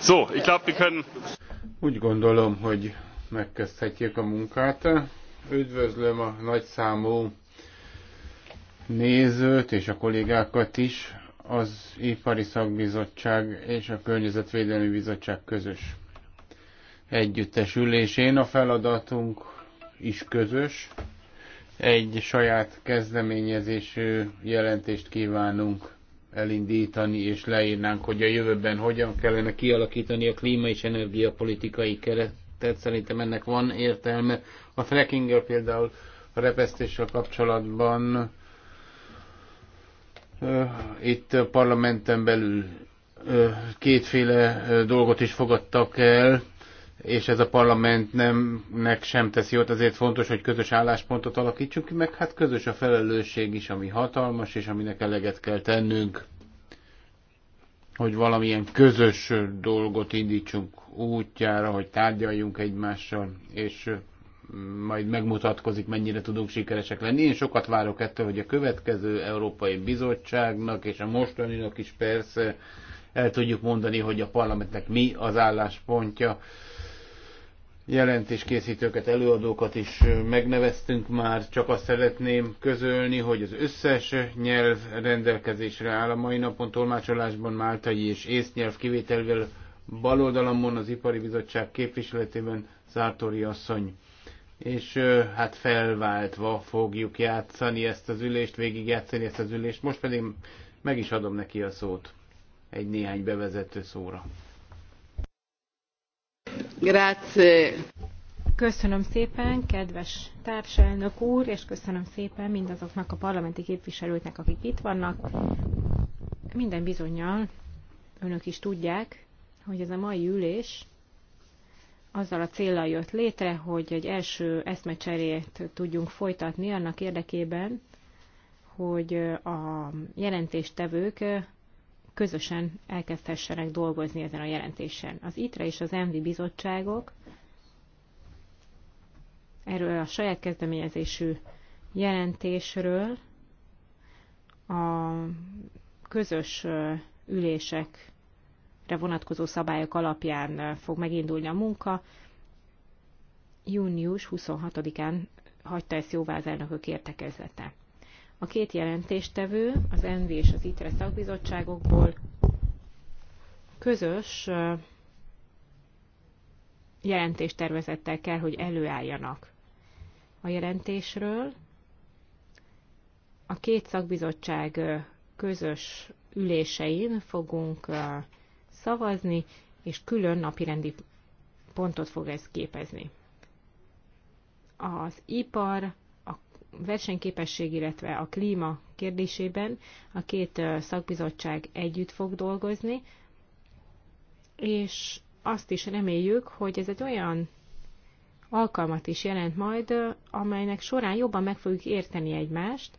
So, ich glaube, wir können... Úgy gondolom, hogy megkezdhetjük a munkát. Üdvözlöm a nagyszámú nézőt és a kollégákat is az Ipari Szakbizottság és a Környezetvédelmi Bizottság közös együttes ülésén. A feladatunk is közös. Egy saját kezdeményezésű jelentést kívánunk elindítani, és leírnánk, hogy a jövőben hogyan kellene kialakítani a klíma és energiapolitikai keretet. Szerintem ennek van értelme. A fracking például a repesztéssel kapcsolatban itt a parlamenten belül kétféle dolgot is fogadtak el és ez a parlament nemnek sem teszi jót, azért fontos, hogy közös álláspontot alakítsunk ki, meg hát közös a felelősség is, ami hatalmas, és aminek eleget kell tennünk, hogy valamilyen közös dolgot indítsunk útjára, hogy tárgyaljunk egymással, és majd megmutatkozik, mennyire tudunk sikeresek lenni. Én sokat várok ettől, hogy a következő Európai Bizottságnak, és a mostaninak is persze, el tudjuk mondani, hogy a parlamentnek mi az álláspontja. Jelentéskészítőket, előadókat is megneveztünk már, csak azt szeretném közölni, hogy az összes nyelv rendelkezésre áll a mai napon tolmácsolásban máltai és ész nyelv kivételével bal az Ipari Bizottság képviseletében Zártori asszony és hát felváltva fogjuk játszani ezt az ülést, végigjátszani ezt az ülést. Most pedig meg is adom neki a szót egy néhány bevezető szóra. Grazie. Köszönöm szépen, kedves társelnök úr, és köszönöm szépen mindazoknak a parlamenti képviselőknek, akik itt vannak. Minden bizonyal önök is tudják, hogy ez a mai ülés azzal a célral jött létre, hogy egy első eszmecserét tudjunk folytatni annak érdekében, hogy a jelentéstevők közösen elkezdhessenek dolgozni ezen a jelentésen. Az ITRE és az ENVI bizottságok erről a saját kezdeményezésű jelentésről a közös ülésekre vonatkozó szabályok alapján fog megindulni a munka. Június 26-án hagyta ezt jóvá az elnökök értekezlete. A két jelentéstevő, az ENVI és az ITRE szakbizottságokból közös jelentéstervezettel kell, hogy előálljanak a jelentésről. A két szakbizottság közös ülésein fogunk szavazni, és külön napirendi pontot fog ez képezni. Az ipar versenyképesség, illetve a klíma kérdésében a két szakbizottság együtt fog dolgozni, és azt is reméljük, hogy ez egy olyan alkalmat is jelent majd, amelynek során jobban meg fogjuk érteni egymást,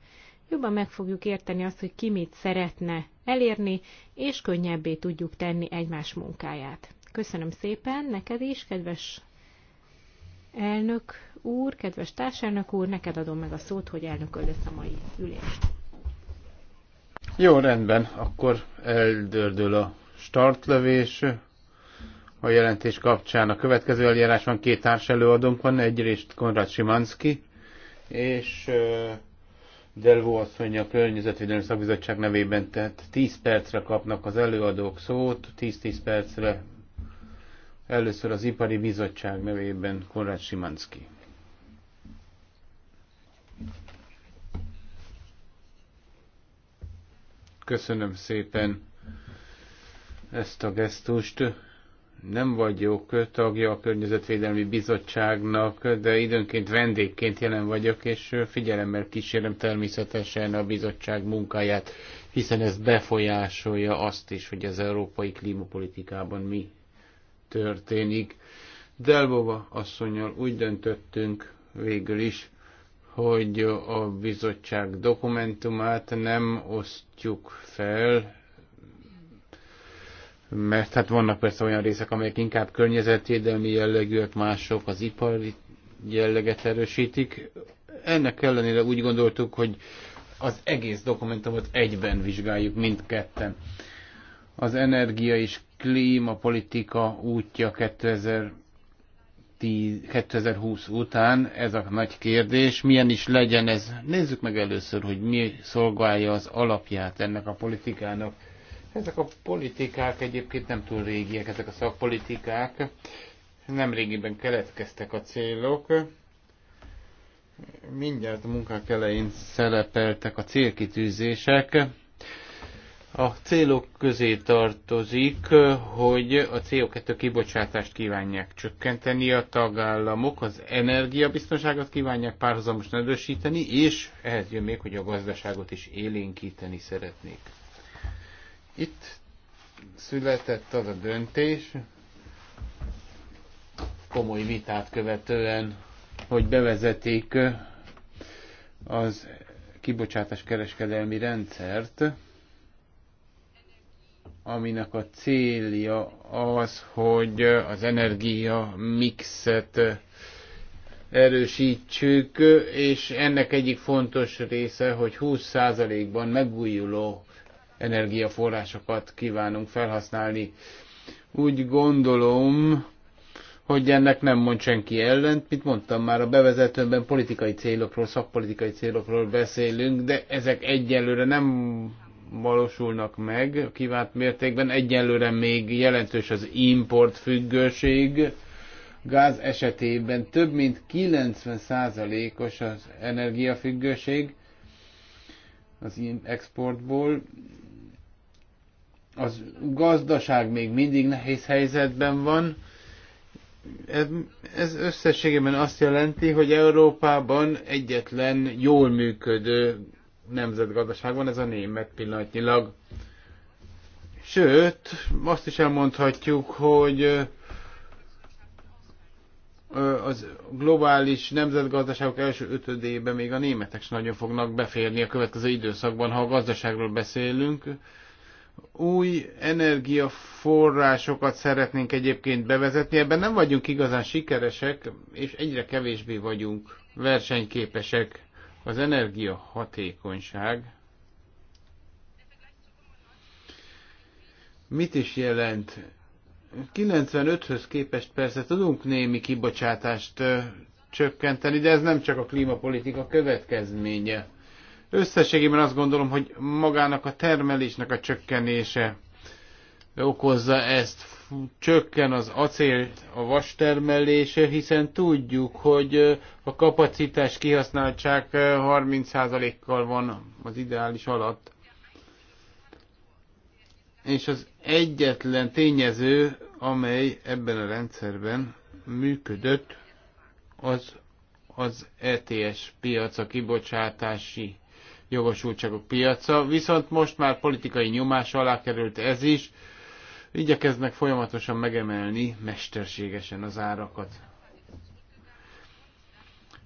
jobban meg fogjuk érteni azt, hogy ki mit szeretne elérni, és könnyebbé tudjuk tenni egymás munkáját. Köszönöm szépen neked is, kedves elnök úr, kedves társelnök úr, neked adom meg a szót, hogy elnököd a mai ülést. Jó, rendben, akkor eldördül a startlövés. A jelentés kapcsán a következő eljárásban két társ előadónk van, egyrészt Konrad Simanski, és Delvó asszony a Környezetvédelmi Szakbizottság nevében, tehát 10 percre kapnak az előadók szót, 10-10 percre először az Ipari Bizottság nevében Konrad Simanski. Köszönöm szépen ezt a gesztust. Nem vagyok tagja a Környezetvédelmi Bizottságnak, de időnként vendégként jelen vagyok, és figyelemmel kísérem természetesen a bizottság munkáját, hiszen ez befolyásolja azt is, hogy az európai klímapolitikában mi történik. Delbova asszonyjal úgy döntöttünk végül is, hogy a bizottság dokumentumát nem osztjuk fel, mert hát vannak persze olyan részek, amelyek inkább környezetvédelmi jellegűek, mások az ipari jelleget erősítik. Ennek ellenére úgy gondoltuk, hogy az egész dokumentumot egyben vizsgáljuk mindketten. Az energia és klímapolitika útja 2000 2020 után, ez a nagy kérdés, milyen is legyen ez. Nézzük meg először, hogy mi szolgálja az alapját ennek a politikának. Ezek a politikák egyébként nem túl régiek, ezek a szakpolitikák. Nem régiben keletkeztek a célok. Mindjárt a munkák elején szerepeltek a célkitűzések. A célok közé tartozik, hogy a CO2 kibocsátást kívánják csökkenteni a tagállamok, az energiabiztonságot kívánják párhuzamosan erősíteni, és ehhez jön még, hogy a gazdaságot is élénkíteni szeretnék. Itt született az a döntés, komoly vitát követően, hogy bevezetik az kibocsátás kereskedelmi rendszert, aminek a célja az, hogy az energia mixet erősítsük, és ennek egyik fontos része, hogy 20%-ban megújuló energiaforrásokat kívánunk felhasználni. Úgy gondolom, hogy ennek nem mond senki ellent, mit mondtam már a bevezetőnben politikai célokról, szakpolitikai célokról beszélünk, de ezek egyelőre nem valósulnak meg a mértékben. Egyelőre még jelentős az import függőség. Gáz esetében több mint 90%-os az energiafüggőség az exportból. Az gazdaság még mindig nehéz helyzetben van. Ez összességében azt jelenti, hogy Európában egyetlen jól működő nemzetgazdaságban, ez a német pillanatnyilag. Sőt, azt is elmondhatjuk, hogy az globális nemzetgazdaságok első ötödében még a németek sem nagyon fognak beférni a következő időszakban, ha a gazdaságról beszélünk. Új energiaforrásokat szeretnénk egyébként bevezetni, ebben nem vagyunk igazán sikeresek, és egyre kevésbé vagyunk versenyképesek. Az energia hatékonyság mit is jelent? 95-höz képest persze tudunk némi kibocsátást csökkenteni, de ez nem csak a klímapolitika következménye. Összességében azt gondolom, hogy magának a termelésnek a csökkenése okozza ezt. Csökken az acél, a vas termelése, hiszen tudjuk, hogy a kapacitás kihasználtság 30%-kal van az ideális alatt. És az egyetlen tényező, amely ebben a rendszerben működött, az az ETS piac, a kibocsátási jogosultságok piaca, viszont most már politikai nyomás alá került ez is, igyekeznek folyamatosan megemelni mesterségesen az árakat.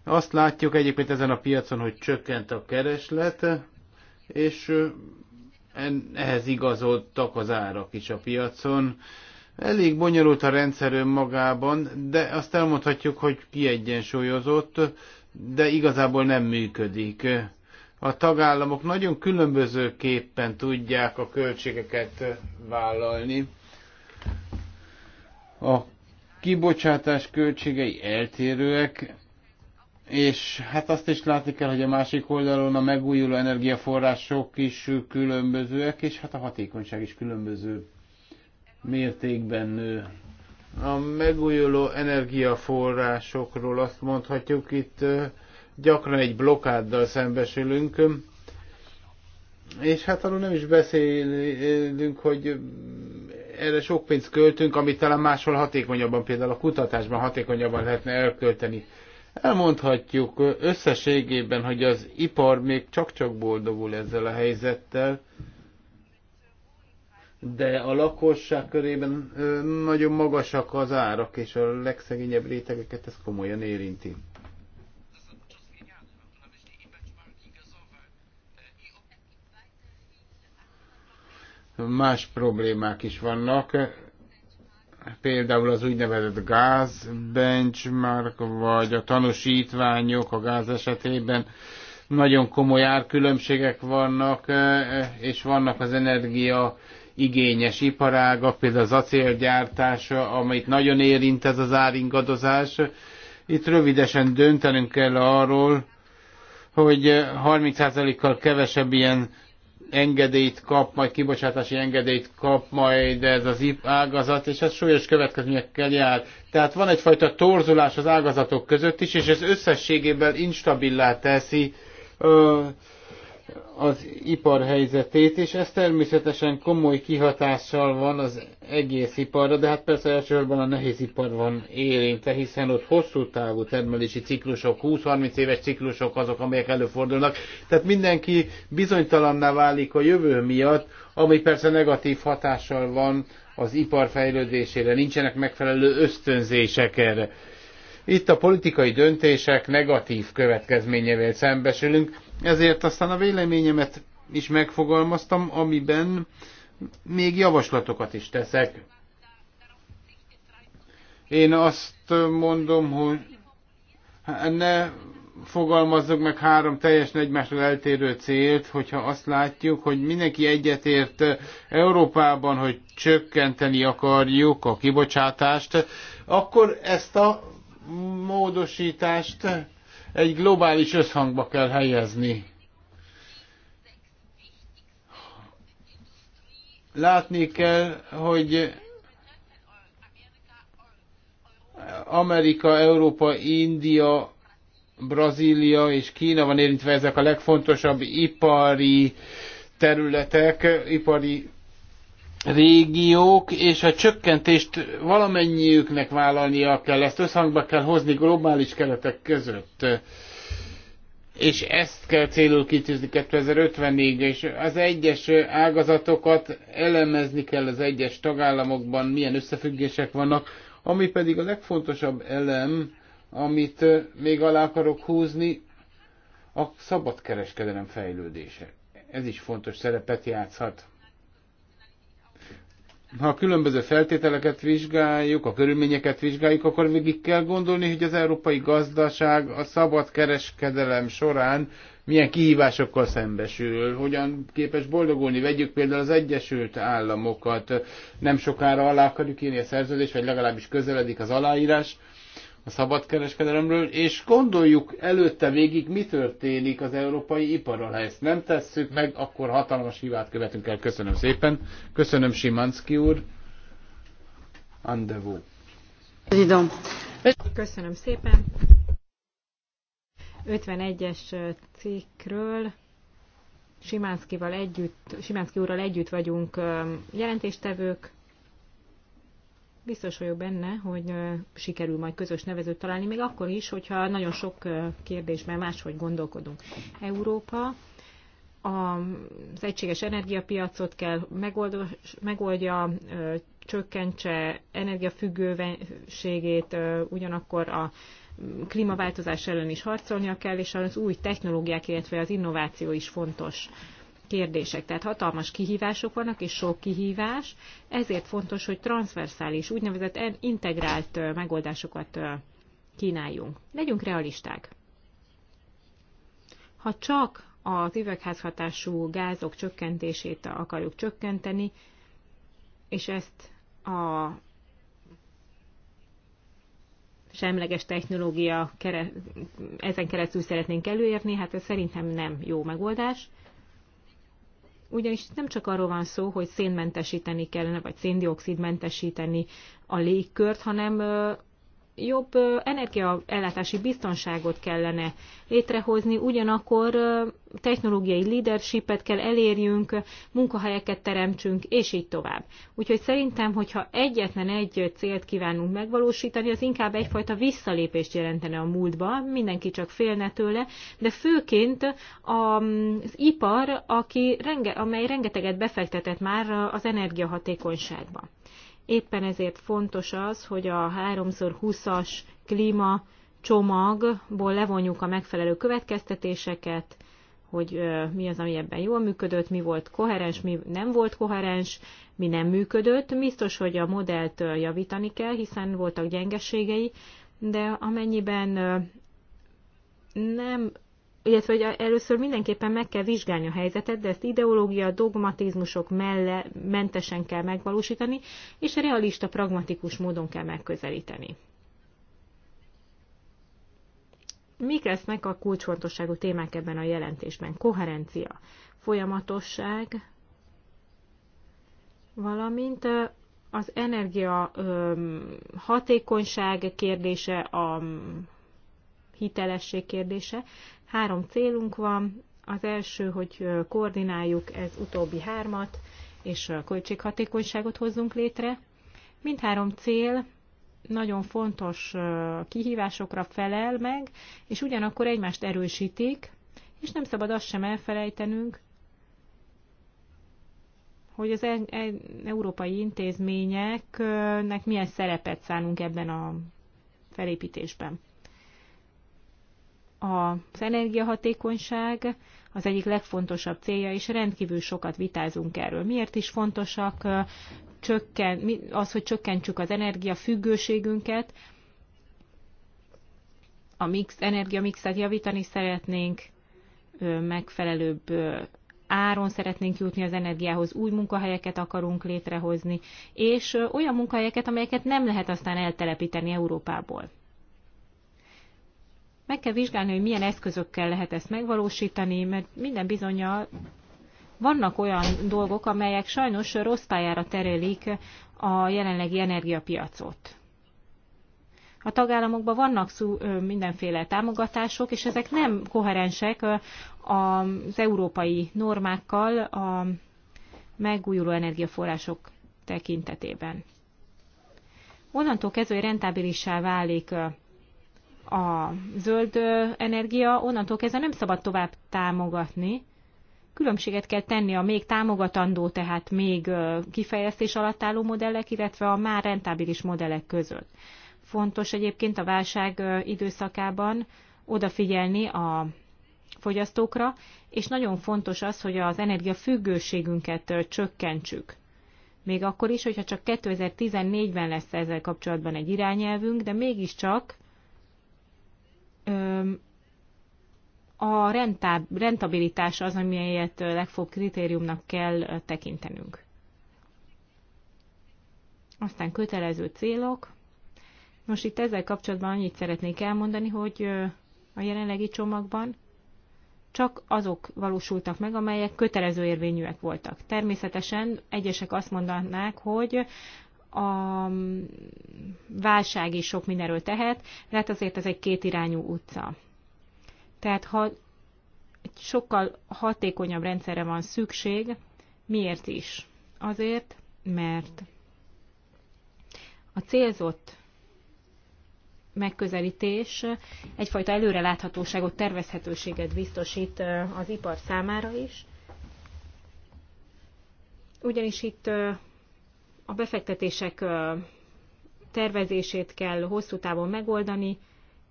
Azt látjuk egyébként ezen a piacon, hogy csökkent a kereslet, és ehhez igazodtak az árak is a piacon. Elég bonyolult a rendszer önmagában, de azt elmondhatjuk, hogy kiegyensúlyozott, de igazából nem működik. A tagállamok nagyon különbözőképpen tudják a költségeket vállalni a kibocsátás költségei eltérőek, és hát azt is látni kell, hogy a másik oldalon a megújuló energiaforrások is különbözőek, és hát a hatékonyság is különböző mértékben nő. A megújuló energiaforrásokról azt mondhatjuk, itt gyakran egy blokáddal szembesülünk, és hát arról nem is beszélünk, hogy erre sok pénzt költünk, amit talán máshol hatékonyabban, például a kutatásban hatékonyabban lehetne elkölteni. Elmondhatjuk összességében, hogy az ipar még csak-csak boldogul ezzel a helyzettel, de a lakosság körében nagyon magasak az árak, és a legszegényebb rétegeket ez komolyan érinti. Más problémák is vannak, például az úgynevezett gáz benchmark, vagy a tanúsítványok a gáz esetében nagyon komoly árkülönbségek vannak, és vannak az energia igényes iparága, például az acélgyártás, amit nagyon érint ez az áringadozás. Itt rövidesen döntenünk kell arról, hogy 30%-kal kevesebb ilyen engedélyt kap, majd kibocsátási engedélyt kap, majd ez az ágazat, és ez súlyos következményekkel jár. Tehát van egyfajta torzulás az ágazatok között is, és ez összességében instabilá teszi az ipar helyzetét, és ez természetesen komoly kihatással van az egész iparra, de hát persze elsősorban a nehéz ipar van érintve, hiszen ott hosszú távú termelési ciklusok, 20-30 éves ciklusok azok, amelyek előfordulnak. Tehát mindenki bizonytalanná válik a jövő miatt, ami persze negatív hatással van az ipar fejlődésére, nincsenek megfelelő ösztönzések erre. Itt a politikai döntések negatív következményevel szembesülünk, ezért aztán a véleményemet is megfogalmaztam, amiben még javaslatokat is teszek. Én azt mondom, hogy ne fogalmazzuk meg három teljesen egymásról eltérő célt, hogyha azt látjuk, hogy mindenki egyetért Európában, hogy csökkenteni akarjuk a kibocsátást, akkor ezt a módosítást egy globális összhangba kell helyezni. Látni kell, hogy Amerika, Európa, India, Brazília és Kína van érintve, ezek a legfontosabb ipari területek, ipari régiók, és a csökkentést valamennyiüknek vállalnia kell, ezt összhangba kell hozni globális keretek között. És ezt kell célul kitűzni 2050-ig, és az egyes ágazatokat elemezni kell az egyes tagállamokban, milyen összefüggések vannak, ami pedig a legfontosabb elem, amit még alá akarok húzni, a szabadkereskedelem fejlődése. Ez is fontos szerepet játszhat ha a különböző feltételeket vizsgáljuk, a körülményeket vizsgáljuk, akkor végig kell gondolni, hogy az európai gazdaság a szabad kereskedelem során milyen kihívásokkal szembesül, hogyan képes boldogulni. Vegyük például az Egyesült Államokat, nem sokára alá akarjuk írni a szerződést, vagy legalábbis közeledik az aláírás a szabadkereskedelemről, és gondoljuk előtte végig, mi történik az európai iparral. Ha ezt nem tesszük meg, akkor hatalmas hibát követünk el. Köszönöm szépen. Köszönöm Simanski úr. Andevó. Köszönöm szépen. 51-es cikkről Simánszkival együtt, Simánszki úrral együtt vagyunk jelentéstevők, biztos vagyok benne, hogy sikerül majd közös nevezőt találni, még akkor is, hogyha nagyon sok kérdésben máshogy gondolkodunk. Európa az egységes energiapiacot kell megoldja, megoldja csökkentse energiafüggőségét, ugyanakkor a klímaváltozás ellen is harcolnia kell, és az új technológiák, illetve az innováció is fontos kérdések. Tehát hatalmas kihívások vannak, és sok kihívás. Ezért fontos, hogy transzverszális, úgynevezett integrált megoldásokat kínáljunk. Legyünk realisták. Ha csak az üvegházhatású gázok csökkentését akarjuk csökkenteni, és ezt a semleges technológia ezen keresztül szeretnénk előérni, hát ez szerintem nem jó megoldás ugyanis nem csak arról van szó, hogy szénmentesíteni kellene, vagy széndiokszidmentesíteni a légkört, hanem jobb energiaellátási biztonságot kellene létrehozni, ugyanakkor technológiai leadershipet kell elérjünk, munkahelyeket teremtsünk, és így tovább. Úgyhogy szerintem, hogyha egyetlen egy célt kívánunk megvalósítani, az inkább egyfajta visszalépést jelentene a múltba, mindenki csak félne tőle, de főként az ipar, aki, amely rengeteget befektetett már az energiahatékonyságba. Éppen ezért fontos az, hogy a 3x20-as klíma csomagból levonjuk a megfelelő következtetéseket, hogy mi az, ami ebben jól működött, mi volt koherens, mi nem volt koherens, mi nem működött. Biztos, hogy a modellt javítani kell, hiszen voltak gyengeségei, de amennyiben nem illetve hogy először mindenképpen meg kell vizsgálni a helyzetet, de ezt ideológia, dogmatizmusok mellé mentesen kell megvalósítani, és realista, pragmatikus módon kell megközelíteni. Mik lesznek a kulcsfontosságú témák ebben a jelentésben? Koherencia, folyamatosság, valamint az energia hatékonyság kérdése, a hitelesség kérdése. Három célunk van. Az első, hogy koordináljuk ez utóbbi hármat, és a költséghatékonyságot hozzunk létre. Mindhárom cél nagyon fontos kihívásokra felel meg, és ugyanakkor egymást erősítik, és nem szabad azt sem elfelejtenünk, hogy az európai intézményeknek milyen szerepet szánunk ebben a felépítésben az energiahatékonyság az egyik legfontosabb célja, és rendkívül sokat vitázunk erről. Miért is fontosak csökken, az, hogy csökkentsük az energiafüggőségünket, a mix, energiamixet javítani szeretnénk, megfelelőbb áron szeretnénk jutni az energiához, új munkahelyeket akarunk létrehozni, és olyan munkahelyeket, amelyeket nem lehet aztán eltelepíteni Európából. Meg kell vizsgálni, hogy milyen eszközökkel lehet ezt megvalósítani, mert minden bizonyja vannak olyan dolgok, amelyek sajnos rossz pályára terelik a jelenlegi energiapiacot. A tagállamokban vannak szó, mindenféle támogatások, és ezek nem koherensek az európai normákkal a megújuló energiaforrások tekintetében. Onnantól kezdve, hogy rentábilissá válik a zöld energia, onnantól kezdve nem szabad tovább támogatni. Különbséget kell tenni a még támogatandó, tehát még kifejlesztés alatt álló modellek, illetve a már rentábilis modellek között. Fontos egyébként a válság időszakában odafigyelni a fogyasztókra, és nagyon fontos az, hogy az energiafüggőségünket csökkentsük. Még akkor is, hogyha csak 2014-ben lesz ezzel kapcsolatban egy irányelvünk, de mégiscsak a rentabilitás az, amelyet legfőbb kritériumnak kell tekintenünk. Aztán kötelező célok. Most itt ezzel kapcsolatban annyit szeretnék elmondani, hogy a jelenlegi csomagban csak azok valósultak meg, amelyek kötelező érvényűek voltak. Természetesen egyesek azt mondanák, hogy a válság is sok mindenről tehet, de hát azért ez egy kétirányú utca. Tehát ha egy sokkal hatékonyabb rendszerre van szükség, miért is? Azért, mert a célzott megközelítés egyfajta előreláthatóságot, tervezhetőséget biztosít az ipar számára is, ugyanis itt a befektetések tervezését kell hosszú távon megoldani,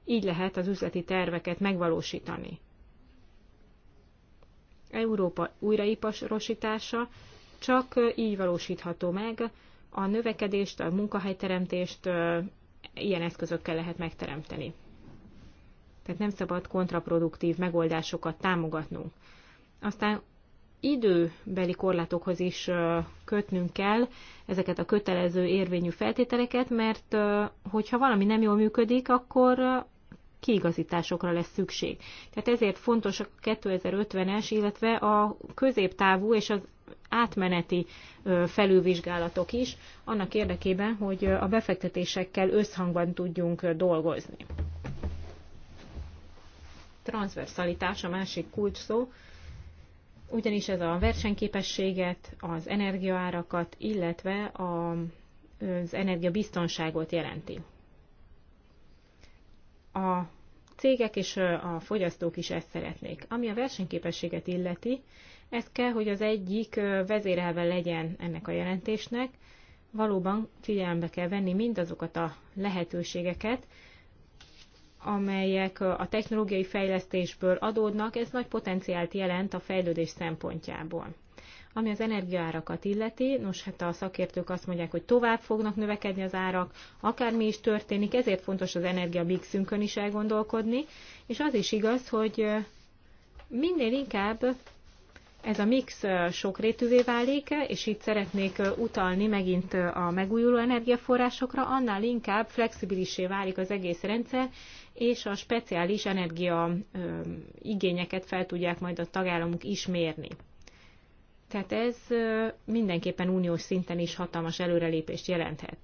így lehet az üzleti terveket megvalósítani. Európa újraiparosítása csak így valósítható meg, a növekedést, a munkahelyteremtést ilyen eszközökkel lehet megteremteni. Tehát nem szabad kontraproduktív megoldásokat támogatnunk. Aztán időbeli korlátokhoz is kötnünk kell ezeket a kötelező érvényű feltételeket, mert hogyha valami nem jól működik, akkor kiigazításokra lesz szükség. Tehát ezért fontos a 2050-es, illetve a középtávú és az átmeneti felülvizsgálatok is, annak érdekében, hogy a befektetésekkel összhangban tudjunk dolgozni. Transversalitás a másik kulcs szó ugyanis ez a versenyképességet, az energiaárakat, illetve a, az energiabiztonságot jelenti. A cégek és a fogyasztók is ezt szeretnék. Ami a versenyképességet illeti, ez kell, hogy az egyik vezérelve legyen ennek a jelentésnek. Valóban figyelembe kell venni mindazokat a lehetőségeket, amelyek a technológiai fejlesztésből adódnak, ez nagy potenciált jelent a fejlődés szempontjából. Ami az energiaárakat illeti, nos hát a szakértők azt mondják, hogy tovább fognak növekedni az árak, akármi is történik, ezért fontos az energia mixünkön is elgondolkodni, és az is igaz, hogy minél inkább ez a mix sokrétűvé válik, és itt szeretnék utalni megint a megújuló energiaforrásokra, annál inkább flexibilisé válik az egész rendszer, és a speciális energia igényeket fel tudják majd a tagállamok is mérni. Tehát ez mindenképpen uniós szinten is hatalmas előrelépést jelenthet.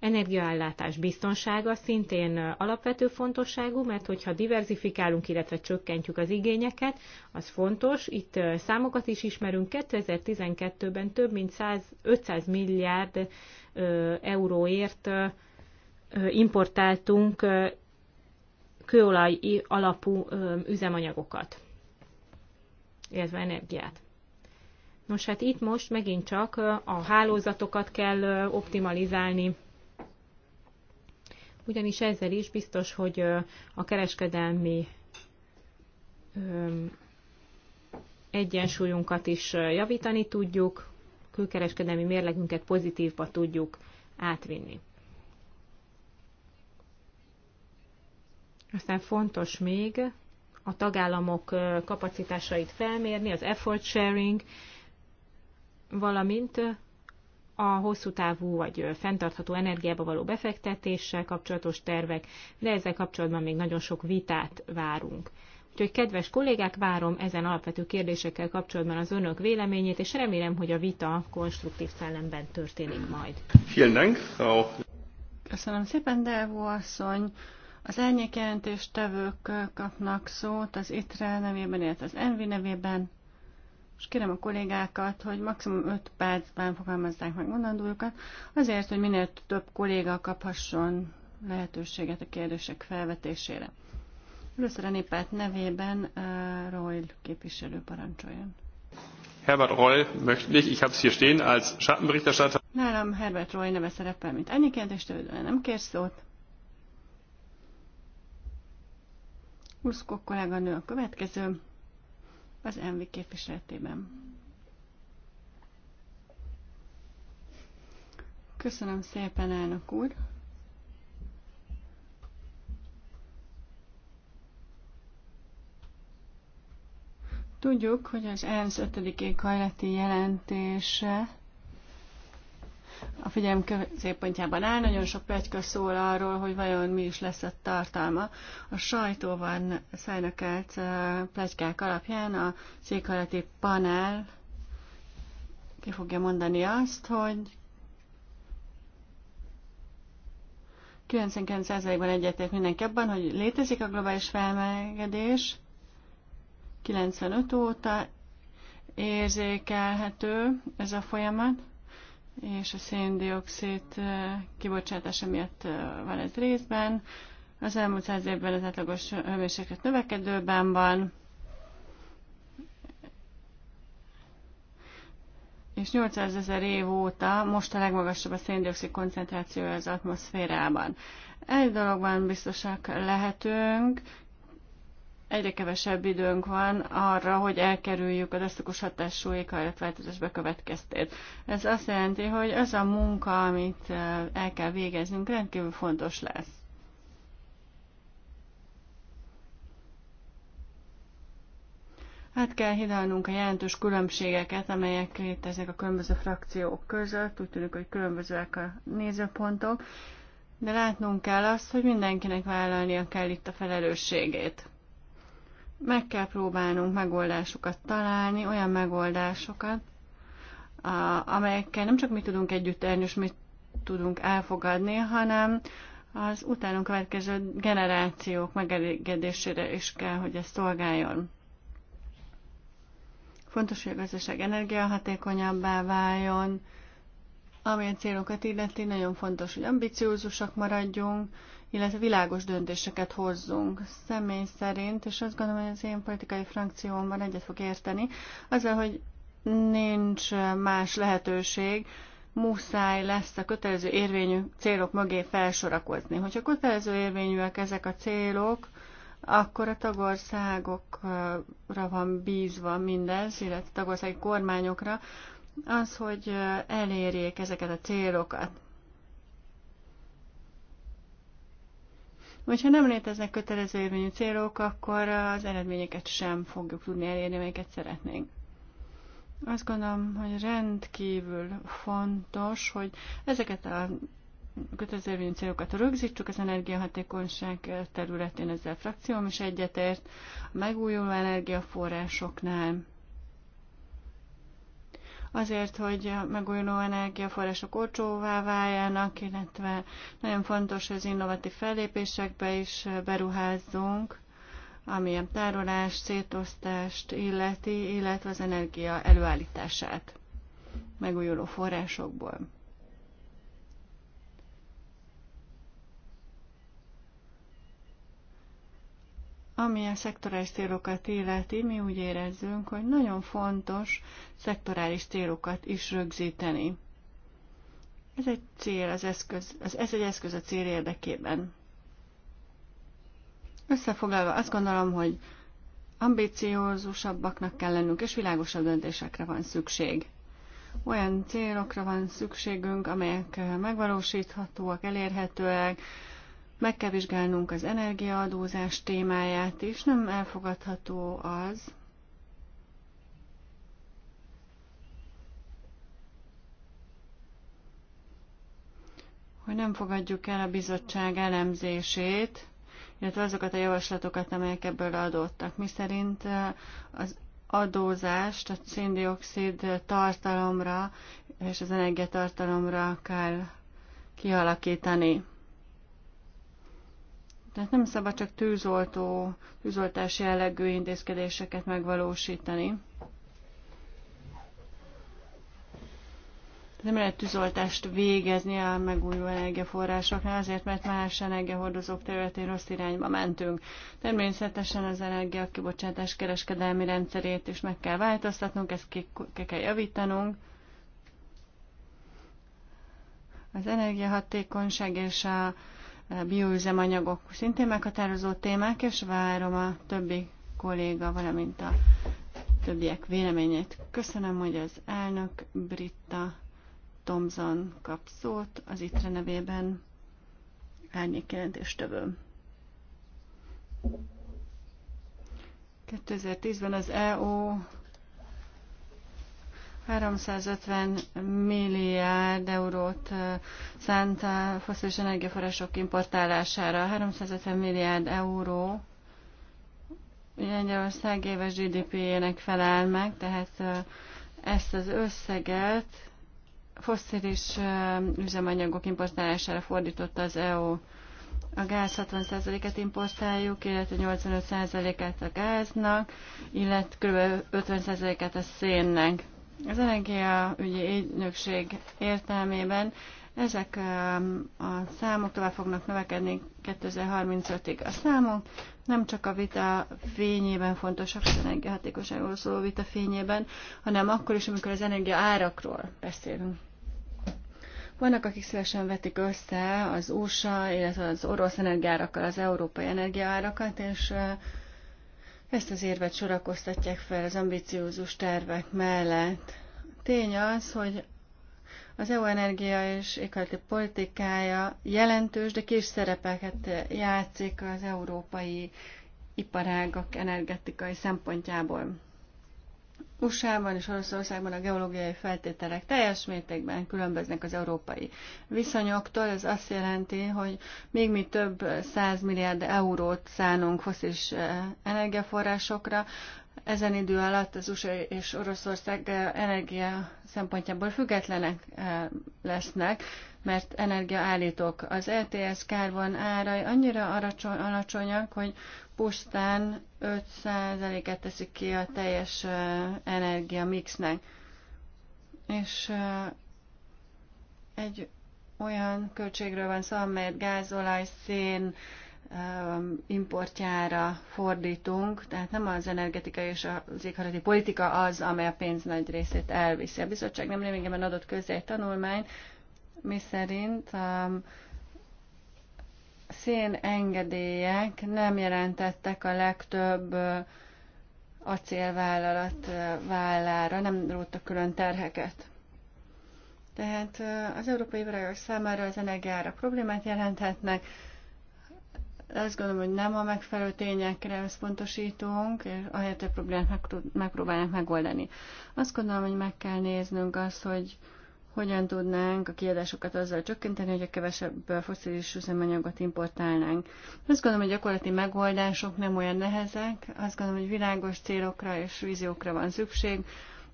Energiaellátás biztonsága szintén alapvető fontosságú, mert hogyha diversifikálunk, illetve csökkentjük az igényeket, az fontos. Itt számokat is ismerünk. 2012-ben több mint 100, 500 milliárd euróért importáltunk kőolaj alapú üzemanyagokat, illetve energiát. Nos, hát itt most megint csak a hálózatokat kell optimalizálni, ugyanis ezzel is biztos, hogy a kereskedelmi egyensúlyunkat is javítani tudjuk, külkereskedelmi mérlegünket pozitívba tudjuk átvinni. Aztán fontos még a tagállamok kapacitásait felmérni, az effort sharing, valamint a hosszú távú vagy fenntartható energiába való befektetéssel kapcsolatos tervek, de ezzel kapcsolatban még nagyon sok vitát várunk. Úgyhogy kedves kollégák, várom ezen alapvető kérdésekkel kapcsolatban az önök véleményét, és remélem, hogy a vita konstruktív szellemben történik majd. Köszönöm szépen, Delvó asszony! Az árnyékjelentéstevők kapnak szót az ITRE nevében, illetve az ENVI nevében és kérem a kollégákat, hogy maximum 5 percben fogalmazzák meg mondandójukat, azért, hogy minél több kolléga kaphasson lehetőséget a kérdések felvetésére. Először a néppárt nevében uh, eh, Royl képviselő parancsoljon. Herbert Roy möchte ich, ich habe es hier stehen als Schattenberichterstatter. Nálam Herbert Roy neve szerepel, mint ennyi kérdést, nem kér szót. Urszkó kolléganő a következő az MV képviseletében. Köszönöm szépen, elnök úr! Tudjuk, hogy az ENSZ 5. éghajlati jelentése a figyelm középpontjában áll. Nagyon sok pegyka szól arról, hogy vajon mi is lesz a tartalma. A sajtóban szállnak pegykák alapján a székhalati panel ki fogja mondani azt, hogy 99%-ban egyetért mindenki abban, hogy létezik a globális felmelegedés 95 óta érzékelhető ez a folyamat és a széndiokszid eh, kibocsátása miatt eh, van ez részben. Az elmúlt száz évben az átlagos hőmérséklet növekedőben van, és 800 ezer év óta most a legmagasabb a széndiokszid koncentrációja az atmoszférában. Egy dologban biztosak lehetünk, egyre kevesebb időnk van arra, hogy elkerüljük a drasztikus hatású éghajlatváltozás bekövetkeztét. Ez azt jelenti, hogy az a munka, amit el kell végeznünk, rendkívül fontos lesz. Hát kell hidalnunk a jelentős különbségeket, amelyek léteznek a különböző frakciók között, úgy tűnik, hogy különbözőek a nézőpontok, de látnunk kell azt, hogy mindenkinek vállalnia kell itt a felelősségét meg kell próbálnunk megoldásokat találni, olyan megoldásokat, amelyekkel nem csak mi tudunk együtt élni, és mit tudunk elfogadni, hanem az utánunk következő generációk megelégedésére is kell, hogy ez szolgáljon. Fontos, hogy a gazdaság energiahatékonyabbá váljon, ami a célokat illeti, nagyon fontos, hogy ambiciózusak maradjunk, illetve világos döntéseket hozzunk személy szerint, és azt gondolom, hogy az én politikai frakciómban egyet fog érteni, azzal, hogy nincs más lehetőség, muszáj lesz a kötelező érvényű célok mögé felsorakozni. Hogyha kötelező érvényűek ezek a célok, akkor a tagországokra van bízva mindez, illetve a tagországi kormányokra, az, hogy elérjék ezeket a célokat. Hogyha nem léteznek kötelező érvényű célok, akkor az eredményeket sem fogjuk tudni elérni, amelyeket szeretnénk. Azt gondolom, hogy rendkívül fontos, hogy ezeket a kötelező érvényű célokat rögzítsük az energiahatékonyság területén, ezzel frakcióm is egyetért, a megújuló energiaforrásoknál azért, hogy a megújuló energiaforrások olcsóvá váljanak, illetve nagyon fontos, hogy az innovatív fellépésekbe is beruházzunk, ami a tárolást, szétosztást illeti, illetve az energia előállítását megújuló forrásokból. Ami a szektorális célokat illeti, mi úgy érezzünk, hogy nagyon fontos szektorális célokat is rögzíteni. Ez egy cél, az eszköz, az, ez egy eszköz a cél érdekében. Összefoglalva azt gondolom, hogy ambíciózusabbaknak kell lennünk, és világosabb döntésekre van szükség. Olyan célokra van szükségünk, amelyek megvalósíthatóak, elérhetőek, meg kell vizsgálnunk az energiaadózás témáját is, nem elfogadható az, hogy nem fogadjuk el a bizottság elemzését, illetve azokat a javaslatokat, amelyek ebből adottak. Mi szerint az adózást a széndiokszid tartalomra és az energiatartalomra kell kialakítani. Tehát nem szabad csak tűzoltó, tűzoltás jellegű intézkedéseket megvalósítani. Nem lehet tűzoltást végezni a megújuló energiaforrásoknál, azért, mert más energiahordozók területén rossz irányba mentünk. Természetesen az energiakibocsátás kereskedelmi rendszerét is meg kell változtatnunk, ezt ki, ki kell javítanunk. Az energiahatékonyság és a bioüzemanyagok szintén meghatározó témák, és várom a többi kolléga, valamint a többiek véleményét. Köszönöm, hogy az elnök Britta Thomson kap szót az ITRE nevében árnyékjelentéstövőm. 2010-ben az EU 350 milliárd eurót szánt a foszilis energiaforrások importálására. 350 milliárd euró Lengyelország éves GDP-jének felel meg, tehát ezt az összeget foszilis üzemanyagok importálására fordította az EU. A gáz 60%-et importáljuk, illetve 85%-át a gáznak, illetve kb. 50%-át a szénnek. Az energiaügyi ügynökség értelmében ezek um, a számok tovább fognak növekedni 2035-ig. A számok nem csak a vita fényében fontosak, az energiahatékosságról szóló vita fényében, hanem akkor is, amikor az energia árakról beszélünk. Vannak, akik szívesen vetik össze az USA, illetve az orosz energiárakkal, az európai energiaárakat, és uh, ezt az érvet sorakoztatják fel az ambiciózus tervek mellett. tény az, hogy az EU energia és éghajlati politikája jelentős, de kis szerepeket játszik az európai iparágak energetikai szempontjából. USA-ban és Oroszországban a geológiai feltételek teljes mértékben különböznek az európai viszonyoktól. Ez azt jelenti, hogy még mi több százmilliárd milliárd eurót szánunk foszilis eh, energiaforrásokra, ezen idő alatt az USA és Oroszország eh, energia szempontjából függetlenek eh, lesznek, mert energiaállítók. Az LTS e kárbon árai annyira alacsonyak, hogy pusztán 5 et teszik ki a teljes energia mixnek. És egy olyan költségről van szó, amelyet gázolaj, szén importjára fordítunk, tehát nem az energetika és az éghajlati politika az, amely a pénz nagy részét elviszi. A bizottság nem rémében adott közé egy tanulmány, mi szerint szén engedélyek nem jelentettek a legtöbb acélvállalat vállára, nem róttak külön terheket. Tehát az európai virágok számára az energiára problémát jelenthetnek. Azt gondolom, hogy nem a megfelelő tényekre összpontosítunk, és ahelyett a problémát meg, megpróbálnak megoldani. Azt gondolom, hogy meg kell néznünk azt, hogy hogyan tudnánk a kiadásokat azzal csökkenteni, hogy a kevesebb foszilis üzemanyagot importálnánk. Azt gondolom, hogy gyakorlati megoldások nem olyan nehezek, azt gondolom, hogy világos célokra és víziókra van szükség,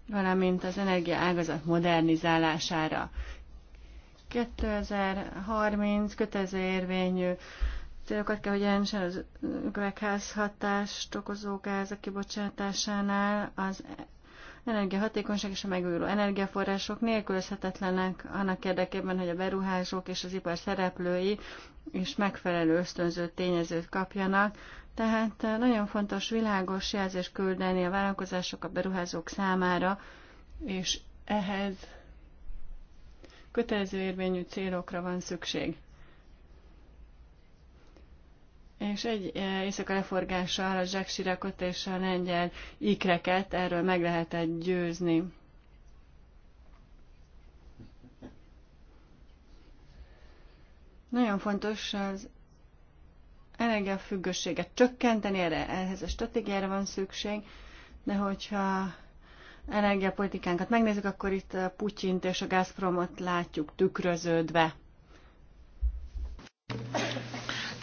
valamint az energia ágazat modernizálására. 2030 kötelező érvényű célokat kell, hogy jelentsen az üvegházhatást, hatást okozó gázak kibocsátásánál, az energiahatékonyság és a megújuló energiaforrások nélkülözhetetlenek annak érdekében, hogy a beruházók és az ipar szereplői is megfelelő ösztönző tényezőt kapjanak. Tehát eh, nagyon fontos világos jelzést küldeni a vállalkozások a beruházók számára, és ehhez kötelező érvényű célokra van szükség. És egy e, éjszaka leforgással a zsáksirakot és a lengyel ikreket erről meg lehetett győzni. Nagyon fontos az energiafüggőséget csökkenteni, erre, ehhez a stratégiára van szükség, de hogyha energiapolitikánkat megnézzük, akkor itt a Putyint és a Gazpromot látjuk tükröződve.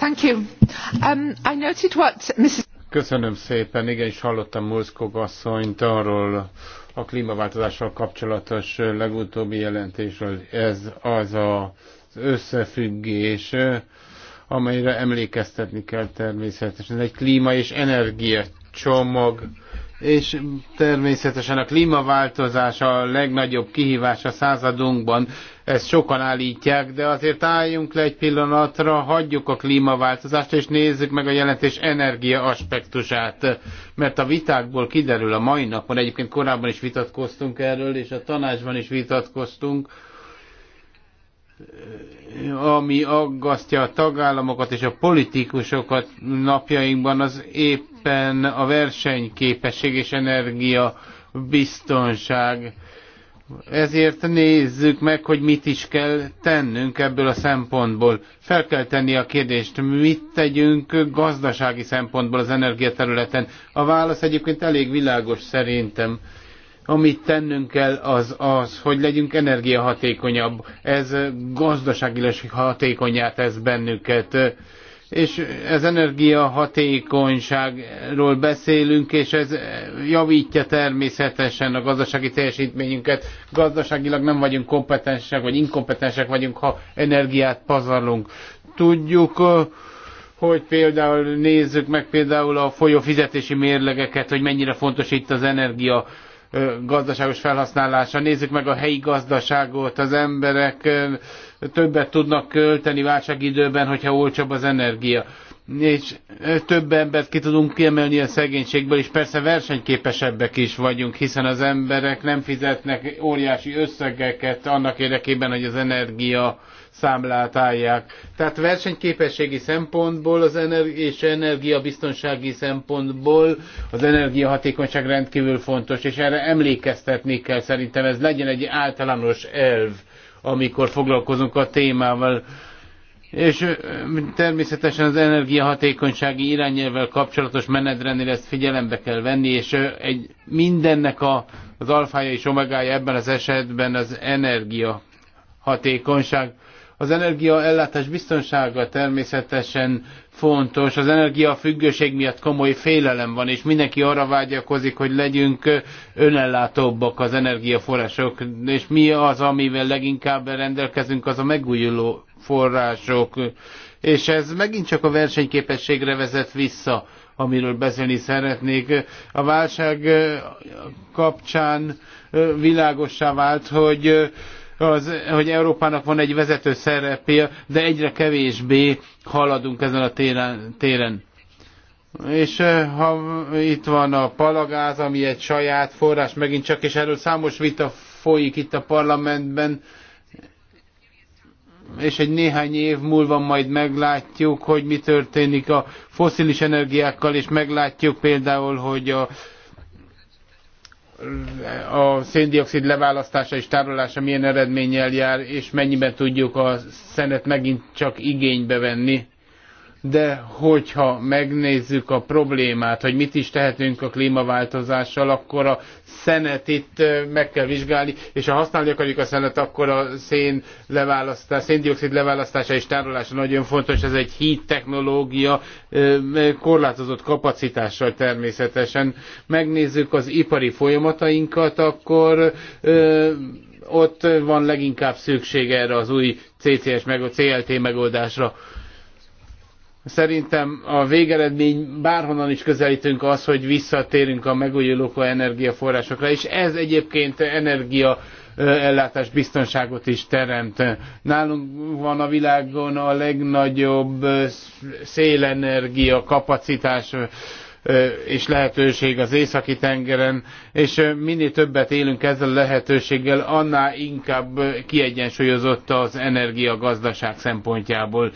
Um, Köszönöm szépen, igen, is hallottam Mulszkog asszonyt arról a klímaváltozással kapcsolatos legutóbbi jelentésről. Ez az az összefüggés, amelyre emlékeztetni kell természetesen. egy klíma és energia csomag, és természetesen a klímaváltozás a legnagyobb kihívás a századunkban, ezt sokan állítják, de azért álljunk le egy pillanatra, hagyjuk a klímaváltozást, és nézzük meg a jelentés energia aspektusát, mert a vitákból kiderül a mai napon, egyébként korábban is vitatkoztunk erről, és a tanácsban is vitatkoztunk, ami aggasztja a tagállamokat és a politikusokat napjainkban, az éppen a versenyképesség és energia biztonság ezért nézzük meg, hogy mit is kell tennünk ebből a szempontból. Fel kell tenni a kérdést, mit tegyünk gazdasági szempontból az energiaterületen. A válasz egyébként elég világos szerintem. Amit tennünk kell az az, hogy legyünk energiahatékonyabb. Ez gazdaságilag hatékonyát tesz bennünket és ez energiahatékonyságról beszélünk, és ez javítja természetesen a gazdasági teljesítményünket. Gazdaságilag nem vagyunk kompetensek, vagy inkompetensek vagyunk, ha energiát pazarlunk. Tudjuk, hogy például nézzük meg például a folyófizetési mérlegeket, hogy mennyire fontos itt az energia gazdaságos felhasználása. Nézzük meg a helyi gazdaságot, az emberek többet tudnak költeni válságidőben, hogyha olcsóbb az energia és e, több embert ki tudunk kiemelni a szegénységből, és persze versenyképesebbek is vagyunk, hiszen az emberek nem fizetnek óriási összegeket annak érdekében, hogy az energia számlát állják. Tehát versenyképességi szempontból az energi- és energiabiztonsági szempontból az energiahatékonyság rendkívül fontos, és erre emlékeztetni kell szerintem, ez legyen egy általános elv amikor foglalkozunk a témával. És természetesen az energiahatékonysági irányelvvel kapcsolatos menedrendnél ezt figyelembe kell venni, és egy, mindennek a, az alfája és omegája ebben az esetben az energia hatékonyság. Az energiaellátás biztonsága természetesen fontos. Az energiafüggőség miatt komoly félelem van, és mindenki arra vágyakozik, hogy legyünk önellátóbbak az energiaforrások. És mi az, amivel leginkább rendelkezünk, az a megújuló források. És ez megint csak a versenyképességre vezet vissza, amiről beszélni szeretnék. A válság kapcsán világossá vált, hogy az, hogy Európának van egy vezető szerepe, de egyre kevésbé haladunk ezen a téren. téren. És eh, ha itt van a palagáz, ami egy saját forrás megint csak, és erről számos vita folyik itt a parlamentben, és egy néhány év múlva majd meglátjuk, hogy mi történik a foszilis energiákkal, és meglátjuk például, hogy a a széndiokszid leválasztása és tárolása milyen eredménnyel jár, és mennyiben tudjuk a szenet megint csak igénybe venni de hogyha megnézzük a problémát, hogy mit is tehetünk a klímaváltozással, akkor a szenet itt meg kell vizsgálni, és ha használni akarjuk a szenet, akkor a szén leválasztás, széndiokszid leválasztása és tárolása nagyon fontos, ez egy híd technológia, korlátozott kapacitással természetesen. Megnézzük az ipari folyamatainkat, akkor ott van leginkább szükség erre az új CCS meg a CLT megoldásra Szerintem a végeredmény bárhonnan is közelítünk az, hogy visszatérünk a megújuló energiaforrásokra, és ez egyébként energia ellátás biztonságot is teremt. Nálunk van a világon a legnagyobb szélenergia kapacitás és lehetőség az északi tengeren, és minél többet élünk ezzel a lehetőséggel, annál inkább kiegyensúlyozott az energiagazdaság szempontjából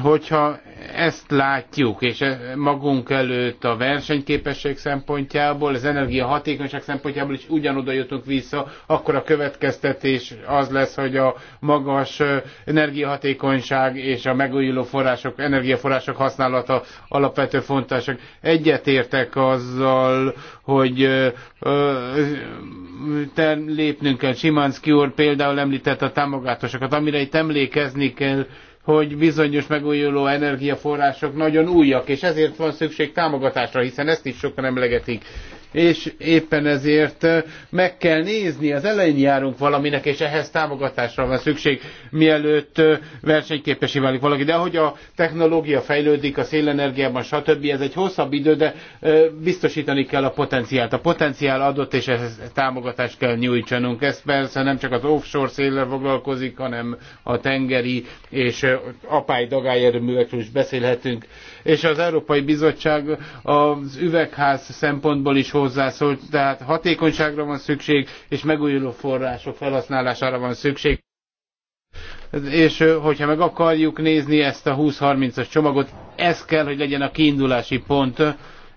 hogyha ezt látjuk, és e, magunk előtt a versenyképesség szempontjából, az energiahatékonyság szempontjából is ugyanoda jutunk vissza, akkor a következtetés az lesz, hogy a magas e, energiahatékonyság és a megújuló források, energiaforrások használata alapvető fontosak. Egyetértek azzal, hogy e, te lépnünk kell. Simanski úr például említett a támogatásokat, amire itt emlékezni kell, hogy bizonyos megújuló energiaforrások nagyon újak, és ezért van szükség támogatásra, hiszen ezt is sokan emlegetik és éppen ezért eh, meg kell nézni, az elején járunk valaminek, és ehhez támogatásra van szükség, mielőtt eh, versenyképesi válik valaki. De ahogy a technológia fejlődik, a szélenergiában, stb., ez egy hosszabb idő, de eh, biztosítani kell a potenciált. A potenciál adott, és ehhez támogatást kell nyújtsanunk. Ez persze nem csak az offshore széllel foglalkozik, hanem a tengeri és apály dagályerőművekről is beszélhetünk és az Európai Bizottság az üvegház szempontból is hozzászólt, tehát hatékonyságra van szükség, és megújuló források felhasználására van szükség. És hogyha meg akarjuk nézni ezt a 20-30-as csomagot, ez kell, hogy legyen a kiindulási pont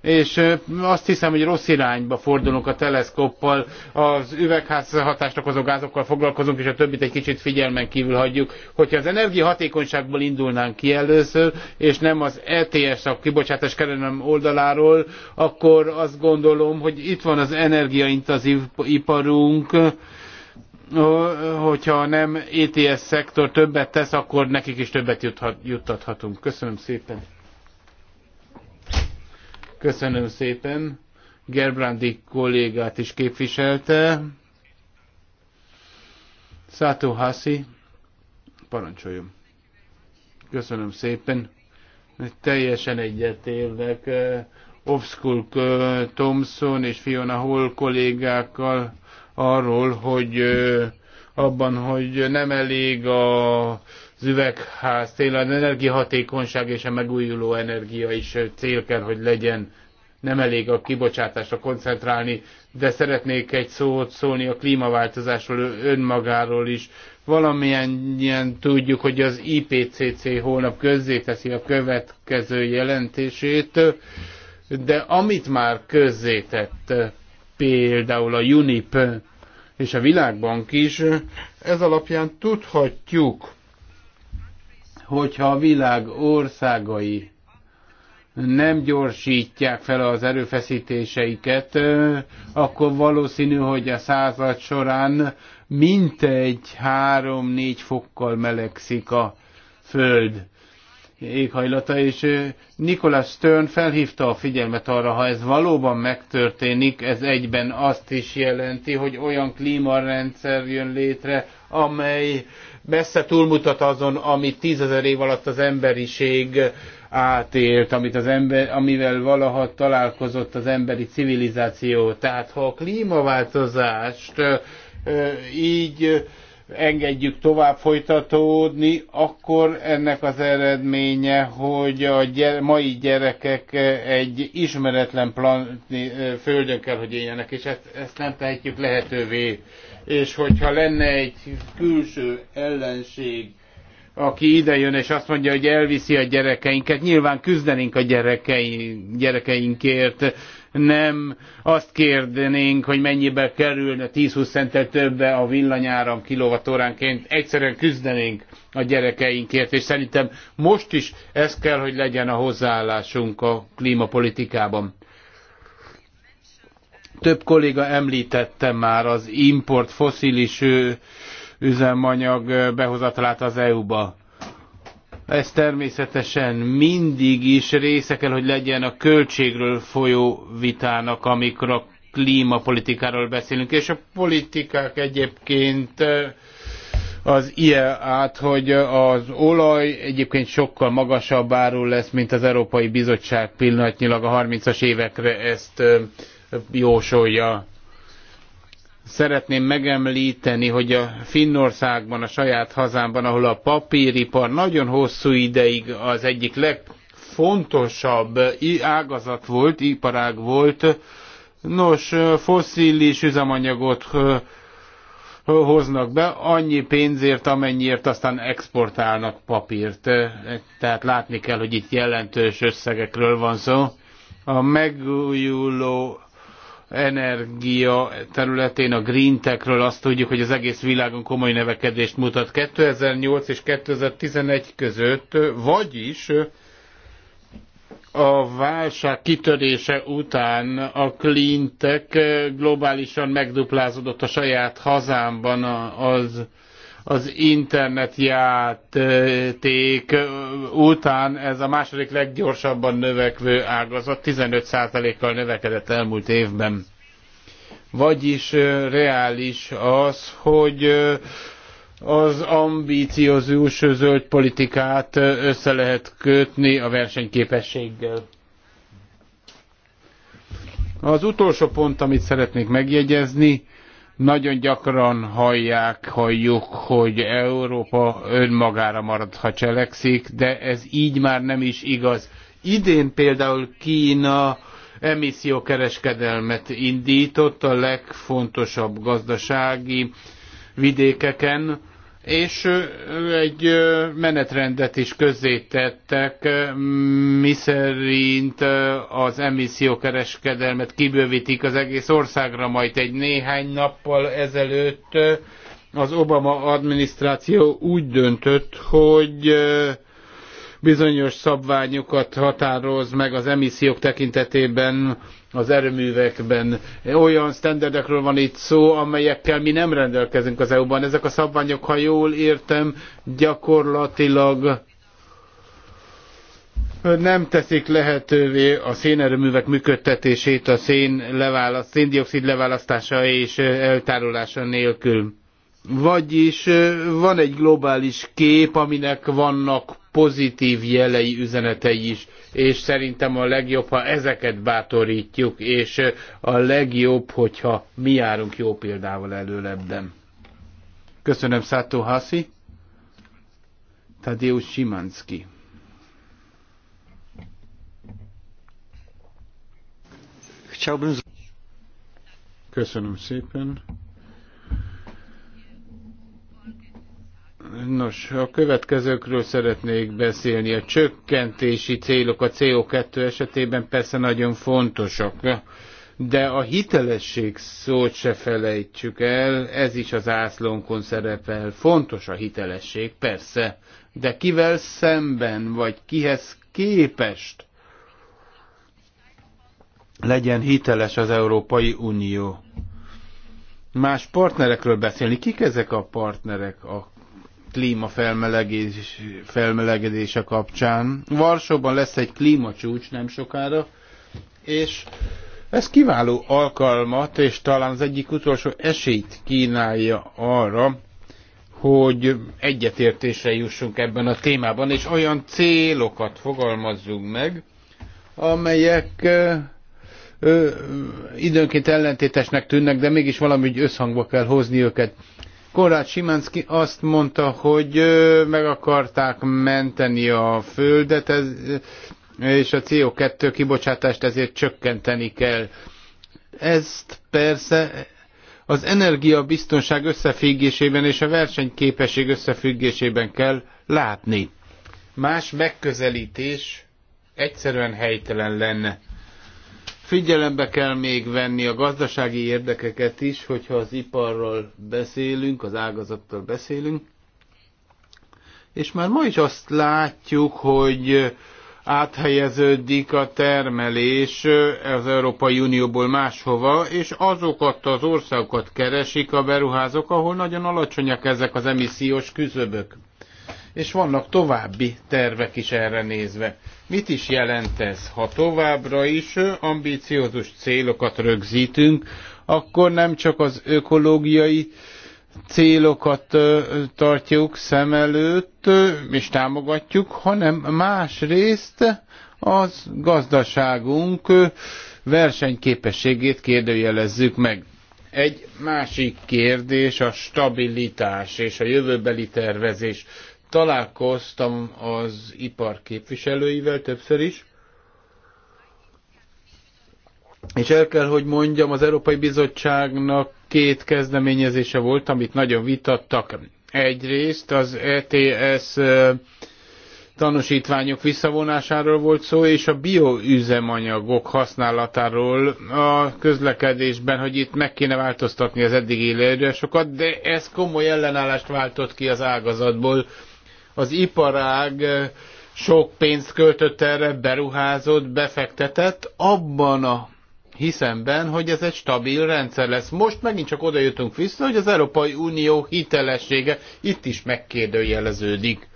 és azt hiszem, hogy rossz irányba fordulunk a teleszkoppal, az üvegházhatást okozó gázokkal foglalkozunk, és a többit egy kicsit figyelmen kívül hagyjuk. Hogyha az energiahatékonyságból indulnánk ki először, és nem az ETS, a kibocsátás kerenem oldaláról, akkor azt gondolom, hogy itt van az energiaintenzív iparunk, hogyha nem ETS szektor többet tesz, akkor nekik is többet juttathatunk. Köszönöm szépen. Köszönöm szépen. Gerbrandi kollégát is képviselte. Szátó Haszi, parancsoljon. Köszönöm szépen. Teljesen egyetértek. Eh, Obskulk eh, Thompson és Fiona Hall kollégákkal arról, hogy eh, abban, hogy nem elég a az üvegház, cél, az energiahatékonyság és a megújuló energia is cél kell, hogy legyen. Nem elég a kibocsátásra koncentrálni, de szeretnék egy szót szólni a klímaváltozásról, önmagáról is. Valamilyen ilyen tudjuk, hogy az IPCC holnap közzéteszi a következő jelentését, de amit már közzétett, például a UNIP és a Világbank is, ez alapján tudhatjuk, hogyha a világ országai nem gyorsítják fel az erőfeszítéseiket, akkor valószínű, hogy a század során mintegy három-négy fokkal melegszik a föld éghajlata, és Nikolás Stern felhívta a figyelmet arra, ha ez valóban megtörténik, ez egyben azt is jelenti, hogy olyan klímarendszer jön létre, amely messze túlmutat azon, amit tízezer év alatt az emberiség átélt, amit az ember, amivel valaha találkozott az emberi civilizáció. Tehát ha a klímaváltozást így engedjük tovább folytatódni, akkor ennek az eredménye, hogy a gyere, mai gyerekek egy ismeretlen plan, földön kell, hogy éljenek, és ezt, ezt nem tehetjük lehetővé és hogyha lenne egy külső ellenség, aki idejön és azt mondja, hogy elviszi a gyerekeinket, nyilván küzdenénk a gyerekeink, gyerekeinkért, nem azt kérdenénk, hogy mennyibe kerülne 10-20 centtel többe a villanyáram kilovatóránként, egyszerűen küzdenénk a gyerekeinkért, és szerintem most is ez kell, hogy legyen a hozzáállásunk a klímapolitikában. Több kolléga említette már az import foszilis üzemanyag behozatalát az EU-ba. Ez természetesen mindig is része kell, hogy legyen a költségről folyó vitának, amikor a klímapolitikáról beszélünk, és a politikák egyébként az ilyen át, hogy az olaj egyébként sokkal magasabb áru lesz, mint az Európai Bizottság pillanatnyilag a 30-as évekre ezt jósolja. Szeretném megemlíteni, hogy a Finnországban, a saját hazámban, ahol a papíripar nagyon hosszú ideig az egyik legfontosabb ágazat volt, iparág volt, nos, fosszilis üzemanyagot hoznak be, annyi pénzért, amennyiért aztán exportálnak papírt. Tehát látni kell, hogy itt jelentős összegekről van szó. A megújuló energia területén, a Green Techről azt tudjuk, hogy az egész világon komoly növekedést mutat 2008 és 2011 között, vagyis a válság kitörése után a Tech globálisan megduplázódott a saját hazámban az az internetjáték után ez a második leggyorsabban növekvő ágazat 15%-kal növekedett elmúlt évben. Vagyis reális az, hogy az ambíciózus zöld politikát össze lehet kötni a versenyképességgel. Az utolsó pont, amit szeretnék megjegyezni, nagyon gyakran hallják, halljuk, hogy Európa önmagára marad, ha cselekszik, de ez így már nem is igaz. Idén például Kína emissziókereskedelmet indított a legfontosabb gazdasági vidékeken, és ő egy menetrendet is közzétettek, miszerint az emissziókereskedelmet kibővítik az egész országra majd egy néhány nappal ezelőtt az Obama adminisztráció úgy döntött, hogy bizonyos szabványokat határoz meg az emissziók tekintetében az erőművekben. Olyan standardekről van itt szó, amelyekkel mi nem rendelkezünk az EU-ban. Ezek a szabványok, ha jól értem, gyakorlatilag nem teszik lehetővé a szénerőművek működtetését a szén leválaszt, széndiokszid leválasztása és eltárolása nélkül. Vagyis van egy globális kép, aminek vannak pozitív jelei, üzenetei is, és szerintem a legjobb, ha ezeket bátorítjuk, és a legjobb, hogyha mi járunk jó példával előlebben. Köszönöm Szátó Haszi. Tadeusz Simanski. Köszönöm szépen. Nos, a következőkről szeretnék beszélni. A csökkentési célok a CO2 esetében persze nagyon fontosak, de a hitelesség szót se felejtsük el, ez is az ászlónkon szerepel. Fontos a hitelesség, persze, de kivel szemben, vagy kihez képest legyen hiteles az Európai Unió. Más partnerekről beszélni. Kik ezek a partnerek a klíma felmelegedés, felmelegedése kapcsán. Varsóban lesz egy klímacsúcs nem sokára, és ez kiváló alkalmat, és talán az egyik utolsó esélyt kínálja arra, hogy egyetértésre jussunk ebben a témában, és olyan célokat fogalmazzunk meg, amelyek ö, ö, időnként ellentétesnek tűnnek, de mégis valami összhangba kell hozni őket. Korát Simanski azt mondta, hogy meg akarták menteni a földet, ez, és a CO2 kibocsátást ezért csökkenteni kell. Ezt persze az energiabiztonság összefüggésében és a versenyképesség összefüggésében kell látni. Más megközelítés egyszerűen helytelen lenne. Figyelembe kell még venni a gazdasági érdekeket is, hogyha az iparról beszélünk, az ágazattal beszélünk. És már ma is azt látjuk, hogy áthelyeződik a termelés az Európai Unióból máshova, és azokat az országokat keresik a beruházók, ahol nagyon alacsonyak ezek az emissziós küzöbök és vannak további tervek is erre nézve. Mit is jelent ez? Ha továbbra is ambíciózus célokat rögzítünk, akkor nem csak az ökológiai célokat tartjuk szem előtt és támogatjuk, hanem másrészt az gazdaságunk versenyképességét kérdőjelezzük meg. Egy másik kérdés a stabilitás és a jövőbeli tervezés. Találkoztam az ipar képviselőivel többször is, és el kell, hogy mondjam, az Európai Bizottságnak két kezdeményezése volt, amit nagyon vitattak. Egyrészt az ETS tanúsítványok visszavonásáról volt szó, és a bioüzemanyagok használatáról a közlekedésben, hogy itt meg kéne változtatni az eddigi sokat, de ez komoly ellenállást váltott ki az ágazatból. Az iparág eh, sok pénzt költött erre, beruházott, befektetett, abban a hiszemben, hogy ez egy stabil rendszer lesz. Most megint csak oda jutunk vissza, hogy az Európai Unió hitelessége itt is megkérdőjeleződik.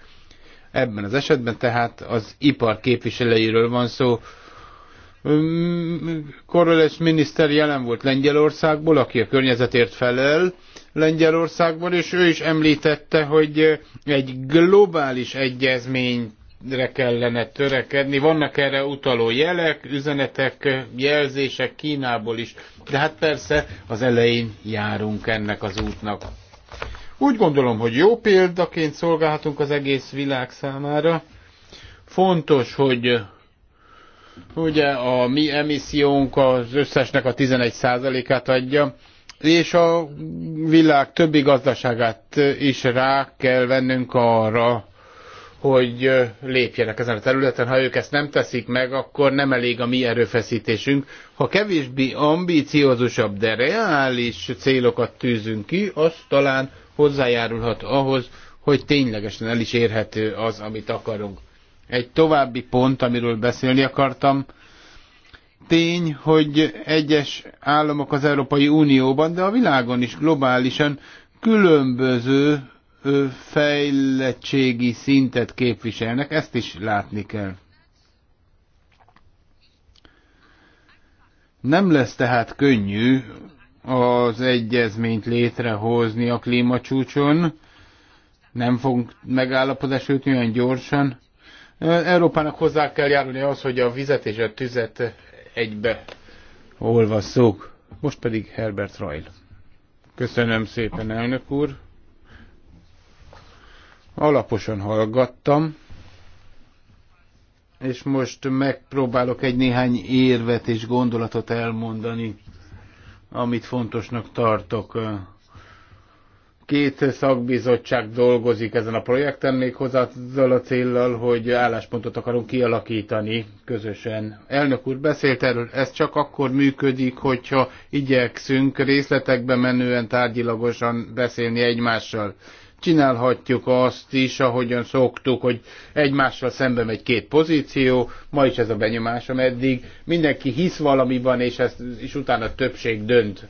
Ebben az esetben tehát az ipar képviselőiről van szó. Korolesz mm, miniszter jelen volt Lengyelországból, aki a környezetért felel, Lengyelországban, és ő is említette, hogy egy globális egyezményre kellene törekedni. Vannak erre utaló jelek, üzenetek, jelzések Kínából is, de hát persze az elején járunk ennek az útnak. Úgy gondolom, hogy jó példaként szolgálhatunk az egész világ számára. Fontos, hogy ugye a mi emissziónk az összesnek a 11%-át adja, és a világ többi gazdaságát is rá kell vennünk arra, hogy lépjenek ezen a területen. Ha ők ezt nem teszik meg, akkor nem elég a mi erőfeszítésünk. Ha kevésbé ambíciózusabb, de reális célokat tűzünk ki, az talán hozzájárulhat ahhoz, hogy ténylegesen el is érhető az, amit akarunk. Egy további pont, amiről beszélni akartam, tény, hogy egyes államok az Európai Unióban, de a világon is globálisan különböző fejlettségi szintet képviselnek, ezt is látni kell. Nem lesz tehát könnyű az egyezményt létrehozni a klímacsúcson, nem fogunk megállapodás jutni olyan gyorsan. Európának hozzá kell járulni az, hogy a vizet és a tüzet egybe olvasszuk. Most pedig Herbert Reil. Köszönöm szépen, elnök úr. Alaposan hallgattam, és most megpróbálok egy néhány érvet és gondolatot elmondani, amit fontosnak tartok Két szakbizottság dolgozik ezen a projekten méghozzá azzal a céllal, hogy álláspontot akarunk kialakítani közösen. Elnök úr beszélt erről, ez csak akkor működik, hogyha igyekszünk részletekbe menően tárgyilagosan beszélni egymással csinálhatjuk azt is, ahogyan szoktuk, hogy egymással szemben megy két pozíció, ma is ez a benyomásom eddig, mindenki hisz valamiban, és, ezt, és utána többség dönt.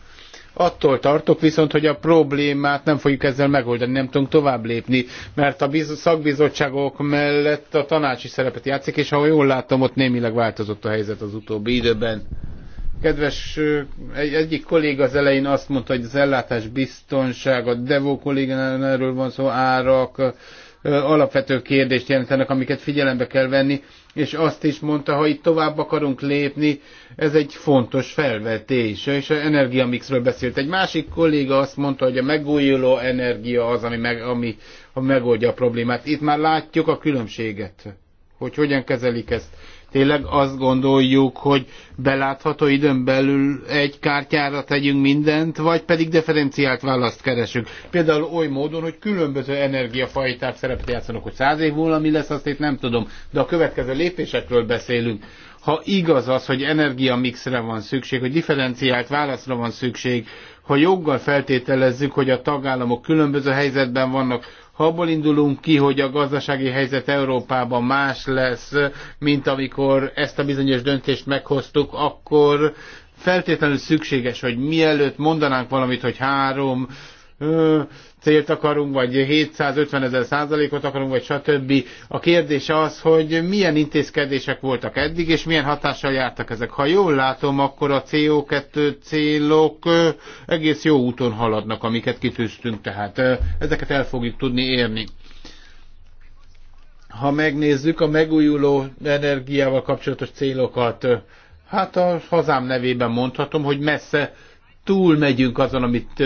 Attól tartok viszont, hogy a problémát nem fogjuk ezzel megoldani, nem tudunk tovább lépni, mert a szakbizottságok mellett a tanácsi szerepet játszik, és ha jól látom, ott némileg változott a helyzet az utóbbi időben. Kedves egy, egyik kolléga az elején azt mondta, hogy az ellátás biztonsága, Devó kollégán erről van szó, árak, alapvető kérdést jelentenek, amiket figyelembe kell venni és azt is mondta, ha itt tovább akarunk lépni, ez egy fontos felvetés, és a energiamixről beszélt. Egy másik kolléga azt mondta, hogy a megújuló energia az, ami, meg, ami ha megoldja a problémát. Itt már látjuk a különbséget, hogy hogyan kezelik ezt tényleg azt gondoljuk, hogy belátható időn belül egy kártyára tegyünk mindent, vagy pedig differenciált választ keresünk. Például oly módon, hogy különböző energiafajták szerepet játszanak, hogy száz év múlva mi lesz, azt itt nem tudom. De a következő lépésekről beszélünk ha igaz az, hogy energiamixre van szükség, hogy differenciált válaszra van szükség, ha joggal feltételezzük, hogy a tagállamok különböző helyzetben vannak, ha abból indulunk ki, hogy a gazdasági helyzet Európában más lesz, mint amikor ezt a bizonyos döntést meghoztuk, akkor feltétlenül szükséges, hogy mielőtt mondanánk valamit, hogy három ö, célt akarunk, vagy 750 ezer százalékot akarunk, vagy stb. A kérdés az, hogy milyen intézkedések voltak eddig, és milyen hatással jártak ezek. Ha jól látom, akkor a CO2 célok ö, egész jó úton haladnak, amiket kitűztünk, tehát ö, ezeket el fogjuk tudni érni ha megnézzük a megújuló energiával kapcsolatos célokat, hát a hazám nevében mondhatom, hogy messze túl megyünk azon, amit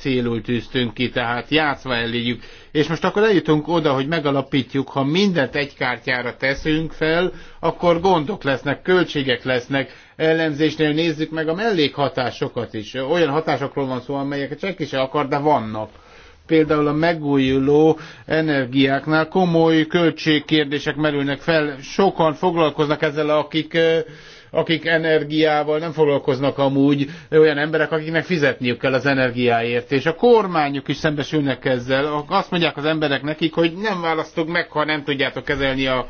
célul tűztünk ki, tehát játszva eléjük. És most akkor eljutunk oda, hogy megalapítjuk, ha mindent egy kártyára teszünk fel, akkor gondok lesznek, költségek lesznek. Ellenzésnél nézzük meg a mellékhatásokat is. Olyan hatásokról van szó, amelyeket senki se akar, de vannak például a megújuló energiáknál komoly költségkérdések merülnek fel. Sokan foglalkoznak ezzel, akik akik energiával nem foglalkoznak amúgy, olyan emberek, akiknek fizetniük kell az energiáért, és a kormányok is szembesülnek ezzel. Azt mondják az emberek nekik, hogy nem választok meg, ha nem tudjátok kezelni a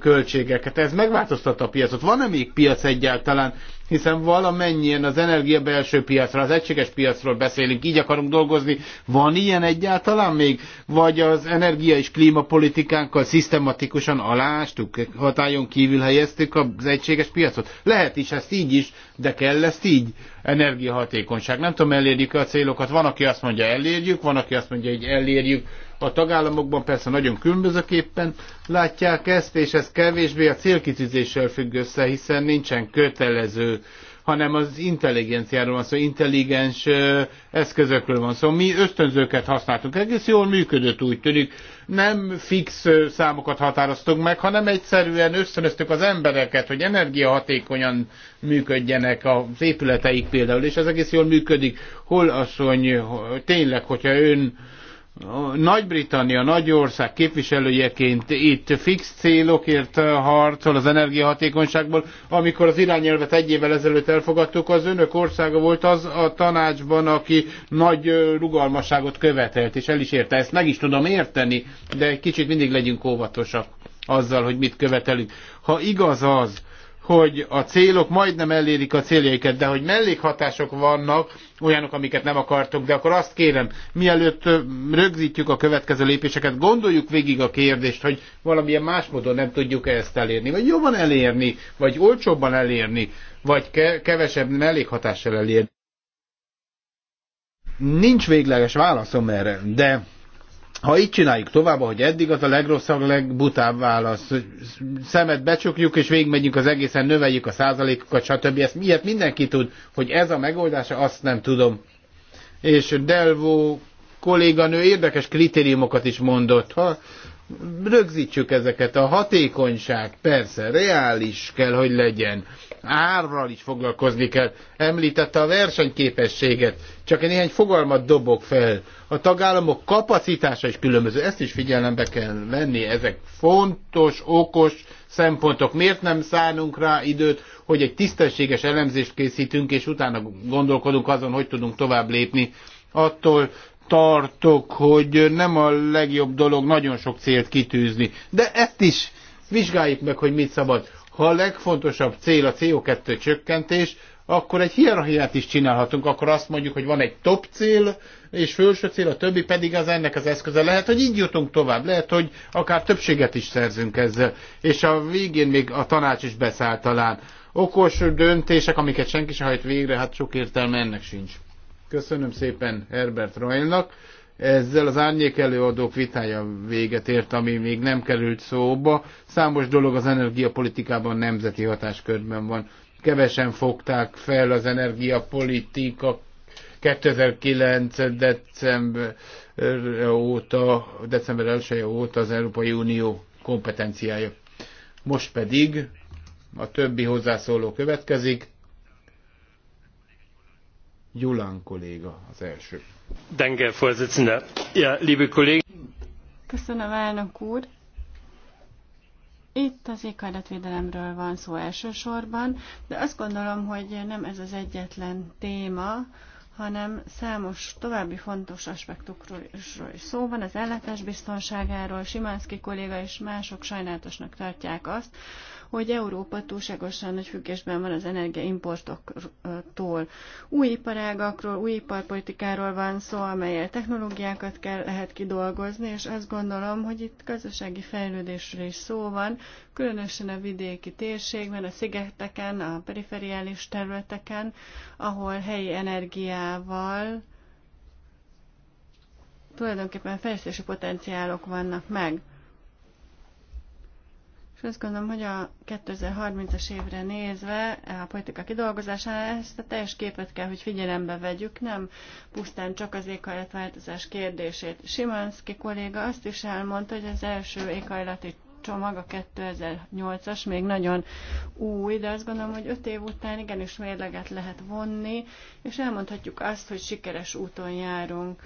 költségeket. Ez megváltoztatta a piacot. Van-e még piac egyáltalán? Hiszen valamennyien az energia belső piacra, az egységes piacról beszélünk, így akarunk dolgozni. Van ilyen egyáltalán még? Vagy az energia és klímapolitikánkkal szisztematikusan alástuk, hatályon kívül helyeztük az egységes piacot? Lehet is ezt így is, de kell ezt így. Energiahatékonyság. Nem tudom, elérjük -e a célokat. Van, aki azt mondja, elérjük, van, aki azt mondja, hogy elérjük a tagállamokban persze nagyon különbözőképpen látják ezt, és ez kevésbé a célkitűzéssel függ össze, hiszen nincsen kötelező hanem az intelligenciáról van szó, szóval intelligens eszközökről van szó. Szóval mi ösztönzőket használtunk, egész jól működött úgy tűnik. Nem fix számokat határoztunk meg, hanem egyszerűen ösztönöztük az embereket, hogy energiahatékonyan működjenek az épületeik például, és ez egész jól működik. Hol asszony, tényleg, hogyha ön nagy-Britannia, nagy ország képviselőjeként itt fix célokért harcol az energiahatékonyságból. Amikor az irányelvet egy évvel ezelőtt elfogadtuk, az önök országa volt az a tanácsban, aki nagy rugalmasságot követelt, és el is érte. Ezt meg is tudom érteni, de egy kicsit mindig legyünk óvatosak azzal, hogy mit követelünk. Ha igaz az, hogy a célok majdnem elérik a céljaikat, de hogy mellékhatások vannak, olyanok, amiket nem akartunk, de akkor azt kérem, mielőtt rögzítjük a következő lépéseket, gondoljuk végig a kérdést, hogy valamilyen más módon nem tudjuk -e ezt elérni, vagy jobban elérni, vagy olcsóbban elérni, vagy kevesebb mellékhatással elérni. Nincs végleges válaszom erre, de ha így csináljuk tovább, ahogy eddig, az a legrosszabb, legbutább válasz, hogy szemet becsukjuk, és végigmegyünk az egészen, növeljük a százalékokat, stb. Ezt miért mindenki tud, hogy ez a megoldása, azt nem tudom. És Delvo kolléganő érdekes kritériumokat is mondott. Ha rögzítsük ezeket, a hatékonyság persze reális kell, hogy legyen árral is foglalkozni kell. Említette a versenyképességet. Csak néhány fogalmat dobok fel. A tagállamok kapacitása is különböző. Ezt is figyelembe kell venni. Ezek fontos, okos szempontok. Miért nem szánunk rá időt, hogy egy tisztességes elemzést készítünk, és utána gondolkodunk azon, hogy tudunk tovább lépni. Attól tartok, hogy nem a legjobb dolog nagyon sok célt kitűzni. De ezt is vizsgáljuk meg, hogy mit szabad. Ha a legfontosabb cél a CO2 csökkentés, akkor egy hierarchiát is csinálhatunk, akkor azt mondjuk, hogy van egy top cél, és felső cél, a többi pedig az ennek az eszköze. Lehet, hogy így jutunk tovább, lehet, hogy akár többséget is szerzünk ezzel, és a végén még a tanács is beszáll talán. Okos döntések, amiket senki se hajt végre, hát sok értelme ennek sincs. Köszönöm szépen Herbert Royalnak ezzel az árnyék előadók vitája véget ért, ami még nem került szóba. Számos dolog az energiapolitikában nemzeti hatáskörben van. Kevesen fogták fel az energiapolitika 2009. december óta, december 1 -e óta az Európai Unió kompetenciája. Most pedig a többi hozzászóló következik. Gyulán kolléga az első. Köszönöm, Itt az éghajlatvédelemről van szó elsősorban, de azt gondolom, hogy nem ez az egyetlen téma, hanem számos további fontos aspektusról is, szó van, az ellátás biztonságáról, Simánszki kolléga és mások sajnálatosnak tartják azt, hogy Európa túlságosan nagy függésben van az energiaimportoktól. Új iparágakról, új iparpolitikáról van szó, amelyel technológiákat kell, lehet kidolgozni, és azt gondolom, hogy itt gazdasági fejlődésről is szó van, különösen a vidéki térségben, a szigeteken, a perifériális területeken, ahol helyi energiával tulajdonképpen fejlesztési potenciálok vannak meg. És azt gondolom, hogy a 2030-as évre nézve a politika kidolgozásánál ezt a teljes képet kell, hogy figyelembe vegyük, nem pusztán csak az éghajlatváltozás kérdését. Simanszki kolléga azt is elmondta, hogy az első éghajlati csomag, a 2008-as, még nagyon új, de azt gondolom, hogy öt év után igenis mérleget lehet vonni, és elmondhatjuk azt, hogy sikeres úton járunk.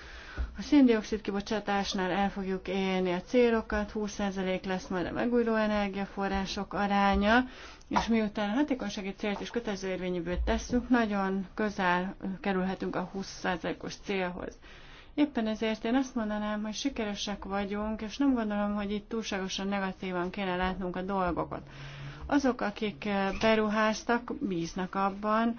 A széndiokszid kibocsátásnál el fogjuk élni a célokat, 20% lesz majd a megújuló energiaforrások aránya, és miután a hatékonysági célt is kötelező érvényűből tesszük, nagyon közel kerülhetünk a 20%-os célhoz. Éppen ezért én azt mondanám, hogy sikeresek vagyunk, és nem gondolom, hogy itt túlságosan negatívan kéne látnunk a dolgokat. Azok, akik beruháztak, bíznak abban,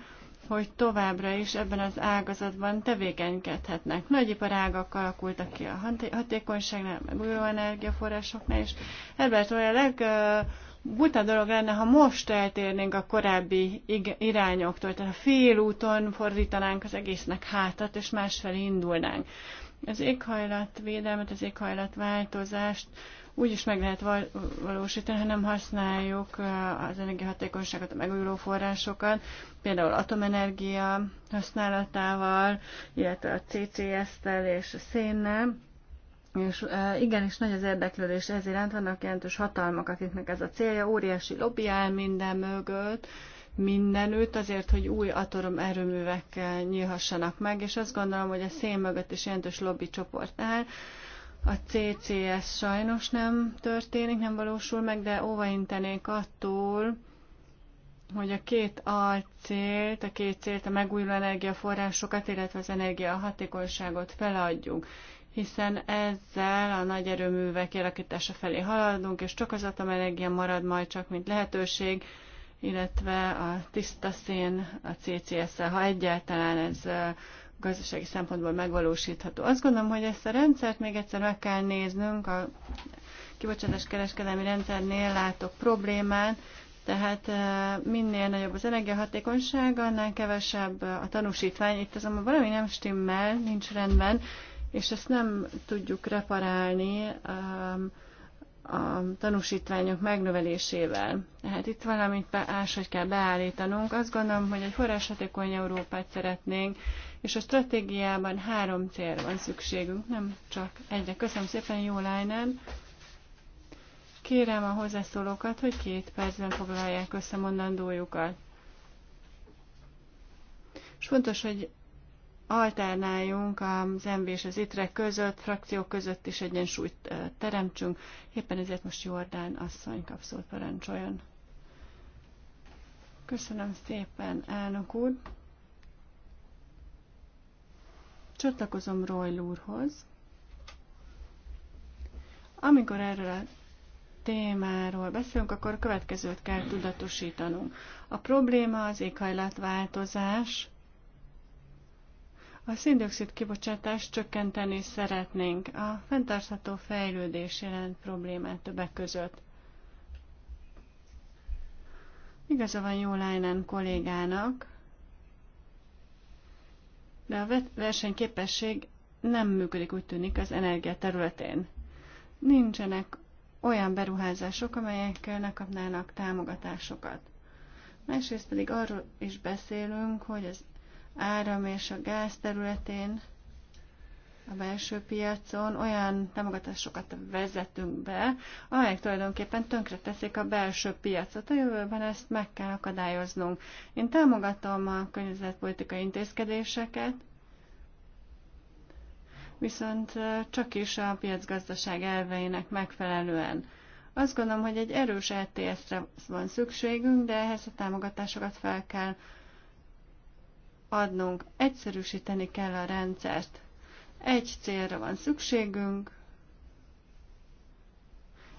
hogy továbbra is ebben az ágazatban tevékenykedhetnek. ágak alakultak ki a hatékonyságnál, meg újuló energiaforrásoknál, és Herbert olyan leg buta dolog lenne, ha most eltérnénk a korábbi irányoktól, tehát ha félúton fordítanánk az egésznek hátat, és másfelé indulnánk. Az éghajlatvédelmet, az éghajlatváltozást úgy is meg lehet valósítani, ha nem használjuk az energiahatékonyságot, a megújuló forrásokat, például atomenergia használatával, illetve a CCS-tel és a szénnel. És igenis nagy az érdeklődés ez iránt, vannak jelentős hatalmak, akiknek ez a célja, óriási lobby áll minden mögött, mindenütt azért, hogy új atomerőművek nyílhassanak meg, és azt gondolom, hogy a szén mögött is jelentős lobby csoport áll, a CCS sajnos nem történik, nem valósul meg, de óvaintenék attól, hogy a két alcélt, a két célt, a megújuló energiaforrásokat, illetve az energiahatékonyságot feladjuk, hiszen ezzel a nagy erőművek kialakítása felé haladunk, és csak az atomenergia marad majd csak, mint lehetőség, illetve a tiszta szén a CCS-szel, ha egyáltalán ez gazdasági szempontból megvalósítható. Azt gondolom, hogy ezt a rendszert még egyszer meg kell néznünk. A kibocsátás kereskedelmi rendszernél látok problémán, tehát minél nagyobb az energiahatékonyság, annál kevesebb a tanúsítvány. Itt azonban valami nem stimmel, nincs rendben, és ezt nem tudjuk reparálni a tanúsítványok megnövelésével. Tehát itt valamit hogy kell beállítanunk. Azt gondolom, hogy egy forráshatékony Európát szeretnénk, és a stratégiában három cél van szükségünk, nem csak egyre. Köszönöm szépen, jó lájnán! Kérem a hozzászólókat, hogy két percben foglalják össze mondandójukat. És fontos, hogy alternáljunk az MV és az ITRE között, frakciók között is egyensúlyt teremtsünk. Éppen ezért most Jordán asszony kapszót parancsoljon. Köszönöm szépen, elnök úr! Csatlakozom Roy úrhoz. Amikor erről a témáról beszélünk, akkor a következőt kell tudatosítanunk. A probléma az éghajlatváltozás, a széndiokszid kibocsátást csökkenteni szeretnénk. A fenntartható fejlődés jelent problémát többek között. Igaza van Jó Lájnán kollégának, de a versenyképesség nem működik, úgy tűnik, az energia területén. Nincsenek olyan beruházások, amelyek ne kapnának támogatásokat. Másrészt pedig arról is beszélünk, hogy az áram és a gáz területén a belső piacon olyan támogatásokat vezetünk be, amelyek tulajdonképpen teszik a belső piacot. A jövőben ezt meg kell akadályoznunk. Én támogatom a környezetpolitikai intézkedéseket, viszont csak is a piacgazdaság elveinek megfelelően. Azt gondolom, hogy egy erős ets re van szükségünk, de ehhez a támogatásokat fel kell adnunk. Egyszerűsíteni kell a rendszert. Egy célra van szükségünk,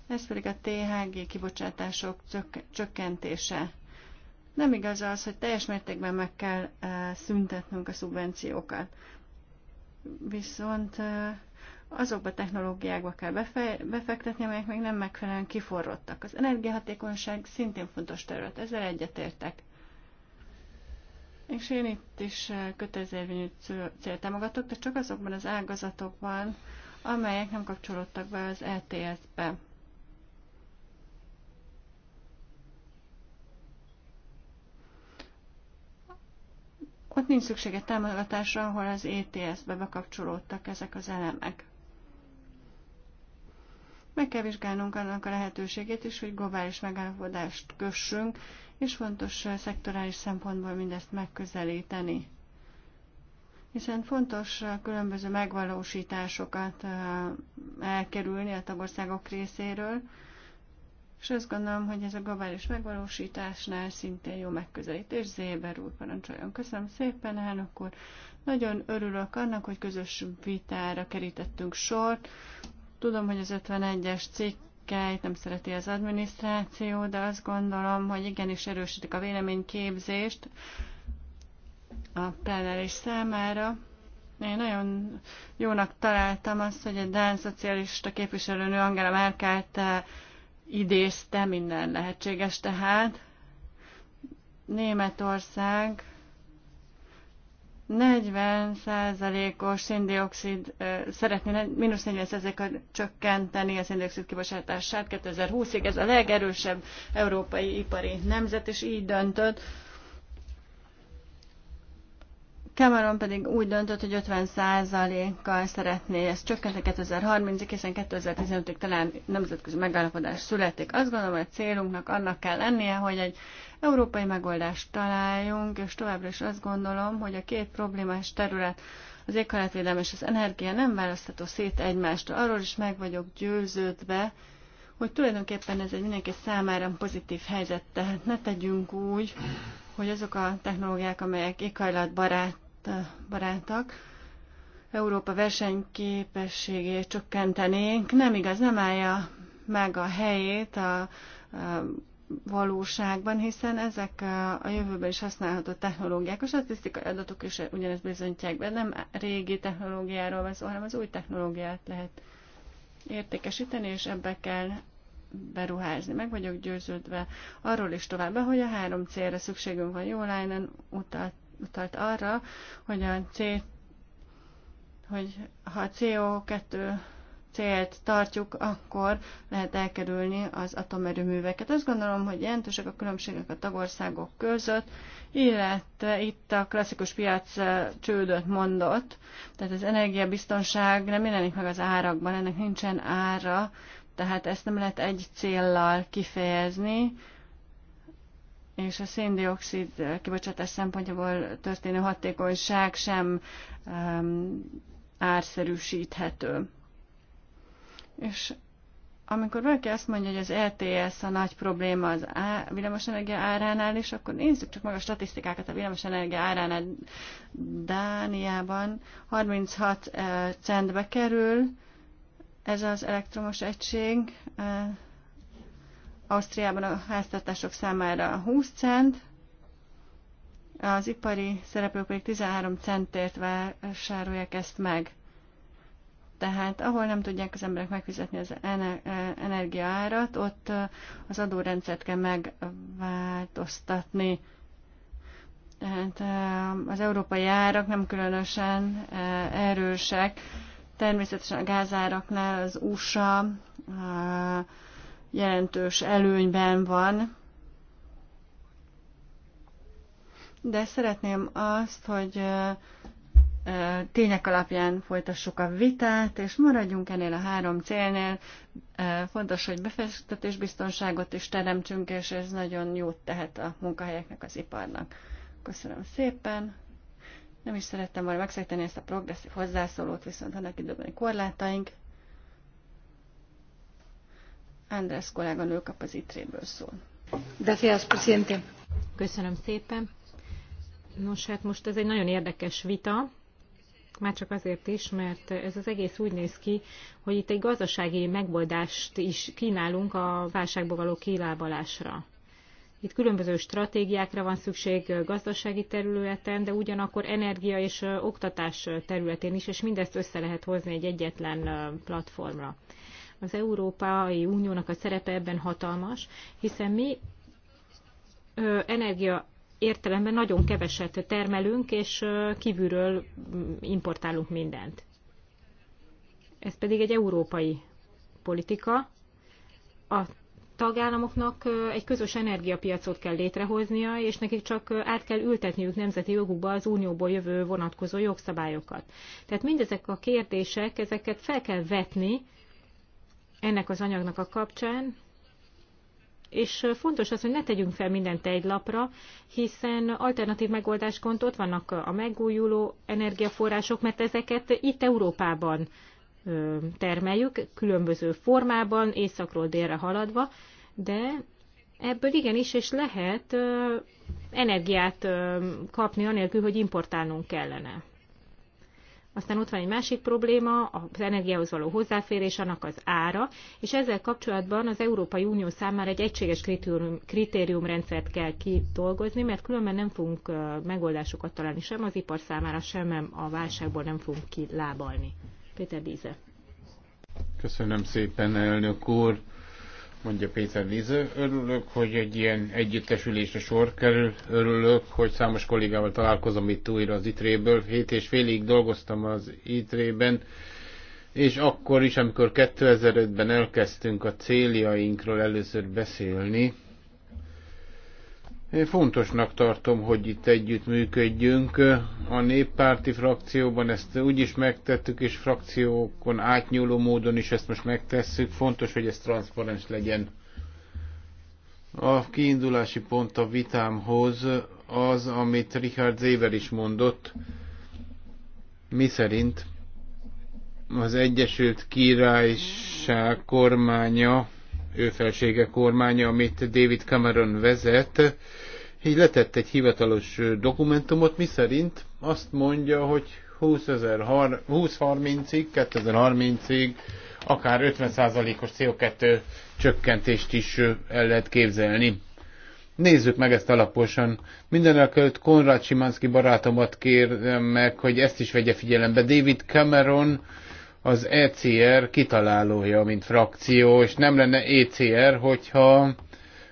ez pedig a THG kibocsátások csökkentése. Nem igaz az, hogy teljes mértékben meg kell eh, szüntetnünk a szubvenciókat. Viszont eh, azokba a technológiákba kell befektetni, amelyek még nem megfelelően kiforrottak. Az energiahatékonyság szintén fontos terület, ezzel egyetértek. És én itt is eh, kötelezővényű cél támogatok, de csak azokban az ágazatokban, amelyek nem kapcsolódtak be az ETS-be. Ott nincs szüksége támogatásra, ahol az ETS-be bekapcsolódtak ezek az elemek. Meg kell vizsgálnunk annak a lehetőségét is, hogy globális megállapodást kössünk, és fontos eh, szektorális szempontból mindezt megközelíteni. Hiszen fontos a eh, különböző megvalósításokat eh, elkerülni a tagországok részéről, és azt gondolom, hogy ez a globális megvalósításnál szintén jó megközelítés. Zéber úr, parancsoljon. Köszönöm szépen, elnök úr. Nagyon örülök annak, hogy közös vitára kerítettünk sort. Tudom, hogy az 51-es cikk kályt nem szereti az adminisztráció, de azt gondolom, hogy igenis erősítik a véleményképzést a plenáris számára. Én nagyon jónak találtam azt, hogy egy Dán szocialista képviselőnő Angela Merkelt eh, idézte minden lehetséges tehát. Németország 40%-os széndiokszid, szeretné mínusz 40%-kal csökkenteni a széndiokszid kibocsátását 2020-ig. Ez a legerősebb európai ipari nemzet, és így döntött. Cameron pedig úgy döntött, hogy 50%-kal szeretné ezt csökkenteni 2030-ig, hiszen 2015-ig talán nemzetközi megállapodás születik. Azt gondolom, hogy a célunknak annak kell lennie, hogy egy európai megoldást találjunk, és továbbra is azt gondolom, hogy a két problémás terület, az éghajlatvédelem és az energia nem választható szét egymástól. Arról is meg vagyok győződve, hogy tulajdonképpen ez egy mindenki számára pozitív helyzet, tehát ne tegyünk úgy, hogy azok a technológiák, amelyek éghajlatbarátak, Európa versenyképességét csökkentenénk, nem igaz, nem állja meg a helyét a valóságban, hiszen ezek a jövőben is használható technológiák, a statisztikai adatok is ugyanezt bizonyítják be, nem régi technológiáról van szó, hanem az új technológiát lehet értékesíteni, és ebbe kell beruházni. Meg vagyok győződve arról is továbbá, hogy a három célra szükségünk van. Jó Lájnen utalt, utalt arra, hogy a C, hogy ha a CO2 célt tartjuk, akkor lehet elkerülni az atomerőműveket. Azt gondolom, hogy jelentősek a különbségek a tagországok között, illetve itt a klasszikus piac eh, csődöt mondott, tehát az energiabiztonság nem jelenik meg az árakban, ennek nincsen ára, tehát ezt nem lehet egy céllal kifejezni, és a széndiokszid eh, kibocsátás szempontjából történő hatékonyság sem um, árszerűsíthető. És amikor valaki azt mondja, hogy az LTS e a nagy probléma az á, villamosenergia áránál is, akkor nézzük csak meg a statisztikákat a villamosenergia áránál. Dániában 36 centbe kerül ez az elektromos egység, Ausztriában a háztartások számára 20 cent, az ipari szereplők pedig 13 centért vásárolják ezt meg. Tehát ahol nem tudják az emberek megfizetni az e, energiaárat, ott e, az adórendszert kell megváltoztatni. Tehát e, az európai árak nem különösen erősek. Természetesen a gázáraknál az USA jelentős előnyben van. De szeretném azt, hogy tények alapján folytassuk a vitát, és maradjunk ennél a három célnél. Fontos, hogy befektetésbiztonságot is teremtsünk, és ez nagyon jót tehet a munkahelyeknek, az iparnak. Köszönöm szépen. Nem is szerettem volna megszegteni ezt a progresszív hozzászólót, viszont vannak időbeni korlátaink. András kolléganő kap az ITRÉ-ből szól. Gracias, presidente. Köszönöm szépen. Nos, hát most ez egy nagyon érdekes vita, már csak azért is, mert ez az egész úgy néz ki, hogy itt egy gazdasági megoldást is kínálunk a válságba való kilábalásra. Itt különböző stratégiákra van szükség gazdasági területen, de ugyanakkor energia és oktatás területén is, és mindezt össze lehet hozni egy egyetlen platformra. Az Európai Uniónak a szerepe ebben hatalmas, hiszen mi energia értelemben nagyon keveset termelünk, és kívülről mm, importálunk mindent. Ez pedig egy európai politika. A tagállamoknak egy közös energiapiacot kell létrehoznia, és nekik csak át kell ültetniük nemzeti jogukba az unióból jövő vonatkozó jogszabályokat. Tehát mindezek a kérdések, ezeket fel kell vetni ennek az anyagnak a kapcsán, és fontos az, hogy ne tegyünk fel mindent egy lapra, hiszen alternatív megoldásként ott vannak a megújuló energiaforrások, mert ezeket itt Európában termeljük, különböző formában, északról délre haladva, de ebből igenis, és lehet energiát kapni anélkül, hogy importálnunk kellene. Aztán ott van egy másik probléma, az energiához való hozzáférés, annak az ára, és ezzel kapcsolatban az Európai Unió számára egy egységes kritérium, kritériumrendszert kell kidolgozni, mert különben nem fogunk megoldásokat találni sem az ipar számára, sem a válságból nem fogunk kilábalni. Péter Bíze. Köszönöm szépen, elnök úr mondja Péter Néző. Örülök, hogy egy ilyen együttesülésre sor kerül. Örülök, hogy számos kollégával találkozom itt újra az ITRÉ-ből. Hét és félig dolgoztam az ITRÉ-ben, és akkor is, amikor 2005-ben elkezdtünk a céljainkról először beszélni, én fontosnak tartom, hogy itt együtt működjünk. A néppárti frakcióban ezt úgy is megtettük, és frakciókon átnyúló módon is ezt most megtesszük. Fontos, hogy ez transzparens legyen. A kiindulási pont a vitámhoz az, amit Richard Zéver is mondott, mi szerint az Egyesült Királyság kormánya ő felsége kormánya, amit David Cameron vezet, így letett egy hivatalos dokumentumot, miszerint azt mondja, hogy 2030-ig, 2030-ig akár 50%-os CO2 csökkentést is el lehet képzelni. Nézzük meg ezt alaposan. előtt Konrad Simanski barátomat kérem meg, hogy ezt is vegye figyelembe. David Cameron az ECR kitalálója, mint frakció, és nem lenne ECR, hogyha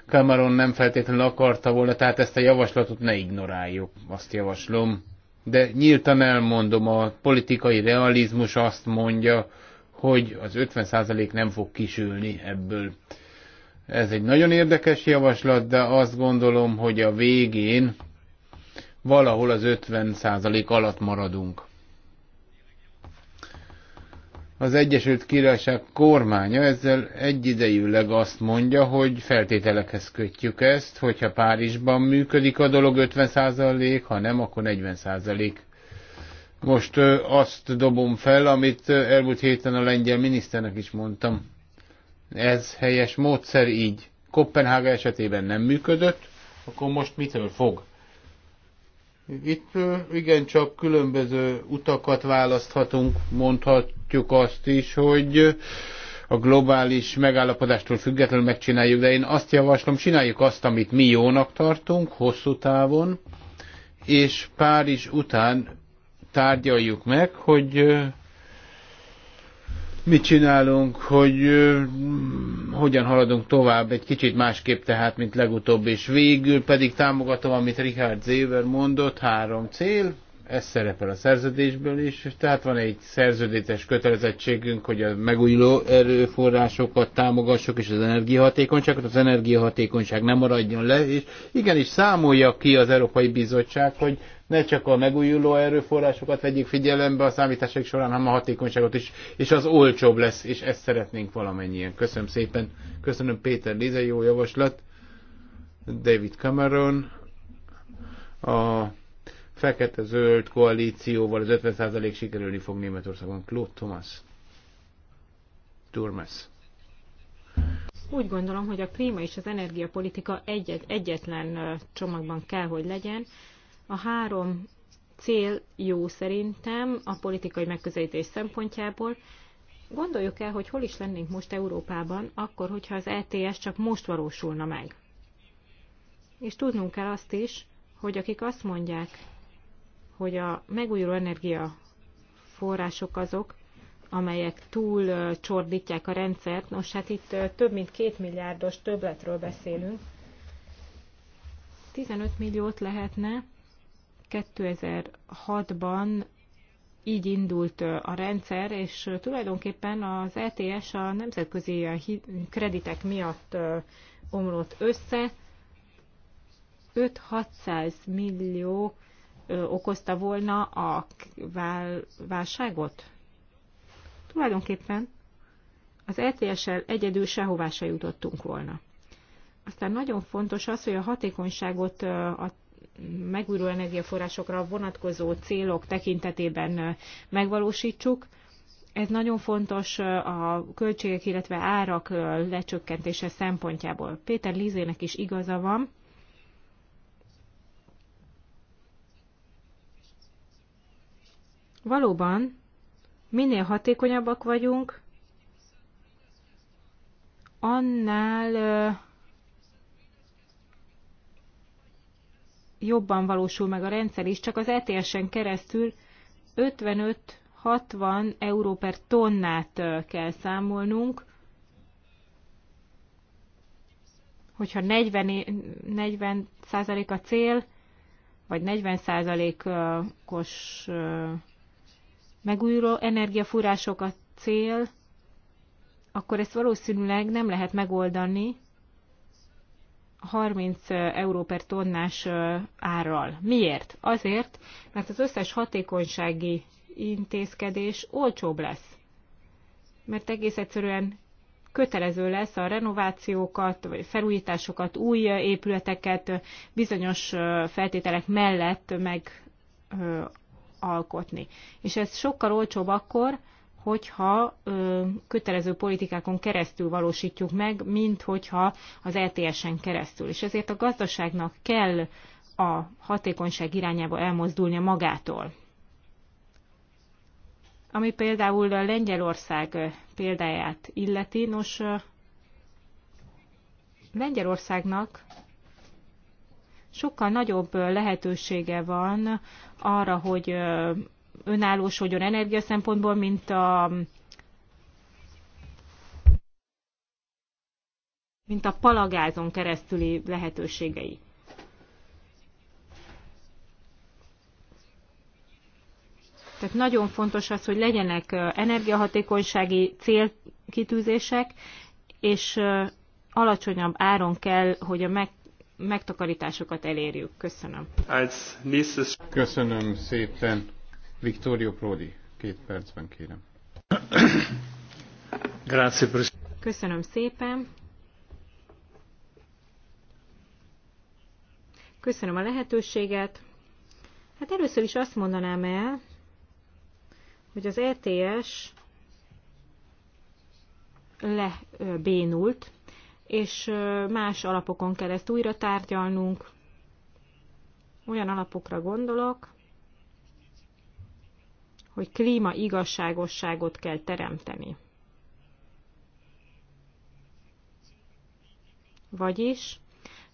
Cameron nem feltétlenül akarta volna, tehát ezt a javaslatot ne ignoráljuk, azt javaslom. De nyíltan elmondom, a politikai realizmus azt mondja, hogy az 50% nem fog kisülni ebből. Ez egy nagyon érdekes javaslat, de azt gondolom, hogy a végén valahol az 50% alatt maradunk az Egyesült Királyság kormánya ezzel egyidejűleg azt mondja, hogy feltételekhez kötjük ezt, hogyha Párizsban működik a dolog 50%, ha nem, akkor 40%. Most azt dobom fel, amit elmúlt héten a lengyel miniszternek is mondtam. Ez helyes módszer így. Kopenhága esetében nem működött, akkor most mitől fog? Itt igencsak különböző utakat választhatunk, mondhatjuk azt is, hogy a globális megállapodástól függetlenül megcsináljuk, de én azt javaslom, csináljuk azt, amit mi jónak tartunk hosszú távon, és Párizs után tárgyaljuk meg, hogy mit csinálunk, hogy hogyan haladunk tovább, egy kicsit másképp tehát, mint legutóbb, és végül pedig támogatom, amit Richard Zéver mondott, három cél, ez szerepel a szerződésből is, tehát van egy szerződétes kötelezettségünk, hogy a megújuló erőforrásokat támogassuk, és az energiahatékonyságot, az energiahatékonyság nem maradjon le, és igenis számolja ki az Európai Bizottság, hogy ne csak a megújuló erőforrásokat vegyék figyelembe a számításaik során, hanem a hatékonyságot is, és az olcsóbb lesz, és ezt szeretnénk valamennyien. Köszönöm szépen. Köszönöm Péter Lize, jó javaslat. David Cameron, a fekete-zöld koalícióval az 50% sikerülni fog Németországon. Claude Thomas. Turmes. Úgy gondolom, hogy a klíma és az energiapolitika egyet, egyetlen csomagban kell, hogy legyen, a három cél jó szerintem a politikai megközelítés szempontjából. Gondoljuk el, hogy hol is lennénk most Európában, akkor, hogyha az ETS csak most valósulna meg. És tudnunk kell azt is, hogy akik azt mondják, hogy a megújuló energia források azok, amelyek túl csordítják a rendszert. Nos, hát itt több mint két milliárdos többletről beszélünk. 15 milliót lehetne 2006-ban így indult a rendszer, és tulajdonképpen az ETS a nemzetközi kreditek miatt omlott össze. 5-600 millió okozta volna a válságot? Tulajdonképpen az ETS-el egyedül sehová se jutottunk volna. Aztán nagyon fontos az, hogy a hatékonyságot a megújuló energiaforrásokra vonatkozó célok tekintetében megvalósítsuk. Ez nagyon fontos a költségek, illetve árak lecsökkentése szempontjából. Péter Lizének is igaza van. Valóban, minél hatékonyabbak vagyunk, annál jobban valósul meg a rendszer is, csak az ETS-en keresztül 55-60 euró per tonnát kell számolnunk, hogyha 40, 40 a cél, vagy 40 százalékos megújuló energiafúrások a cél, akkor ezt valószínűleg nem lehet megoldani, 30 euró per tonnás árral. Miért? Azért, mert az összes hatékonysági intézkedés olcsóbb lesz. Mert egész egyszerűen kötelező lesz a renovációkat, vagy felújításokat, új épületeket bizonyos feltételek mellett megalkotni. És ez sokkal olcsóbb akkor, hogyha ö, kötelező politikákon keresztül valósítjuk meg, mint hogyha az LTS-en e keresztül. És ezért a gazdaságnak kell a hatékonyság irányába elmozdulnia magától. Ami például a Lengyelország példáját illeti, nos, Lengyelországnak sokkal nagyobb lehetősége van arra, hogy önállósodjon energia szempontból, mint a mint a palagázon keresztüli lehetőségei. Tehát nagyon fontos az, hogy legyenek energiahatékonysági célkitűzések, és alacsonyabb áron kell, hogy a meg, megtakarításokat elérjük. Köszönöm. Köszönöm szépen. Victorio Prodi, két percben kérem. Köszönöm szépen. Köszönöm a lehetőséget. Hát először is azt mondanám el, hogy az ETS lebénult, és más alapokon kell ezt újra tárgyalnunk. Olyan alapokra gondolok, hogy klíma igazságosságot kell teremteni. Vagyis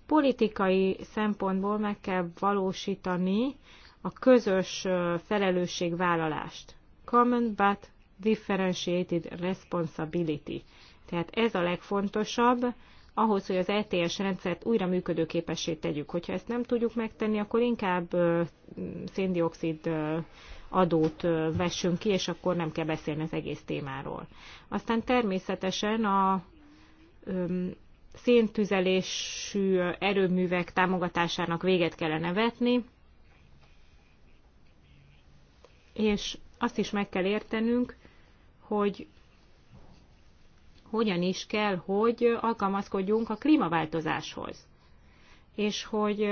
politikai szempontból meg kell valósítani a közös felelősségvállalást. Common but differentiated responsibility. Tehát ez a legfontosabb, ahhoz, hogy az ETS rendszert újra működőképessé tegyük. Hogyha ezt nem tudjuk megtenni, akkor inkább széndiokszid adót vessünk ki, és akkor nem kell beszélni az egész témáról. Aztán természetesen a széntüzelésű erőművek támogatásának véget kellene vetni, és azt is meg kell értenünk, hogy hogyan is kell, hogy alkalmazkodjunk a klímaváltozáshoz. És hogy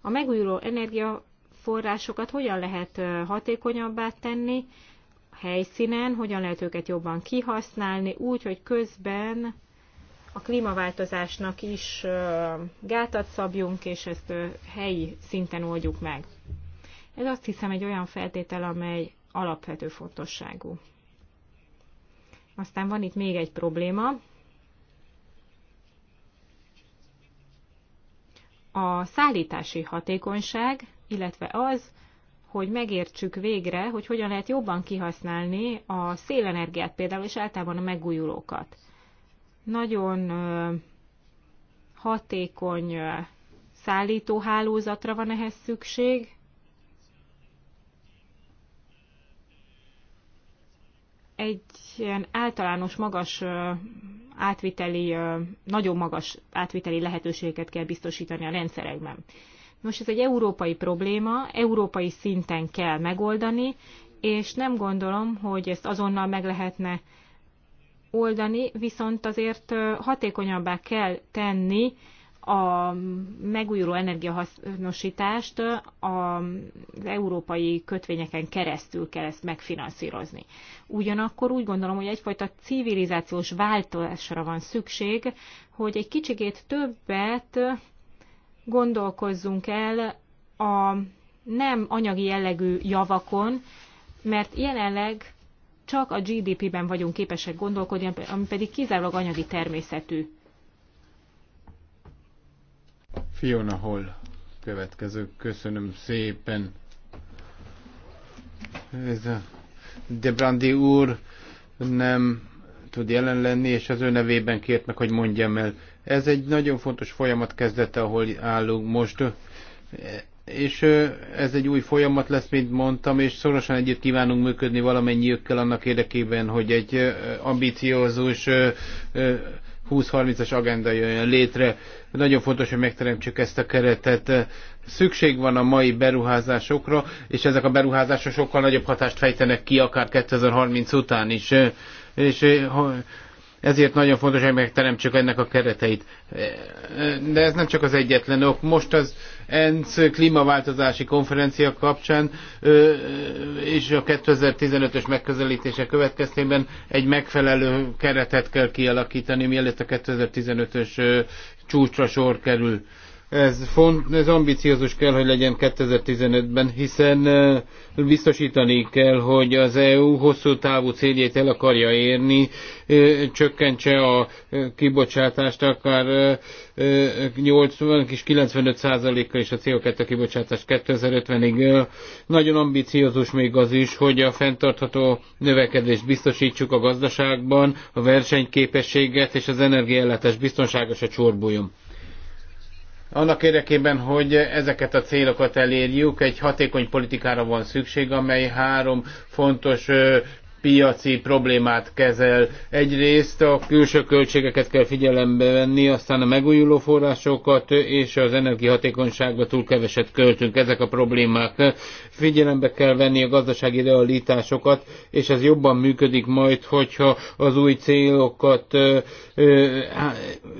a megújuló energia forrásokat hogyan lehet hatékonyabbá tenni helyszínen, hogyan lehet őket jobban kihasználni, úgy, hogy közben a klímaváltozásnak is gátat szabjunk, és ezt helyi szinten oldjuk meg. Ez azt hiszem egy olyan feltétel, amely alapvető fontosságú. Aztán van itt még egy probléma. A szállítási hatékonyság illetve az, hogy megértsük végre, hogy hogyan lehet jobban kihasználni a szélenergiát például, és általában a megújulókat. Nagyon hatékony szállítóhálózatra van ehhez szükség. Egy ilyen általános magas átviteli, nagyon magas átviteli lehetőségeket kell biztosítani a rendszerekben. Most ez egy európai probléma, európai szinten kell megoldani, és nem gondolom, hogy ezt azonnal meg lehetne oldani, viszont azért hatékonyabbá kell tenni a megújuló energiahasznosítást az európai kötvényeken keresztül kell ezt megfinanszírozni. Ugyanakkor úgy gondolom, hogy egyfajta civilizációs változásra van szükség, hogy egy kicsikét többet gondolkozzunk el a nem anyagi jellegű javakon, mert jelenleg csak a GDP-ben vagyunk képesek gondolkodni, ami pedig kizárólag anyagi természetű. Fiona Hall következő. Köszönöm szépen. Ez a Debrandi úr nem tud jelen lenni, és az ő nevében kért meg, hogy mondjam el. Ez egy nagyon fontos folyamat kezdete, ahol állunk most, és ez egy új folyamat lesz, mint mondtam, és szorosan együtt kívánunk működni valamennyi ökkel annak érdekében, hogy egy ambiciózus 20-30-as agenda jöjjön létre. Nagyon fontos, hogy megteremtsük ezt a keretet. Szükség van a mai beruházásokra, és ezek a beruházások sokkal nagyobb hatást fejtenek ki, akár 2030 után is. És ezért nagyon fontos, hogy megteremtsük ennek a kereteit. De ez nem csak az egyetlen ok. Most az ENSZ klímaváltozási konferencia kapcsán és a 2015-ös megközelítése következtében egy megfelelő keretet kell kialakítani, mielőtt a 2015-ös csúcsra sor kerül ez, font, ez ambiciózus kell, hogy legyen 2015-ben, hiszen biztosítani kell, hogy az EU hosszú távú céljét el akarja érni, csökkentse a kibocsátást akár 80 95 kal is a CO2 kibocsátást 2050-ig. Nagyon ambiciózus még az is, hogy a fenntartható növekedést biztosítsuk a gazdaságban, a versenyképességet és az energiállátás biztonságos a annak érdekében, hogy ezeket a célokat elérjük, egy hatékony politikára van szükség, amely három fontos piaci problémát kezel. Egyrészt a külső költségeket kell figyelembe venni, aztán a megújuló forrásokat és az energiahatékonyságba túl keveset költünk. Ezek a problémák. Figyelembe kell venni a gazdasági realitásokat, és ez jobban működik majd, hogyha az új célokat,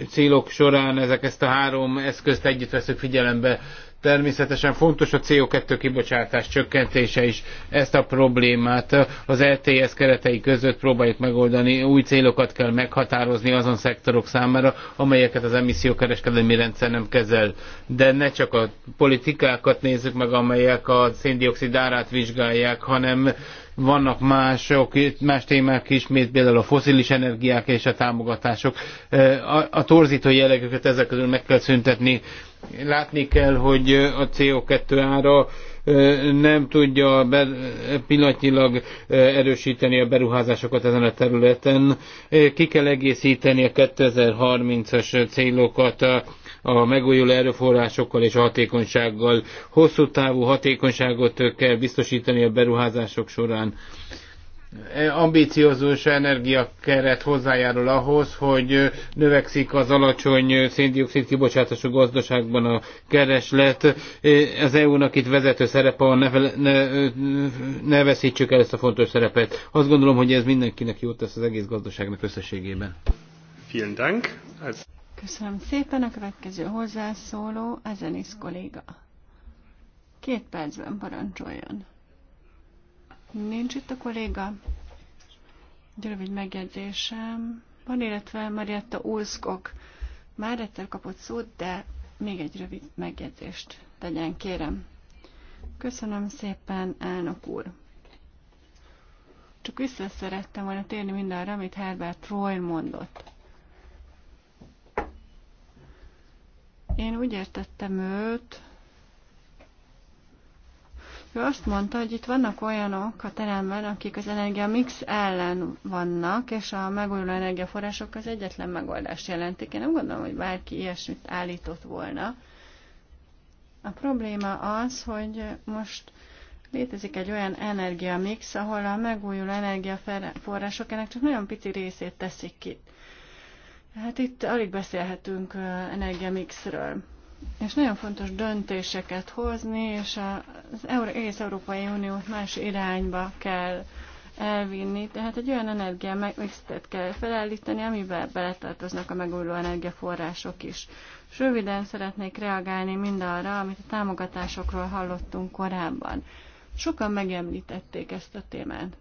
célok során ezek ezt a három eszközt együtt veszük figyelembe. Természetesen fontos a CO2 kibocsátás csökkentése is. Ezt a problémát az LTS e keretei között próbáljuk megoldani. Új célokat kell meghatározni azon szektorok számára, amelyeket az emissziókereskedelmi rendszer nem kezel. De ne csak a politikákat nézzük meg, amelyek a széndiokszid árát vizsgálják, hanem vannak mások, más témák is, mint például a foszilis energiák és a támogatások. A, a torzító jellegüket ezek közül meg kell szüntetni látni kell, hogy a CO2 ára nem tudja pillanatnyilag erősíteni a beruházásokat ezen a területen. Ki kell egészíteni a 2030-as célokat a megújuló erőforrásokkal és a hatékonysággal. Hosszú távú hatékonyságot kell biztosítani a beruházások során ambíciózus energiakeret hozzájárul ahhoz, hogy növekszik az alacsony széndiokszid kibocsátású gazdaságban a kereslet. Az EU-nak itt vezető szerepe van, ne, ne, ne veszítsük el ezt a fontos szerepet. Azt gondolom, hogy ez mindenkinek jót tesz az egész gazdaságnak összességében. Vielen Dank. Köszönöm szépen. A következő hozzászóló Ezenis kolléga. Két percben parancsoljon. Nincs itt a kolléga? Egy rövid megjegyzésem. Van, illetve Marietta Ulszkok már egyszer kapott szót, de még egy rövid megjegyzést tegyen, kérem. Köszönöm szépen, elnök úr. Csak vissza szerettem volna térni mindenre, amit Herbert Roy mondott. Én úgy értettem őt, ő azt mondta, hogy itt vannak olyanok a teremben, akik az energia mix ellen vannak, és a megújuló energiaforrások az egyetlen megoldást jelentik. Én nem gondolom, hogy bárki ilyesmit állított volna. A probléma az, hogy most létezik egy olyan energiamix, ahol a megújuló energiaforrások ennek csak nagyon pici részét teszik ki. Hát itt alig beszélhetünk energiamixről és nagyon fontos döntéseket hozni, és az egész Európai Uniót más irányba kell elvinni. Tehát egy olyan energiamixet kell felállítani, amiben beletartoznak a megújuló energiaforrások is. És röviden szeretnék reagálni mindarra, amit a támogatásokról hallottunk korábban. Sokan megemlítették ezt a témát.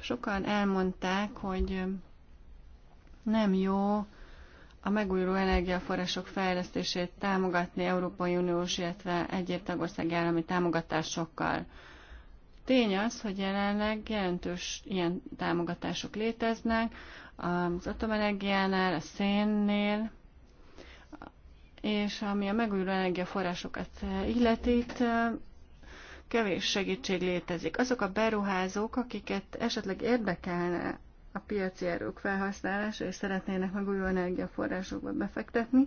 Sokan elmondták, hogy nem jó a megújuló energiaforrások fejlesztését támogatni Európai Uniós, illetve egyéb tagországi állami támogatásokkal. Tény az, hogy jelenleg jelentős ilyen támogatások léteznek az atomenergiánál, a szénnél, és ami a megújuló energiaforrásokat illeti, kevés segítség létezik. Azok a beruházók, akiket esetleg érdekelne a piaci erők felhasználása, és szeretnének megújuló energiaforrásokba befektetni.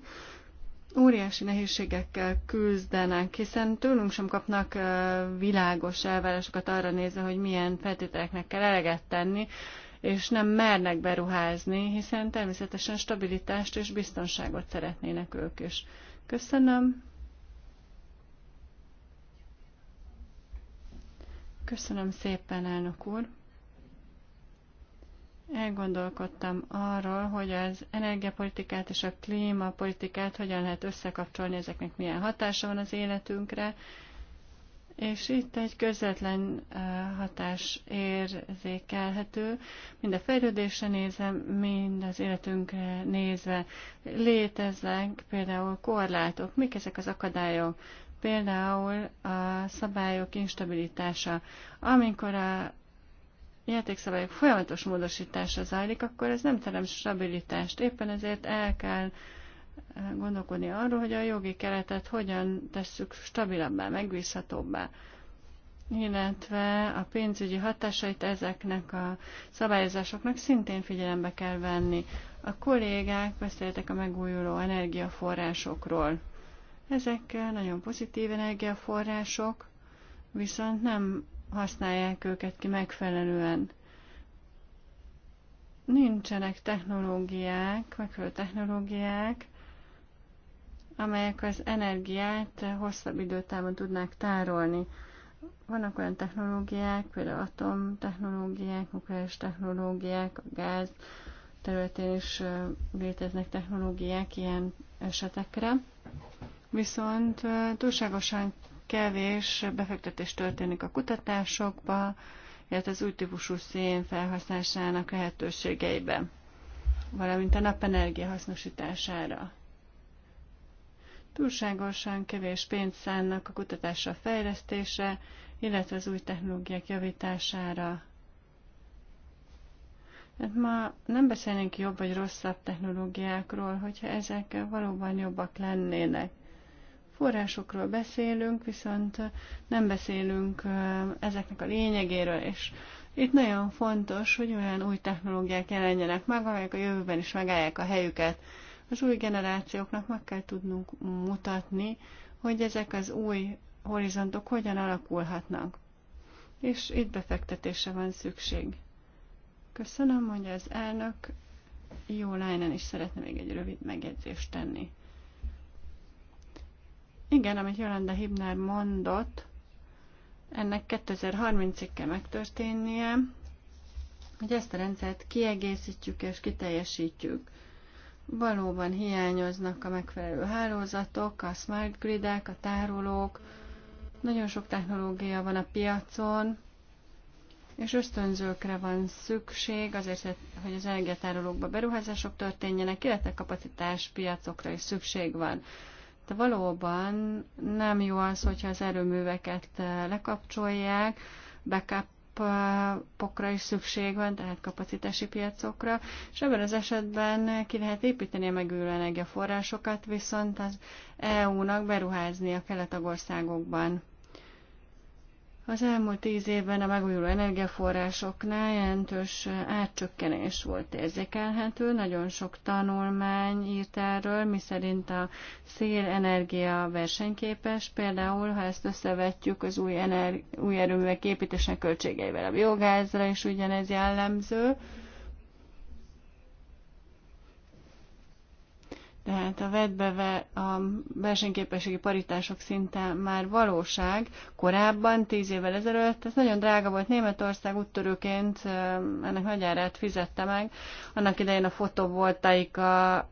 Óriási nehézségekkel küzdenek, hiszen tőlünk sem kapnak világos elvárásokat arra nézve, hogy milyen feltételeknek kell eleget tenni, és nem mernek beruházni, hiszen természetesen stabilitást és biztonságot szeretnének ők is. Köszönöm. Köszönöm szépen, elnök úr. Elgondolkodtam arról, hogy az energiapolitikát és a klímapolitikát hogyan lehet összekapcsolni, ezeknek milyen hatása van az életünkre, és itt egy közvetlen hatás érzékelhető, mind a fejlődésre nézem, mind az életünkre nézve. Léteznek például korlátok, mik ezek az akadályok? Például a szabályok instabilitása. Amikor a játékszabályok folyamatos módosítása zajlik, akkor ez nem terem stabilitást. Éppen ezért el kell eh, gondolkodni arról, hogy a jogi keretet hogyan tesszük stabilabbá, megbízhatóbbá illetve a pénzügyi hatásait ezeknek a szabályozásoknak szintén figyelembe kell venni. A kollégák beszéltek a megújuló energiaforrásokról. Ezek eh, nagyon pozitív energiaforrások, viszont nem használják őket ki megfelelően. Nincsenek technológiák, megfelelő technológiák, amelyek az energiát hosszabb időtávon tudnák tárolni. Vannak olyan technológiák, például atomtechnológiák, nukleáris technológiák, a gáz területén is léteznek technológiák ilyen esetekre. Viszont túlságosan kevés befektetés történik a kutatásokba, illetve az új típusú szén felhasználásának lehetőségeibe, valamint a napenergia hasznosítására. Túlságosan kevés pénzt szánnak a kutatásra, fejlesztése, illetve az új technológiák javítására. Hát ma nem beszélnénk jobb vagy rosszabb technológiákról, hogyha ezek valóban jobbak lennének. Forrásokról beszélünk, viszont nem beszélünk ezeknek a lényegéről, és itt nagyon fontos, hogy olyan új technológiák jelenjenek meg, amelyek a jövőben is megállják a helyüket. Az új generációknak meg kell tudnunk mutatni, hogy ezek az új horizontok hogyan alakulhatnak. És itt befektetése van szükség. Köszönöm, mondja az elnök. Jó lányan is szeretne még egy rövid megjegyzést tenni. Igen, amit Jolanda Hibner mondott, ennek 2030-ig kell megtörténnie, hogy ezt a rendszert kiegészítjük és kiteljesítjük. Valóban hiányoznak a megfelelő hálózatok, a smart gridek, a tárolók, nagyon sok technológia van a piacon, és ösztönzőkre van szükség azért, hogy az energiatárolókba beruházások történjenek, illetve kapacitás piacokra is szükség van. De valóban nem jó az, hogyha az erőműveket eh, lekapcsolják, backup piacokra is szükség van, tehát kapacitási piacokra, és ebben az esetben ki lehet építeni a megülő energiaforrásokat, viszont az EU-nak beruháznia kell a tagországokban. Az elmúlt tíz évben a megújuló energiaforrásoknál jelentős átcsökkenés volt érzékelhető. Nagyon sok tanulmány írt erről, miszerint a szélenergia versenyképes, például ha ezt összevetjük az új, energi- új erőművek építésnek költségeivel, a biogázra is ugyanez jellemző. Tehát a vedbeve a versenyképességi paritások szinte már valóság. Korábban, tíz évvel ezelőtt, ez nagyon drága volt Németország úttörőként, ennek nagy árát fizette meg. Annak idején a fotovoltaika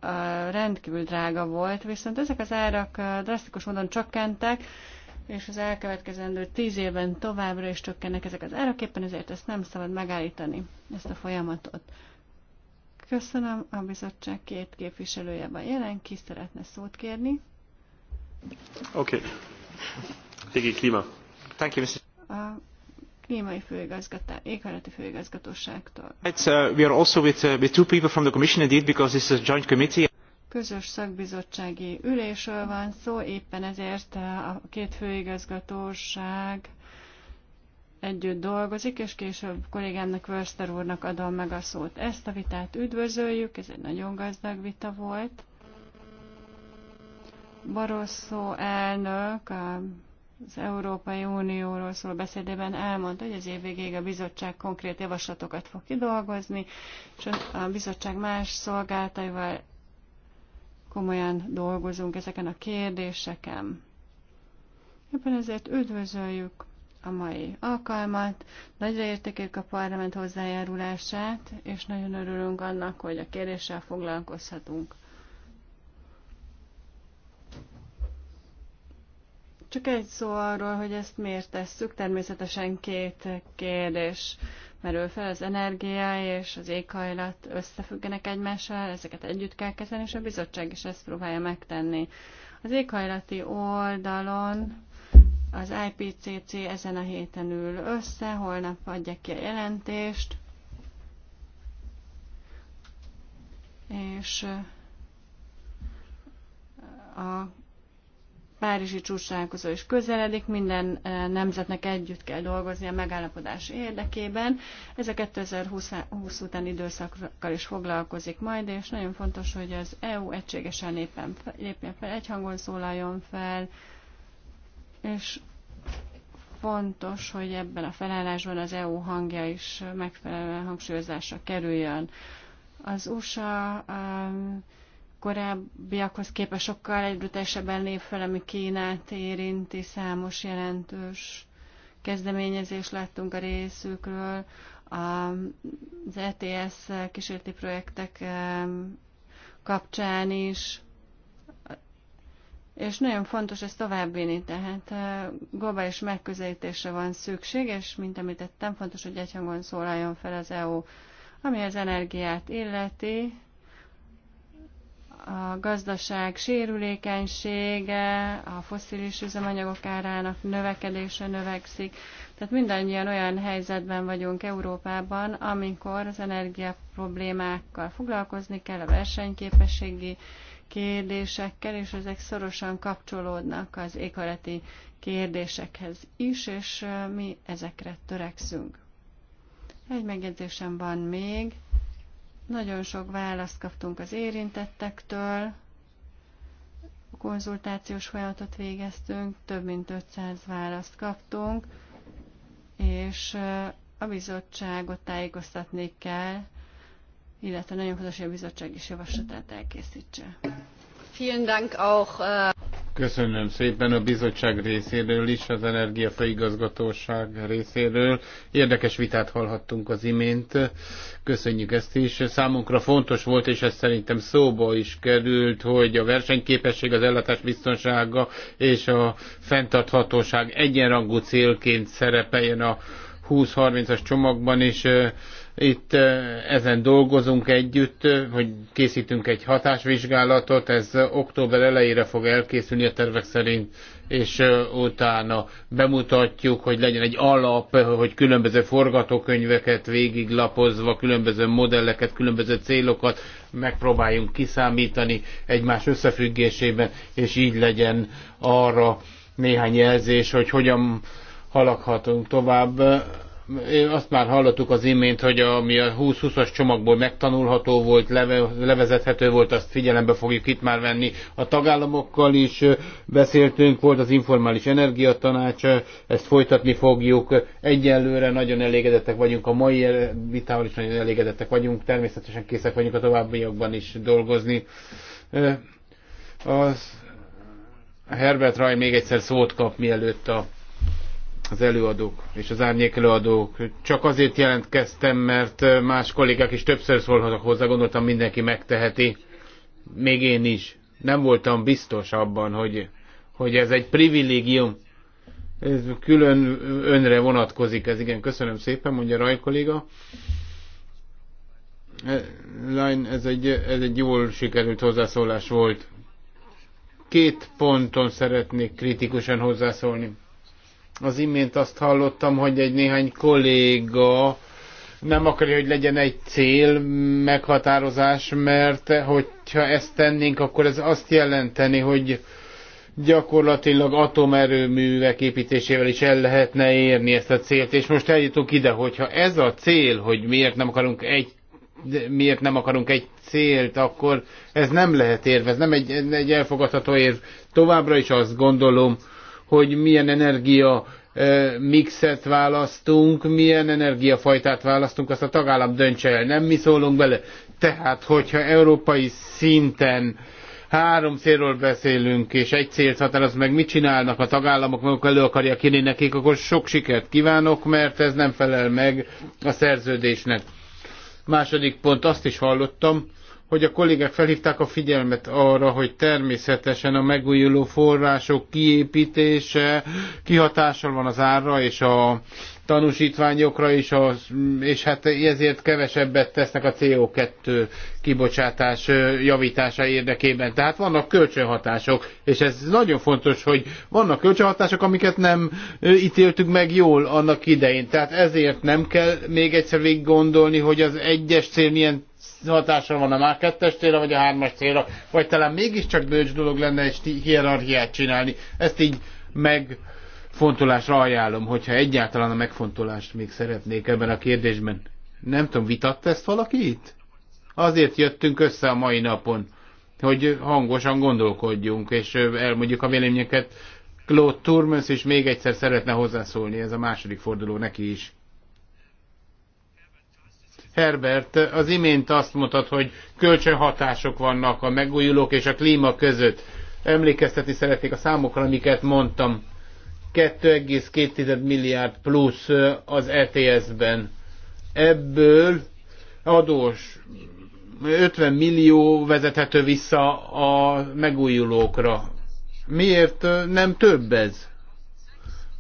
rendkívül drága volt, viszont ezek az árak drasztikus módon csökkentek, és az elkövetkezendő tíz évben továbbra is csökkennek ezek az árak, ezért ezt nem szabad megállítani, ezt a folyamatot. Köszönöm. A bizottság két képviselője van jelen. Ki szeretne szót kérni? Oké. Okay. Digi Klima. Thank you, Mr. A klímai főigazgatá, éghajlati főigazgatóságtól. It's, uh, we are also with, uh, with two people from the commission indeed, because this is a joint committee. Közös szakbizottsági ülésről van szó, éppen ezért uh, a két főigazgatóság együtt dolgozik, és később kollégámnak, Wörster úrnak adom meg a szót. Ezt a vitát üdvözöljük, ez egy nagyon gazdag vita volt. Barosszó elnök az Európai Unióról szóló beszédében elmondta, hogy az év végéig a bizottság konkrét javaslatokat fog kidolgozni, és a bizottság más szolgáltaival komolyan dolgozunk ezeken a kérdéseken. Éppen ezért üdvözöljük a mai alkalmat. Nagyra értékeljük a parlament hozzájárulását, és nagyon örülünk annak, hogy a kéréssel foglalkozhatunk. Csak egy szó arról, hogy ezt miért tesszük. Természetesen két kérdés merül fel, az energia és az éghajlat összefüggenek egymással, ezeket együtt kell kezelni, és a bizottság is ezt próbálja megtenni. Az éghajlati oldalon az IPCC ezen a héten ül össze, holnap adja ki a jelentést, és a Párizsi csúcs is közeledik, minden nemzetnek együtt kell dolgozni a megállapodás érdekében. Ez a 2020 után időszakkal is foglalkozik majd, és nagyon fontos, hogy az EU egységesen lépjen fel, egyhangon szólaljon fel, és fontos, hogy ebben a felállásban az EU hangja is megfelelően hangsúlyozásra kerüljön. Az USA um, korábbiakhoz képest sokkal egybrutálisebben lép fel, ami Kínát érinti, számos jelentős kezdeményezést láttunk a részükről. Az ETS kísérleti projektek um, kapcsán is és nagyon fontos ezt továbbvinni, tehát eh, globális megközelítésre van szükség, és mint említettem, fontos, hogy egyhangon szólaljon fel az EU, ami az energiát illeti, a gazdaság sérülékenysége, a foszilis üzemanyagok árának növekedése növekszik. Tehát mindannyian olyan helyzetben vagyunk Európában, amikor az energia problémákkal foglalkozni kell, a versenyképességi kérdésekkel, és ezek szorosan kapcsolódnak az éghajlati kérdésekhez is, és mi ezekre törekszünk. Egy megjegyzésem van még. Nagyon sok választ kaptunk az érintettektől, konzultációs folyamatot végeztünk, több mint 500 választ kaptunk, és a bizottságot tájékoztatni kell illetve nagyon fontos, hogy a bizottság is javaslatát elkészítse. Äh, Köszönöm szépen a bizottság részéről is, az Energiafőigazgatóság részéről. Érdekes vitát hallhattunk az imént. Köszönjük ezt is. Számunkra fontos volt, és ez szerintem szóba is került, hogy a versenyképesség, az ellátás biztonsága és a fenntarthatóság egyenrangú célként szerepeljen a 20-30-as csomagban, és itt ezen dolgozunk együtt, hogy készítünk egy hatásvizsgálatot, ez október elejére fog elkészülni a tervek szerint, és utána bemutatjuk, hogy legyen egy alap, hogy különböző forgatókönyveket végiglapozva, különböző modelleket, különböző célokat megpróbáljunk kiszámítani egymás összefüggésében, és így legyen arra néhány jelzés, hogy hogyan halakhatunk tovább azt már hallottuk az imént, hogy ami a 20-20-as csomagból megtanulható volt, levezethető volt, azt figyelembe fogjuk itt már venni. A tagállamokkal is beszéltünk, volt az informális energiatanács, ezt folytatni fogjuk. Egyelőre nagyon elégedettek vagyunk, a mai vitával is nagyon elégedettek vagyunk, természetesen készek vagyunk a továbbiakban is dolgozni. Az Herbert Raj még egyszer szót kap, mielőtt a az előadók és az árnyék előadók. Csak azért jelentkeztem, mert más kollégák is többször szólhatnak hozzá, gondoltam mindenki megteheti. Még én is. Nem voltam biztos abban, hogy, hogy ez egy privilégium. Ez külön önre vonatkozik ez, igen. Köszönöm szépen, mondja Raj kolléga. Eh, Line, ez egy, ez egy jól sikerült hozzászólás volt. Két ponton szeretnék kritikusan hozzászólni az imént azt hallottam, hogy egy néhány kolléga nem akarja, hogy legyen egy cél meghatározás, mert hogyha ezt tennénk, akkor ez azt jelenteni, hogy gyakorlatilag atomerőművek építésével is el lehetne érni ezt a célt. És most eljutunk ide, hogyha ez a cél, hogy miért nem akarunk egy miért nem akarunk egy célt, akkor ez nem lehet érve, ez nem egy, egy elfogadható érv. Továbbra is azt gondolom, hogy milyen energia mixet választunk, milyen energiafajtát választunk, azt a tagállam döntse el, nem mi szólunk bele. Tehát, hogyha európai szinten három célról beszélünk, és egy célt határoz meg, mit csinálnak a tagállamok, maguk elő akarja írni nekik, akkor sok sikert kívánok, mert ez nem felel meg a szerződésnek. Második pont, azt is hallottam, hogy a kollégák felhívták a figyelmet arra, hogy természetesen a megújuló források kiépítése kihatással van az árra és a tanúsítványokra is, az, és hát ezért kevesebbet tesznek a CO2 kibocsátás javítása érdekében. Tehát vannak kölcsönhatások, és ez nagyon fontos, hogy vannak kölcsönhatások, amiket nem ítéltük meg jól annak idején. Tehát ezért nem kell még egyszer végig gondolni, hogy az egyes cél milyen hatással van a már kettes célra, vagy a hármas célra, vagy talán mégiscsak bölcs dolog lenne egy hierarchiát csinálni. Ezt így megfontolásra ajánlom, hogyha egyáltalán a megfontolást még szeretnék ebben a kérdésben. Nem tudom, vitatta ezt valaki itt? Azért jöttünk össze a mai napon, hogy hangosan gondolkodjunk, és elmondjuk a véleményeket. Claude Turmes is még egyszer szeretne hozzászólni, ez a második forduló neki is. Herbert az imént azt mutat, hogy kölcsönhatások vannak a megújulók és a klíma között. Emlékeztetni szeretnék a számokra, amiket mondtam. 2,2 milliárd plusz az ETS-ben. Ebből adós 50 millió vezethető vissza a megújulókra. Miért nem több ez?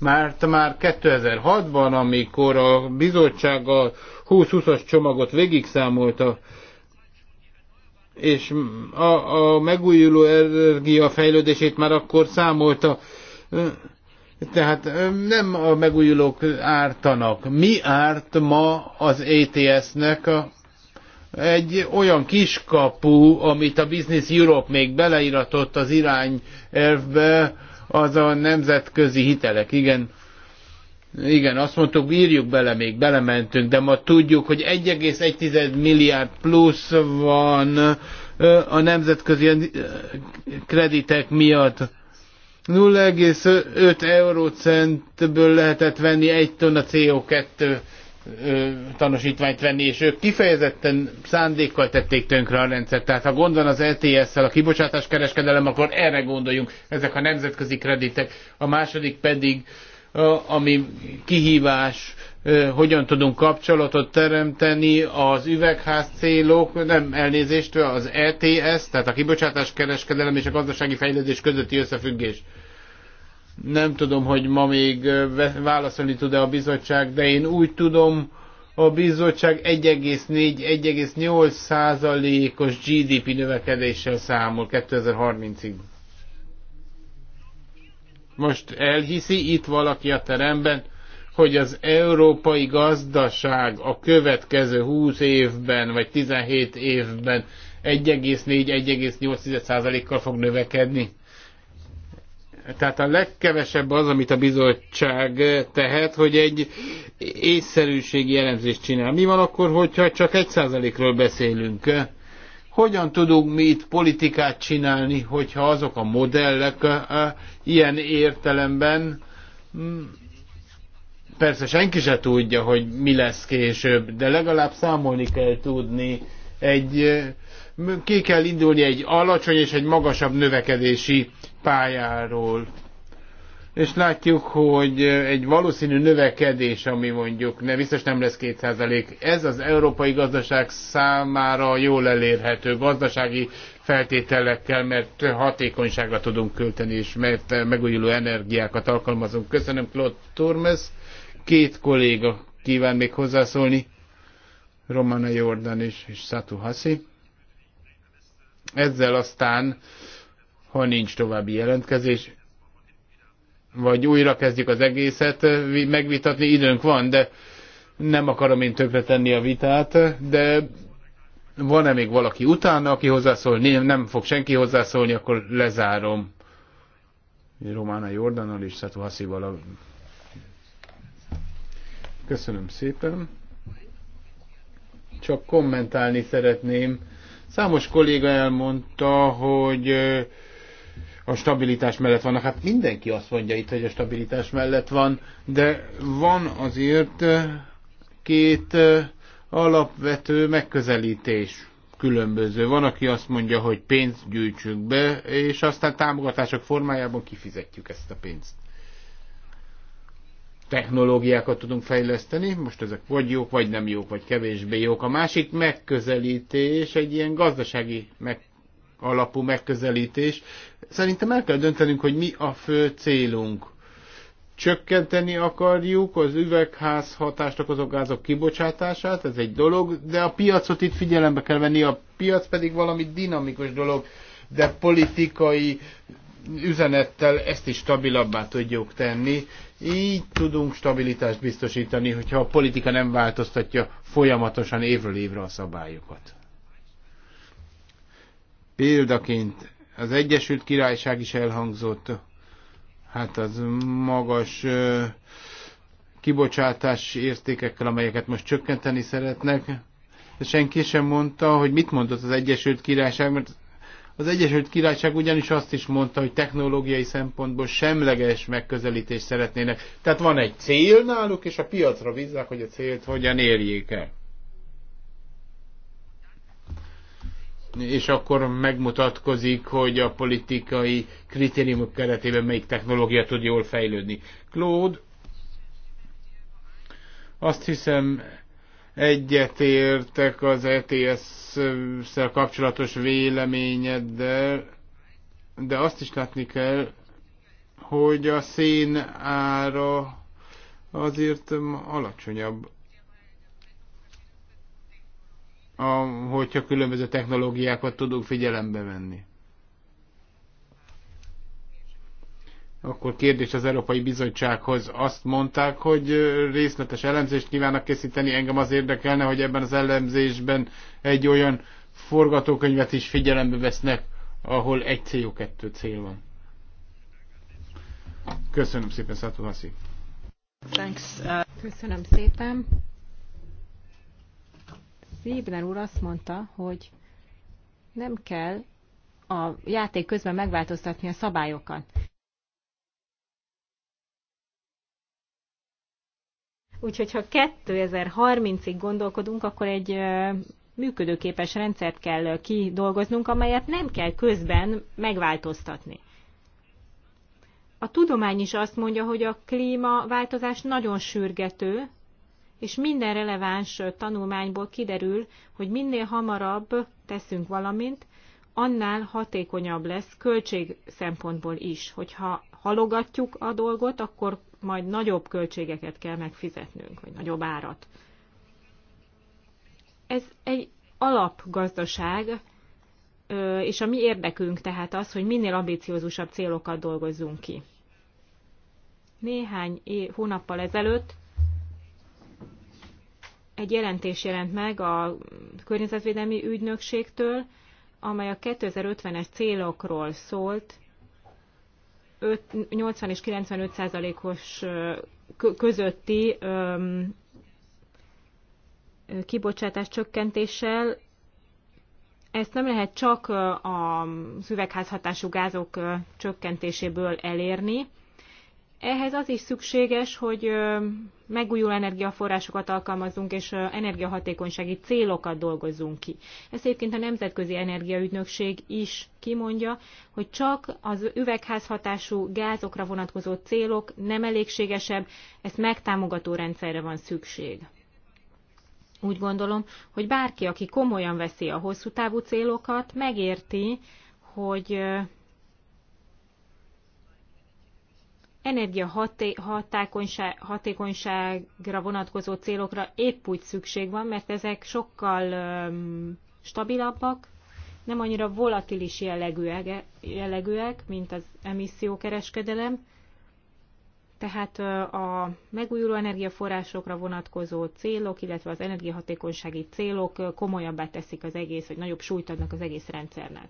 mert már 2006-ban, amikor a bizottság a 20-20-as csomagot végigszámolta, és a, a megújuló energia fejlődését már akkor számolta, tehát nem a megújulók ártanak. Mi árt ma az ETS-nek a egy olyan kiskapu, amit a Business Europe még beleiratott az irányelvbe, az a nemzetközi hitelek. Igen, igen, azt mondtuk, írjuk bele, még belementünk, de ma tudjuk, hogy 1,1 milliárd plusz van a nemzetközi kreditek miatt. 0,5 eurócentből lehetett venni egy tonna CO2 tanúsítványt venni, és ők kifejezetten szándékkal tették tönkre a rendszert. Tehát ha gond van az ETS-szel, a kibocsátás kereskedelem, akkor erre gondoljunk, ezek a nemzetközi kreditek. A második pedig, ami kihívás, hogyan tudunk kapcsolatot teremteni az üvegház célok, nem elnézést, az ETS, tehát a kibocsátás kereskedelem és a gazdasági fejlődés közötti összefüggés. Nem tudom, hogy ma még válaszolni tud-e a bizottság, de én úgy tudom, a bizottság 1,4-1,8 százalékos GDP növekedéssel számol 2030-ig. Most elhiszi itt valaki a teremben, hogy az európai gazdaság a következő 20 évben, vagy 17 évben 14 18 százalékkal fog növekedni. Tehát a legkevesebb az, amit a bizottság tehet, hogy egy észszerűségi elemzést csinál. Mi van akkor, hogyha csak egy százalékről beszélünk? Hogyan tudunk mi itt politikát csinálni, hogyha azok a modellek eh, ilyen értelemben hm, persze senki se tudja, hogy mi lesz később, de legalább számolni kell tudni egy eh, ki kell indulni egy alacsony és egy magasabb növekedési pályáról. És látjuk, hogy egy valószínű növekedés, ami mondjuk ne, biztos nem lesz 2%, ez az európai gazdaság számára jól elérhető gazdasági feltételekkel, mert hatékonyságra tudunk költeni, és mert megújuló energiákat alkalmazunk. Köszönöm, Claude Turmes. Két kolléga kíván még hozzászólni. Romana Jordan is, és Satu Hassi. Ezzel aztán ha nincs további jelentkezés, vagy újra kezdjük az egészet, megvitatni időnk van, de nem akarom én tökre tenni a vitát, de van-e még valaki utána, aki hozzászól? Nem, nem fog senki hozzászólni, akkor lezárom. Romána Jordannal és Szatu Haszival. Köszönöm szépen. Csak kommentálni szeretném. Számos kolléga elmondta, hogy a stabilitás mellett vannak. Hát mindenki azt mondja itt, hogy a stabilitás mellett van, de van azért eh, két eh, alapvető megközelítés különböző. Van, aki azt mondja, hogy pénzt gyűjtsünk be, és aztán támogatások formájában kifizetjük ezt a pénzt. Technológiákat tudunk fejleszteni, most ezek vagy jók, vagy nem jók, vagy kevésbé jók. A másik megközelítés egy ilyen gazdasági meg alapú megközelítés. Szerintem el kell döntenünk, hogy mi a fő célunk. Csökkenteni akarjuk az üvegház hatást okozó gázok kibocsátását, ez egy dolog, de a piacot itt figyelembe kell venni, a piac pedig valami dinamikus dolog, de politikai üzenettel ezt is stabilabbá tudjuk tenni. Így tudunk stabilitást biztosítani, hogyha a politika nem változtatja folyamatosan évről évre a szabályokat példaként. Az Egyesült Királyság is elhangzott, hát az magas kibocsátás értékekkel, amelyeket most csökkenteni szeretnek. De senki sem mondta, hogy mit mondott az Egyesült Királyság, mert az Egyesült Királyság ugyanis azt is mondta, hogy technológiai szempontból semleges megközelítést szeretnének. Tehát van egy cél náluk, és a piacra bízzák, hogy a célt hogyan érjék el. és akkor megmutatkozik, hogy a politikai kritériumok keretében melyik technológia tud jól fejlődni. Claude, azt hiszem egyetértek az ETS-szel kapcsolatos véleményeddel, de azt is látni kell, hogy a szén ára azért alacsonyabb a, hogyha különböző technológiákat tudunk figyelembe venni. Akkor kérdés az Európai Bizottsághoz. Azt mondták, hogy részletes elemzést kívánnak készíteni. Engem az érdekelne, hogy ebben az elemzésben egy olyan forgatókönyvet is figyelembe vesznek, ahol egy CO2 cél van. Köszönöm szépen, Szátó Thanks. Thanks. Uh, Köszönöm szépen. Zébner úr azt mondta, hogy nem kell a játék közben megváltoztatni a szabályokat. Úgyhogy ha 2030-ig gondolkodunk, akkor egy működőképes rendszert kell kidolgoznunk, amelyet nem kell közben megváltoztatni. A tudomány is azt mondja, hogy a klímaváltozás nagyon sürgető, és minden releváns tanulmányból kiderül, hogy minél hamarabb teszünk valamint, annál hatékonyabb lesz költség szempontból is. Hogyha halogatjuk a dolgot, akkor majd nagyobb költségeket kell megfizetnünk, vagy nagyobb árat. Ez egy alapgazdaság, és a mi érdekünk tehát az, hogy minél ambiciózusabb célokat dolgozzunk ki. Néhány hónappal ezelőtt egy jelentés jelent meg a környezetvédelmi ügynökségtől, amely a 2050-es célokról szólt, 80 és 95 százalékos közötti kibocsátás csökkentéssel. Ezt nem lehet csak a szüvegházhatású gázok csökkentéséből elérni, ehhez az is szükséges, hogy megújuló energiaforrásokat alkalmazzunk, és energiahatékonysági célokat dolgozzunk ki. Ezt egyébként a Nemzetközi Energiaügynökség is kimondja, hogy csak az üvegházhatású gázokra vonatkozó célok nem elégségesebb, ezt megtámogató rendszerre van szükség. Úgy gondolom, hogy bárki, aki komolyan veszi a hosszú távú célokat, megérti, hogy Energia hatékonyságra vonatkozó célokra épp úgy szükség van, mert ezek sokkal um, stabilabbak, nem annyira volatilis jellegűek, jellegűek mint az emissziókereskedelem, tehát a megújuló energiaforrásokra vonatkozó célok, illetve az energiahatékonysági célok komolyabbá teszik az egész, vagy nagyobb súlyt adnak az egész rendszernek.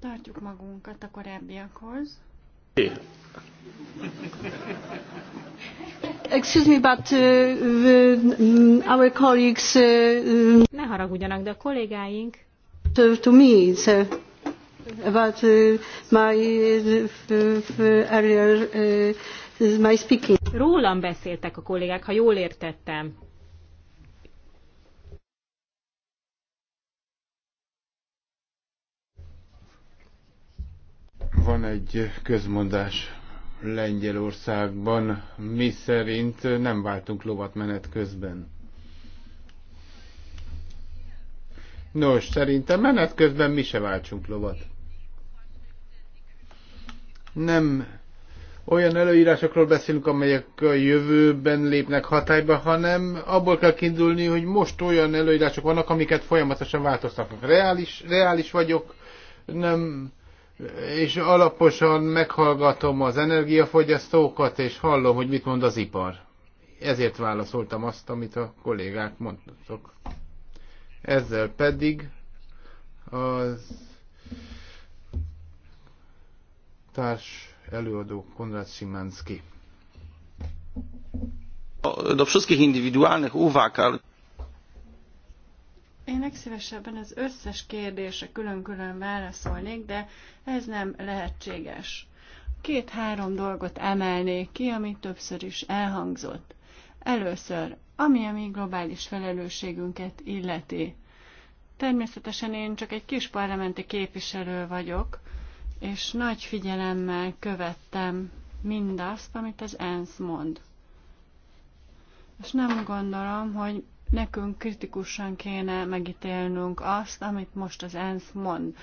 Tartjuk magunkat a korábbiakhoz. Excuse me, but uh, uh our colleagues... Uh, uh, ne haragudjanak, de a kollégáink... To, to me, so about uh, my uh, earlier uh, my speaking. Rólam beszéltek a kollégák, ha jól értettem. van egy közmondás Lengyelországban, mi szerint nem váltunk lovat menet közben. Nos, szerintem menet közben mi se váltsunk lovat. Nem olyan előírásokról beszélünk, amelyek a jövőben lépnek hatályba, hanem abból kell kiindulni, hogy most olyan előírások vannak, amiket folyamatosan változtatnak. Reális, reális vagyok, nem és alaposan meghallgatom az energiafogyasztókat, és hallom, hogy mit mond az ipar. Ezért válaszoltam azt, amit a kollégák mondtak. Ezzel pedig az társ előadó Konrad Szymanski. Do wszystkich indywidualnych uwag, ale... Én legszívesebben az összes kérdése külön-külön válaszolnék, de ez nem lehetséges. Két-három dolgot emelnék ki, ami többször is elhangzott. Először, ami a mi globális felelősségünket illeti. Természetesen én csak egy kis parlamenti képviselő vagyok, és nagy figyelemmel követtem mindazt, amit az ENSZ mond. És nem gondolom, hogy Nekünk kritikusan kéne megítélnünk azt, amit most az ENSZ mond.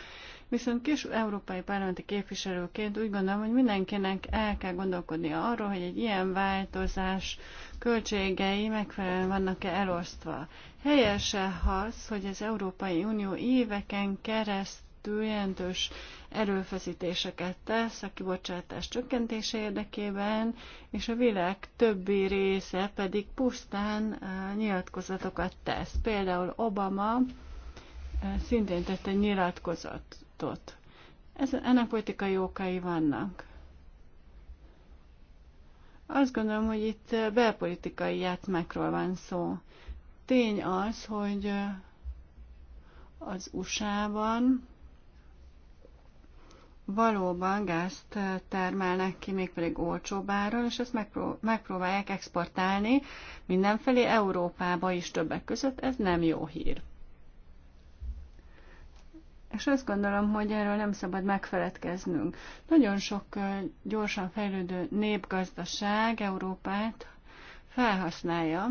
Viszont kis európai parlamenti képviselőként úgy gondolom, hogy mindenkinek el kell gondolkodnia arról, hogy egy ilyen változás költségei megfelelően vannak-e elosztva. Helyese az, hogy az Európai Unió éveken kereszt vezető jelentős erőfeszítéseket tesz a kibocsátás csökkentése érdekében, és a világ többi része pedig pusztán eh, nyilatkozatokat tesz. Például Obama eh, szintén tette nyilatkozatot. Ez, ennek politikai okai vannak. Azt gondolom, hogy itt eh, belpolitikai játszmákról van szó. Tény az, hogy az USA-ban valóban gázt termelnek ki, mégpedig olcsóbb áron, és ezt megpróbálják exportálni mindenfelé, Európába is többek között, ez nem jó hír. És azt gondolom, hogy erről nem szabad megfeledkeznünk. Nagyon sok gyorsan fejlődő népgazdaság Európát felhasználja,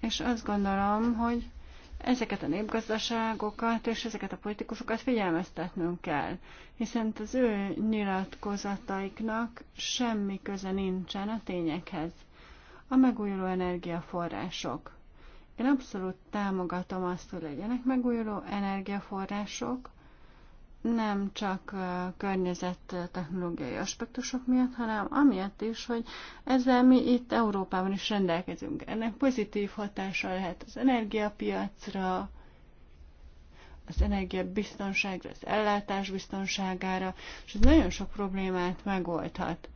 és azt gondolom, hogy ezeket a népgazdaságokat és ezeket a politikusokat figyelmeztetnünk kell, hiszen az ő nyilatkozataiknak semmi köze nincsen a tényekhez. A megújuló energiaforrások. Én abszolút támogatom azt, hogy legyenek megújuló energiaforrások, nem csak környezettechnológiai aspektusok miatt, hanem amiatt is, hogy ezzel mi itt Európában is rendelkezünk. Ennek pozitív hatása lehet az energiapiacra, az energiabiztonságra, az ellátás biztonságára, és ez nagyon sok problémát megoldhat.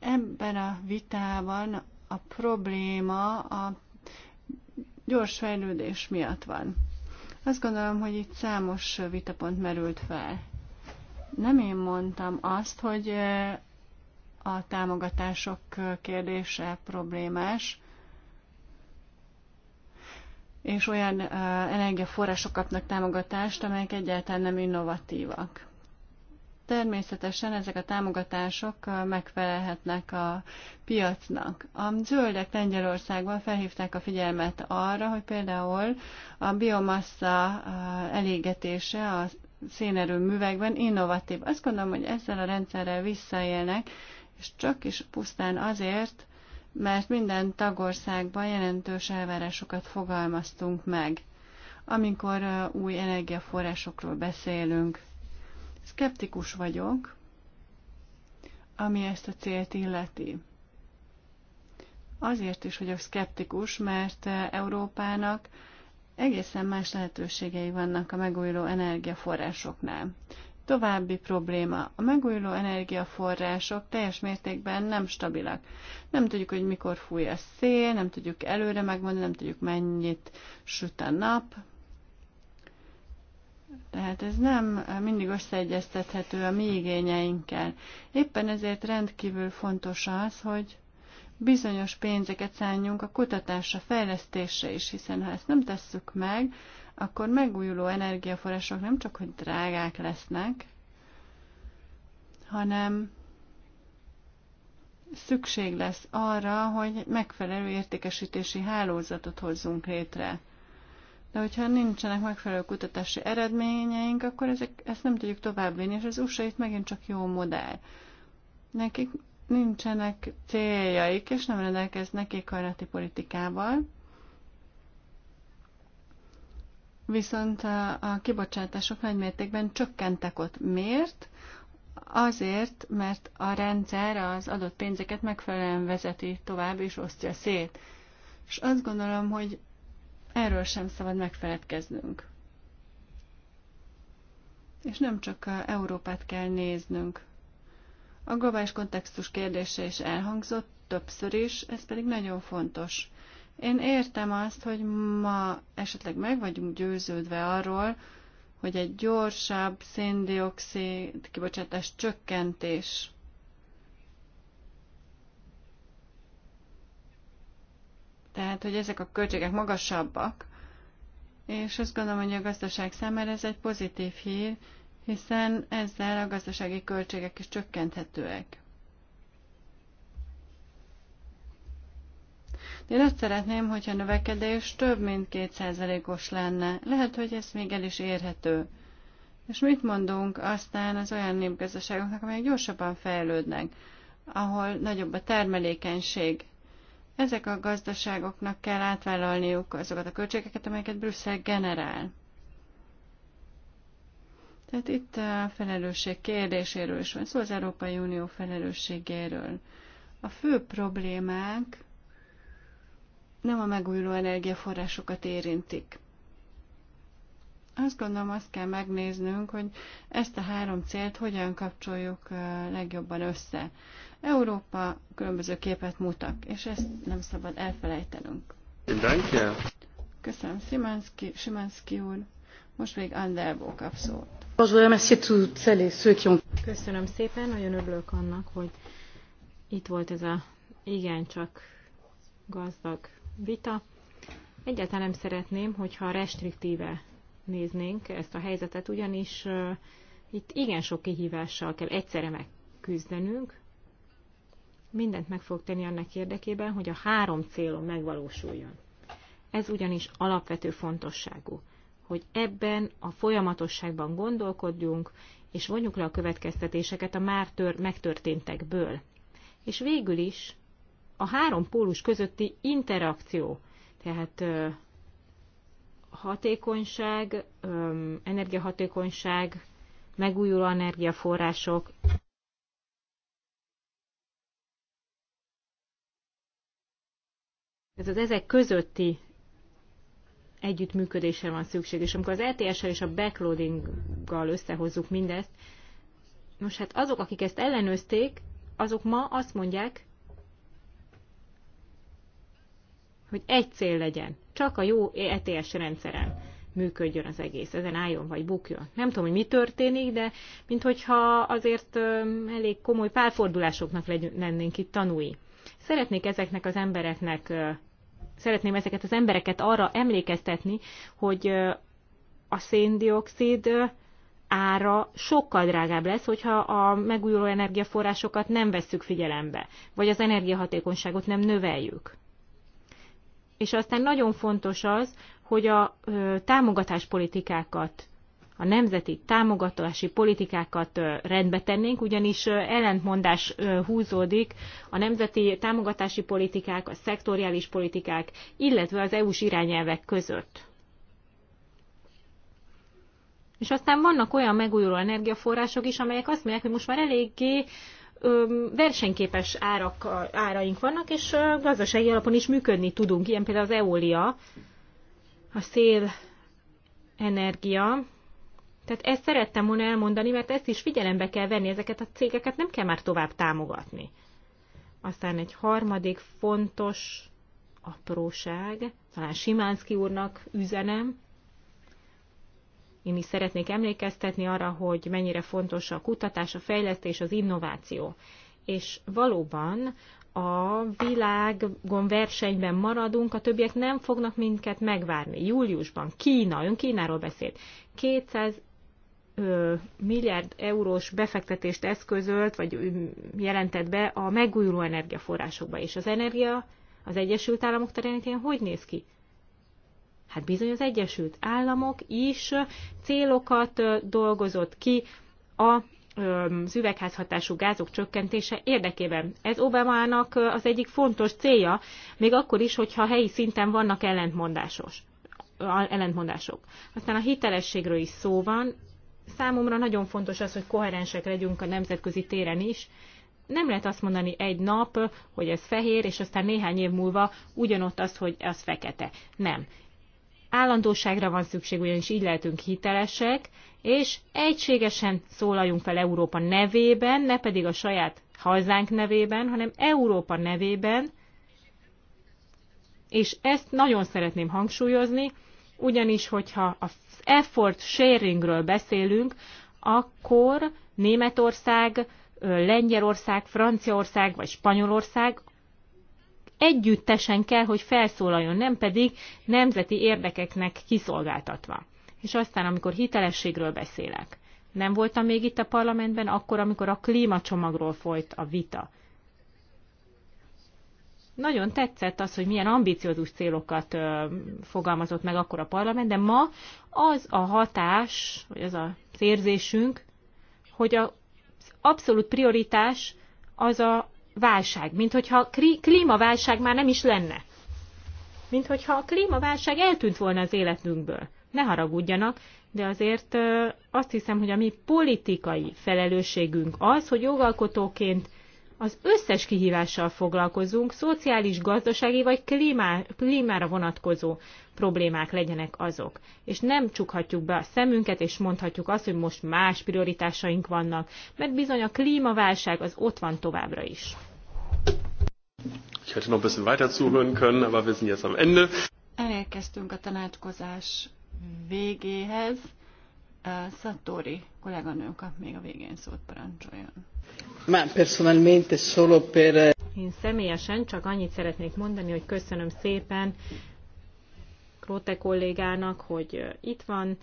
Ebben a vitában a probléma a gyors fejlődés miatt van. Azt gondolom, hogy itt számos vitapont merült fel. Nem én mondtam azt, hogy a támogatások kérdése problémás, és olyan energiaforrások kapnak támogatást, amelyek egyáltalán nem innovatívak természetesen ezek a támogatások megfelelhetnek a piacnak. A zöldek Lengyelországban felhívták a figyelmet arra, hogy például a biomassa elégetése a szénerőművekben innovatív. Azt gondolom, hogy ezzel a rendszerrel visszaélnek, és csak is pusztán azért, mert minden tagországban jelentős elvárásokat fogalmaztunk meg, amikor új energiaforrásokról beszélünk. Szkeptikus vagyok, ami ezt a célt illeti. Azért is vagyok szkeptikus, mert Európának egészen más lehetőségei vannak a megújuló energiaforrásoknál. További probléma. A megújuló energiaforrások teljes mértékben nem stabilak. Nem tudjuk, hogy mikor fúj a szél, nem tudjuk előre megmondani, nem tudjuk mennyit süt a nap, tehát ez nem mindig összeegyeztethető a mi igényeinkkel. Éppen ezért rendkívül fontos az, hogy bizonyos pénzeket szálljunk a kutatásra, fejlesztésre is, hiszen ha ezt nem tesszük meg, akkor megújuló energiaforrások nem csak, hogy drágák lesznek, hanem szükség lesz arra, hogy megfelelő értékesítési hálózatot hozzunk létre. De hogyha nincsenek megfelelő kutatási eredményeink, akkor ezek, ezt nem tudjuk továbbvinni, és az USA itt megint csak jó modell. Nekik nincsenek céljaik, és nem rendelkeznek éghajlati politikával. Viszont a, a kibocsátások nagymértékben csökkentek ott. Miért? Azért, mert a rendszer az adott pénzeket megfelelően vezeti tovább és osztja szét. És azt gondolom, hogy Erről sem szabad megfeledkeznünk. És nem csak a Európát kell néznünk. A globális kontextus kérdése is elhangzott többször is, ez pedig nagyon fontos. Én értem azt, hogy ma esetleg meg vagyunk győződve arról, hogy egy gyorsabb széndiokszid kibocsátás csökkentés Tehát, hogy ezek a költségek magasabbak, és azt gondolom, hogy a gazdaság számára ez egy pozitív hír, hiszen ezzel a gazdasági költségek is csökkenthetőek. Én azt szeretném, hogyha a növekedés több mint 2%-os lenne. Lehet, hogy ez még el is érhető. És mit mondunk aztán az olyan népgazdaságoknak, amelyek gyorsabban fejlődnek, ahol nagyobb a termelékenység? Ezek a gazdaságoknak kell átvállalniuk azokat a költségeket, amelyeket Brüsszel generál. Tehát itt a felelősség kérdéséről is van szó, szóval az Európai Unió felelősségéről. A fő problémák nem a megújuló energiaforrásokat érintik. Azt gondolom, azt kell megnéznünk, hogy ezt a három célt hogyan kapcsoljuk legjobban össze. Európa különböző képet mutat, és ezt nem szabad elfelejtenünk. Köszönöm, Köszönöm Szimanszki, úr. Most még Anderbó kap szót. Köszönöm szépen, nagyon örülök annak, hogy itt volt ez a igencsak gazdag vita. Egyáltalán nem szeretném, hogyha restriktíve néznénk ezt a helyzetet, ugyanis itt igen sok kihívással kell egyszerre megküzdenünk. Mindent meg fog tenni annak érdekében, hogy a három célom megvalósuljon. Ez ugyanis alapvető fontosságú, hogy ebben a folyamatosságban gondolkodjunk, és vonjuk le a következtetéseket a már tör, megtörténtekből. És végül is a három pólus közötti interakció, tehát hatékonyság, energiahatékonyság, megújuló energiaforrások. Ez az ezek közötti együttműködésre van szükség, és amikor az ETS-sel és a backloadinggal összehozzuk mindezt, most hát azok, akik ezt ellenőzték, azok ma azt mondják, hogy egy cél legyen, csak a jó ETS rendszeren működjön az egész, ezen álljon vagy bukjon. Nem tudom, hogy mi történik, de minthogyha azért elég komoly pálfordulásoknak lennénk itt tanúi. Szeretnék ezeknek az embereknek, szeretném ezeket az embereket arra emlékeztetni, hogy a széndiokszid ára sokkal drágább lesz, hogyha a megújuló energiaforrásokat nem vesszük figyelembe, vagy az energiahatékonyságot nem növeljük. És aztán nagyon fontos az, hogy a támogatáspolitikákat, a nemzeti támogatási politikákat rendbe tennénk, ugyanis ellentmondás húzódik a nemzeti támogatási politikák, a szektoriális politikák, illetve az EU-s irányelvek között. És aztán vannak olyan megújuló energiaforrások is, amelyek azt mondják, hogy most már eléggé versenyképes árak, áraink vannak, és gazdasági alapon is működni tudunk. Ilyen például az eólia, a szél energia. Tehát ezt szerettem volna elmondani, mert ezt is figyelembe kell venni, ezeket a cégeket nem kell már tovább támogatni. Aztán egy harmadik fontos apróság, talán Simánszki úrnak üzenem, én is szeretnék emlékeztetni arra, hogy mennyire fontos a kutatás, a fejlesztés, az innováció. És valóban a világon versenyben maradunk, a többiek nem fognak minket megvárni. Júliusban Kína, ön Kínáról beszélt, 200 ö, milliárd eurós befektetést eszközölt, vagy jelentett be a megújuló energiaforrásokba. És az energia az Egyesült Államok terén. hogy néz ki? Hát bizony az Egyesült Államok is célokat dolgozott ki a az üvegházhatású gázok csökkentése érdekében. Ez Obamának az egyik fontos célja, még akkor is, hogyha helyi szinten vannak ellentmondásos, ellentmondások. Aztán a hitelességről is szó van. Számomra nagyon fontos az, hogy koherensek legyünk a nemzetközi téren is. Nem lehet azt mondani egy nap, hogy ez fehér, és aztán néhány év múlva ugyanott az, hogy ez fekete. Nem. Állandóságra van szükség, ugyanis így lehetünk hitelesek, és egységesen szólaljunk fel Európa nevében, ne pedig a saját hazánk nevében, hanem Európa nevében, és ezt nagyon szeretném hangsúlyozni, ugyanis hogyha az effort sharingről beszélünk, akkor Németország, Lengyelország, Franciaország vagy Spanyolország együttesen kell, hogy felszólaljon, nem pedig nemzeti érdekeknek kiszolgáltatva. És aztán, amikor hitelességről beszélek, nem voltam még itt a parlamentben, akkor, amikor a klímacsomagról folyt a vita. Nagyon tetszett az, hogy milyen ambiciózus célokat ö, fogalmazott meg akkor a parlament, de ma az a hatás, vagy az a érzésünk, hogy az abszolút prioritás az a válság, mint hogyha klímaválság már nem is lenne. Mint hogyha a klímaválság eltűnt volna az életünkből. Ne haragudjanak, de azért azt hiszem, hogy a mi politikai felelősségünk az, hogy jogalkotóként az összes kihívással foglalkozunk, szociális, gazdasági vagy klímá, klímára vonatkozó problémák legyenek azok. És nem csukhatjuk be a szemünket, és mondhatjuk azt, hogy most más prioritásaink vannak, mert bizony a klímaválság az ott van továbbra is. Ich hätte noch ein bisschen weiter zuhören können, aber wir sind jetzt am Ende. Elérkeztünk a tanácskozás végéhez. Szatóri kolléganőm kap még a végén szót parancsoljon. Eh, Én személyesen csak annyit szeretnék mondani, hogy köszönöm szépen Króte kollégának, hogy eh, itt van,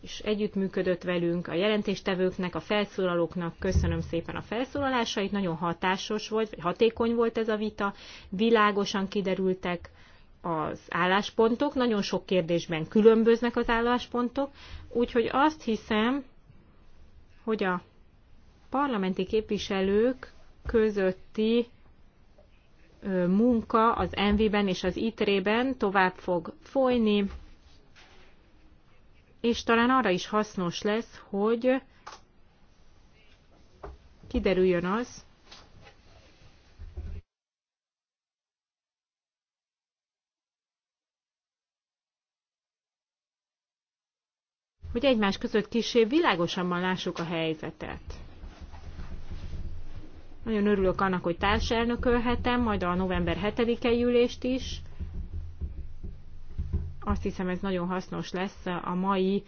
és együttműködött velünk, a jelentéstevőknek, a felszólalóknak köszönöm szépen a felszólalásait, nagyon hatásos volt, vagy hatékony volt ez a vita, világosan kiderültek az álláspontok, nagyon sok kérdésben különböznek az álláspontok, úgyhogy azt hiszem, hogy a parlamenti képviselők közötti munka az Envi-ben és az ITRE-ben tovább fog folyni, és talán arra is hasznos lesz, hogy kiderüljön az, hogy egymás között kisebb világosabban lássuk a helyzetet. Nagyon örülök annak, hogy társelnökölhetem, majd a november 7 e ülést is. Azt hiszem, ez nagyon hasznos lesz a mai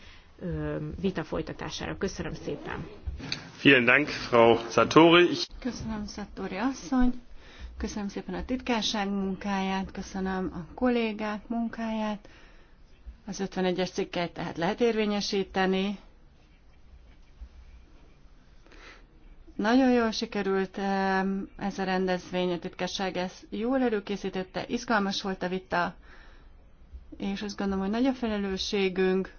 vita folytatására. Köszönöm szépen! Vielen Dank, Frau Satori. Köszönöm, Satori asszony. Köszönöm szépen a titkárság munkáját, köszönöm a kollégák munkáját. Az 51-es cikkeit tehát lehet érvényesíteni. Nagyon jól sikerült eh, ez a rendezvény, a titkesség ezt jól előkészítette, izgalmas volt a vita, és azt gondolom, hogy nagy a felelősségünk.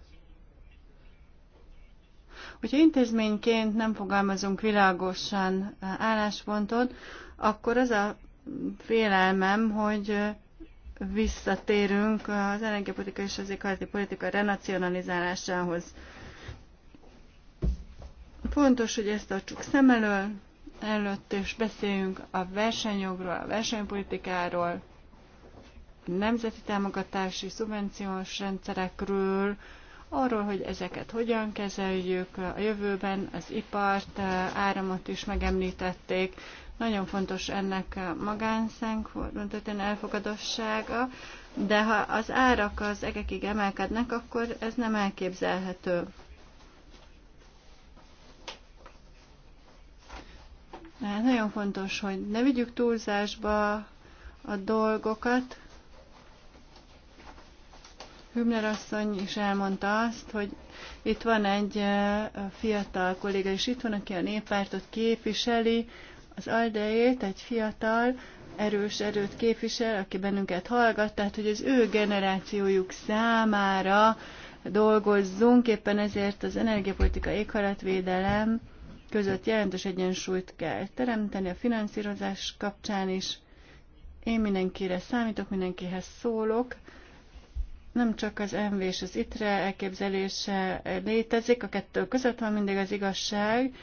Hogyha intézményként nem fogalmazunk világosan eh, álláspontot, akkor az a félelmem, hogy eh, visszatérünk az energiapolitika és az éghajlati politika renacionalizálásához. Fontos, hogy ezt tartsuk szem elől, előtt, és beszéljünk a versenyjogról, a versenypolitikáról, a nemzeti támogatási szubvenciós rendszerekről, arról, hogy ezeket hogyan kezeljük a jövőben, az ipart, áramot is megemlítették. Nagyon fontos ennek a magánszánk mondhatóan elfogadossága, de ha az árak az egekig emelkednek, akkor ez nem elképzelhető. Hát nagyon fontos, hogy ne vigyük túlzásba a dolgokat. Hübner asszony is elmondta azt, hogy itt van egy fiatal kolléga, és itt van, aki a néppártot képviseli, az aldejét egy fiatal, erős erőt képvisel, aki bennünket hallgat, tehát hogy az ő generációjuk számára dolgozzunk, éppen ezért az energiapolitika éghajlatvédelem között jelentős egyensúlyt kell teremteni a finanszírozás kapcsán is. Én mindenkire számítok, mindenkihez szólok. Nem csak az MV és az ITRE elképzelése létezik, a kettő között van mindig az igazság,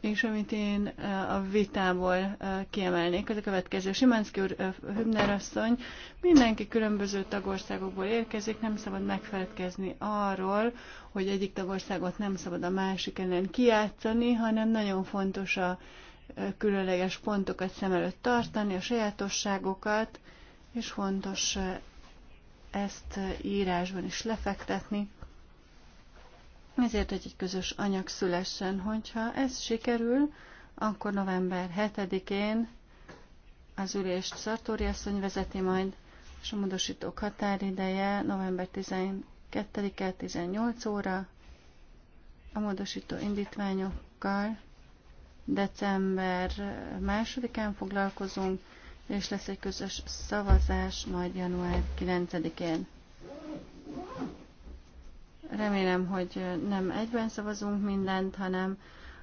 és amit én eh, a vitából eh, kiemelnék, az a következő. Simánszki úr, eh, Hübner asszony, mindenki különböző tagországokból érkezik, nem szabad megfeledkezni arról, hogy egyik tagországot nem szabad a másik ellen kiátszani, hanem nagyon fontos a különleges pontokat szem előtt tartani, a sajátosságokat, és fontos ezt írásban is lefektetni. Ezért, hogy egy közös anyag szülessen, hogyha ez sikerül, akkor november 7-én az ülést Szartóri asszony vezeti majd, és a módosítók határideje november 2-e 18 óra, a módosító indítványokkal december 2-án foglalkozunk, és lesz egy közös szavazás majd január 9-én. Remélem, hogy nem egyben szavazunk mindent, hanem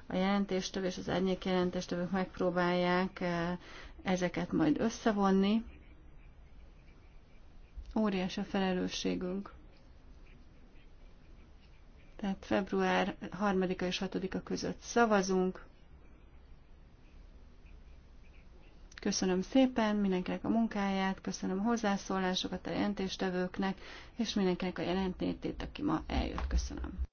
a jelentéstől és az árnyék jelentéstől megpróbálják eh, ezeket majd összevonni. Óriás a felelősségünk. Tehát február 3-a és 6-a között szavazunk. Köszönöm szépen mindenkinek a munkáját, köszönöm a hozzászólásokat a jelentéstevőknek, és mindenkinek a jelentétét, aki ma eljött. Köszönöm.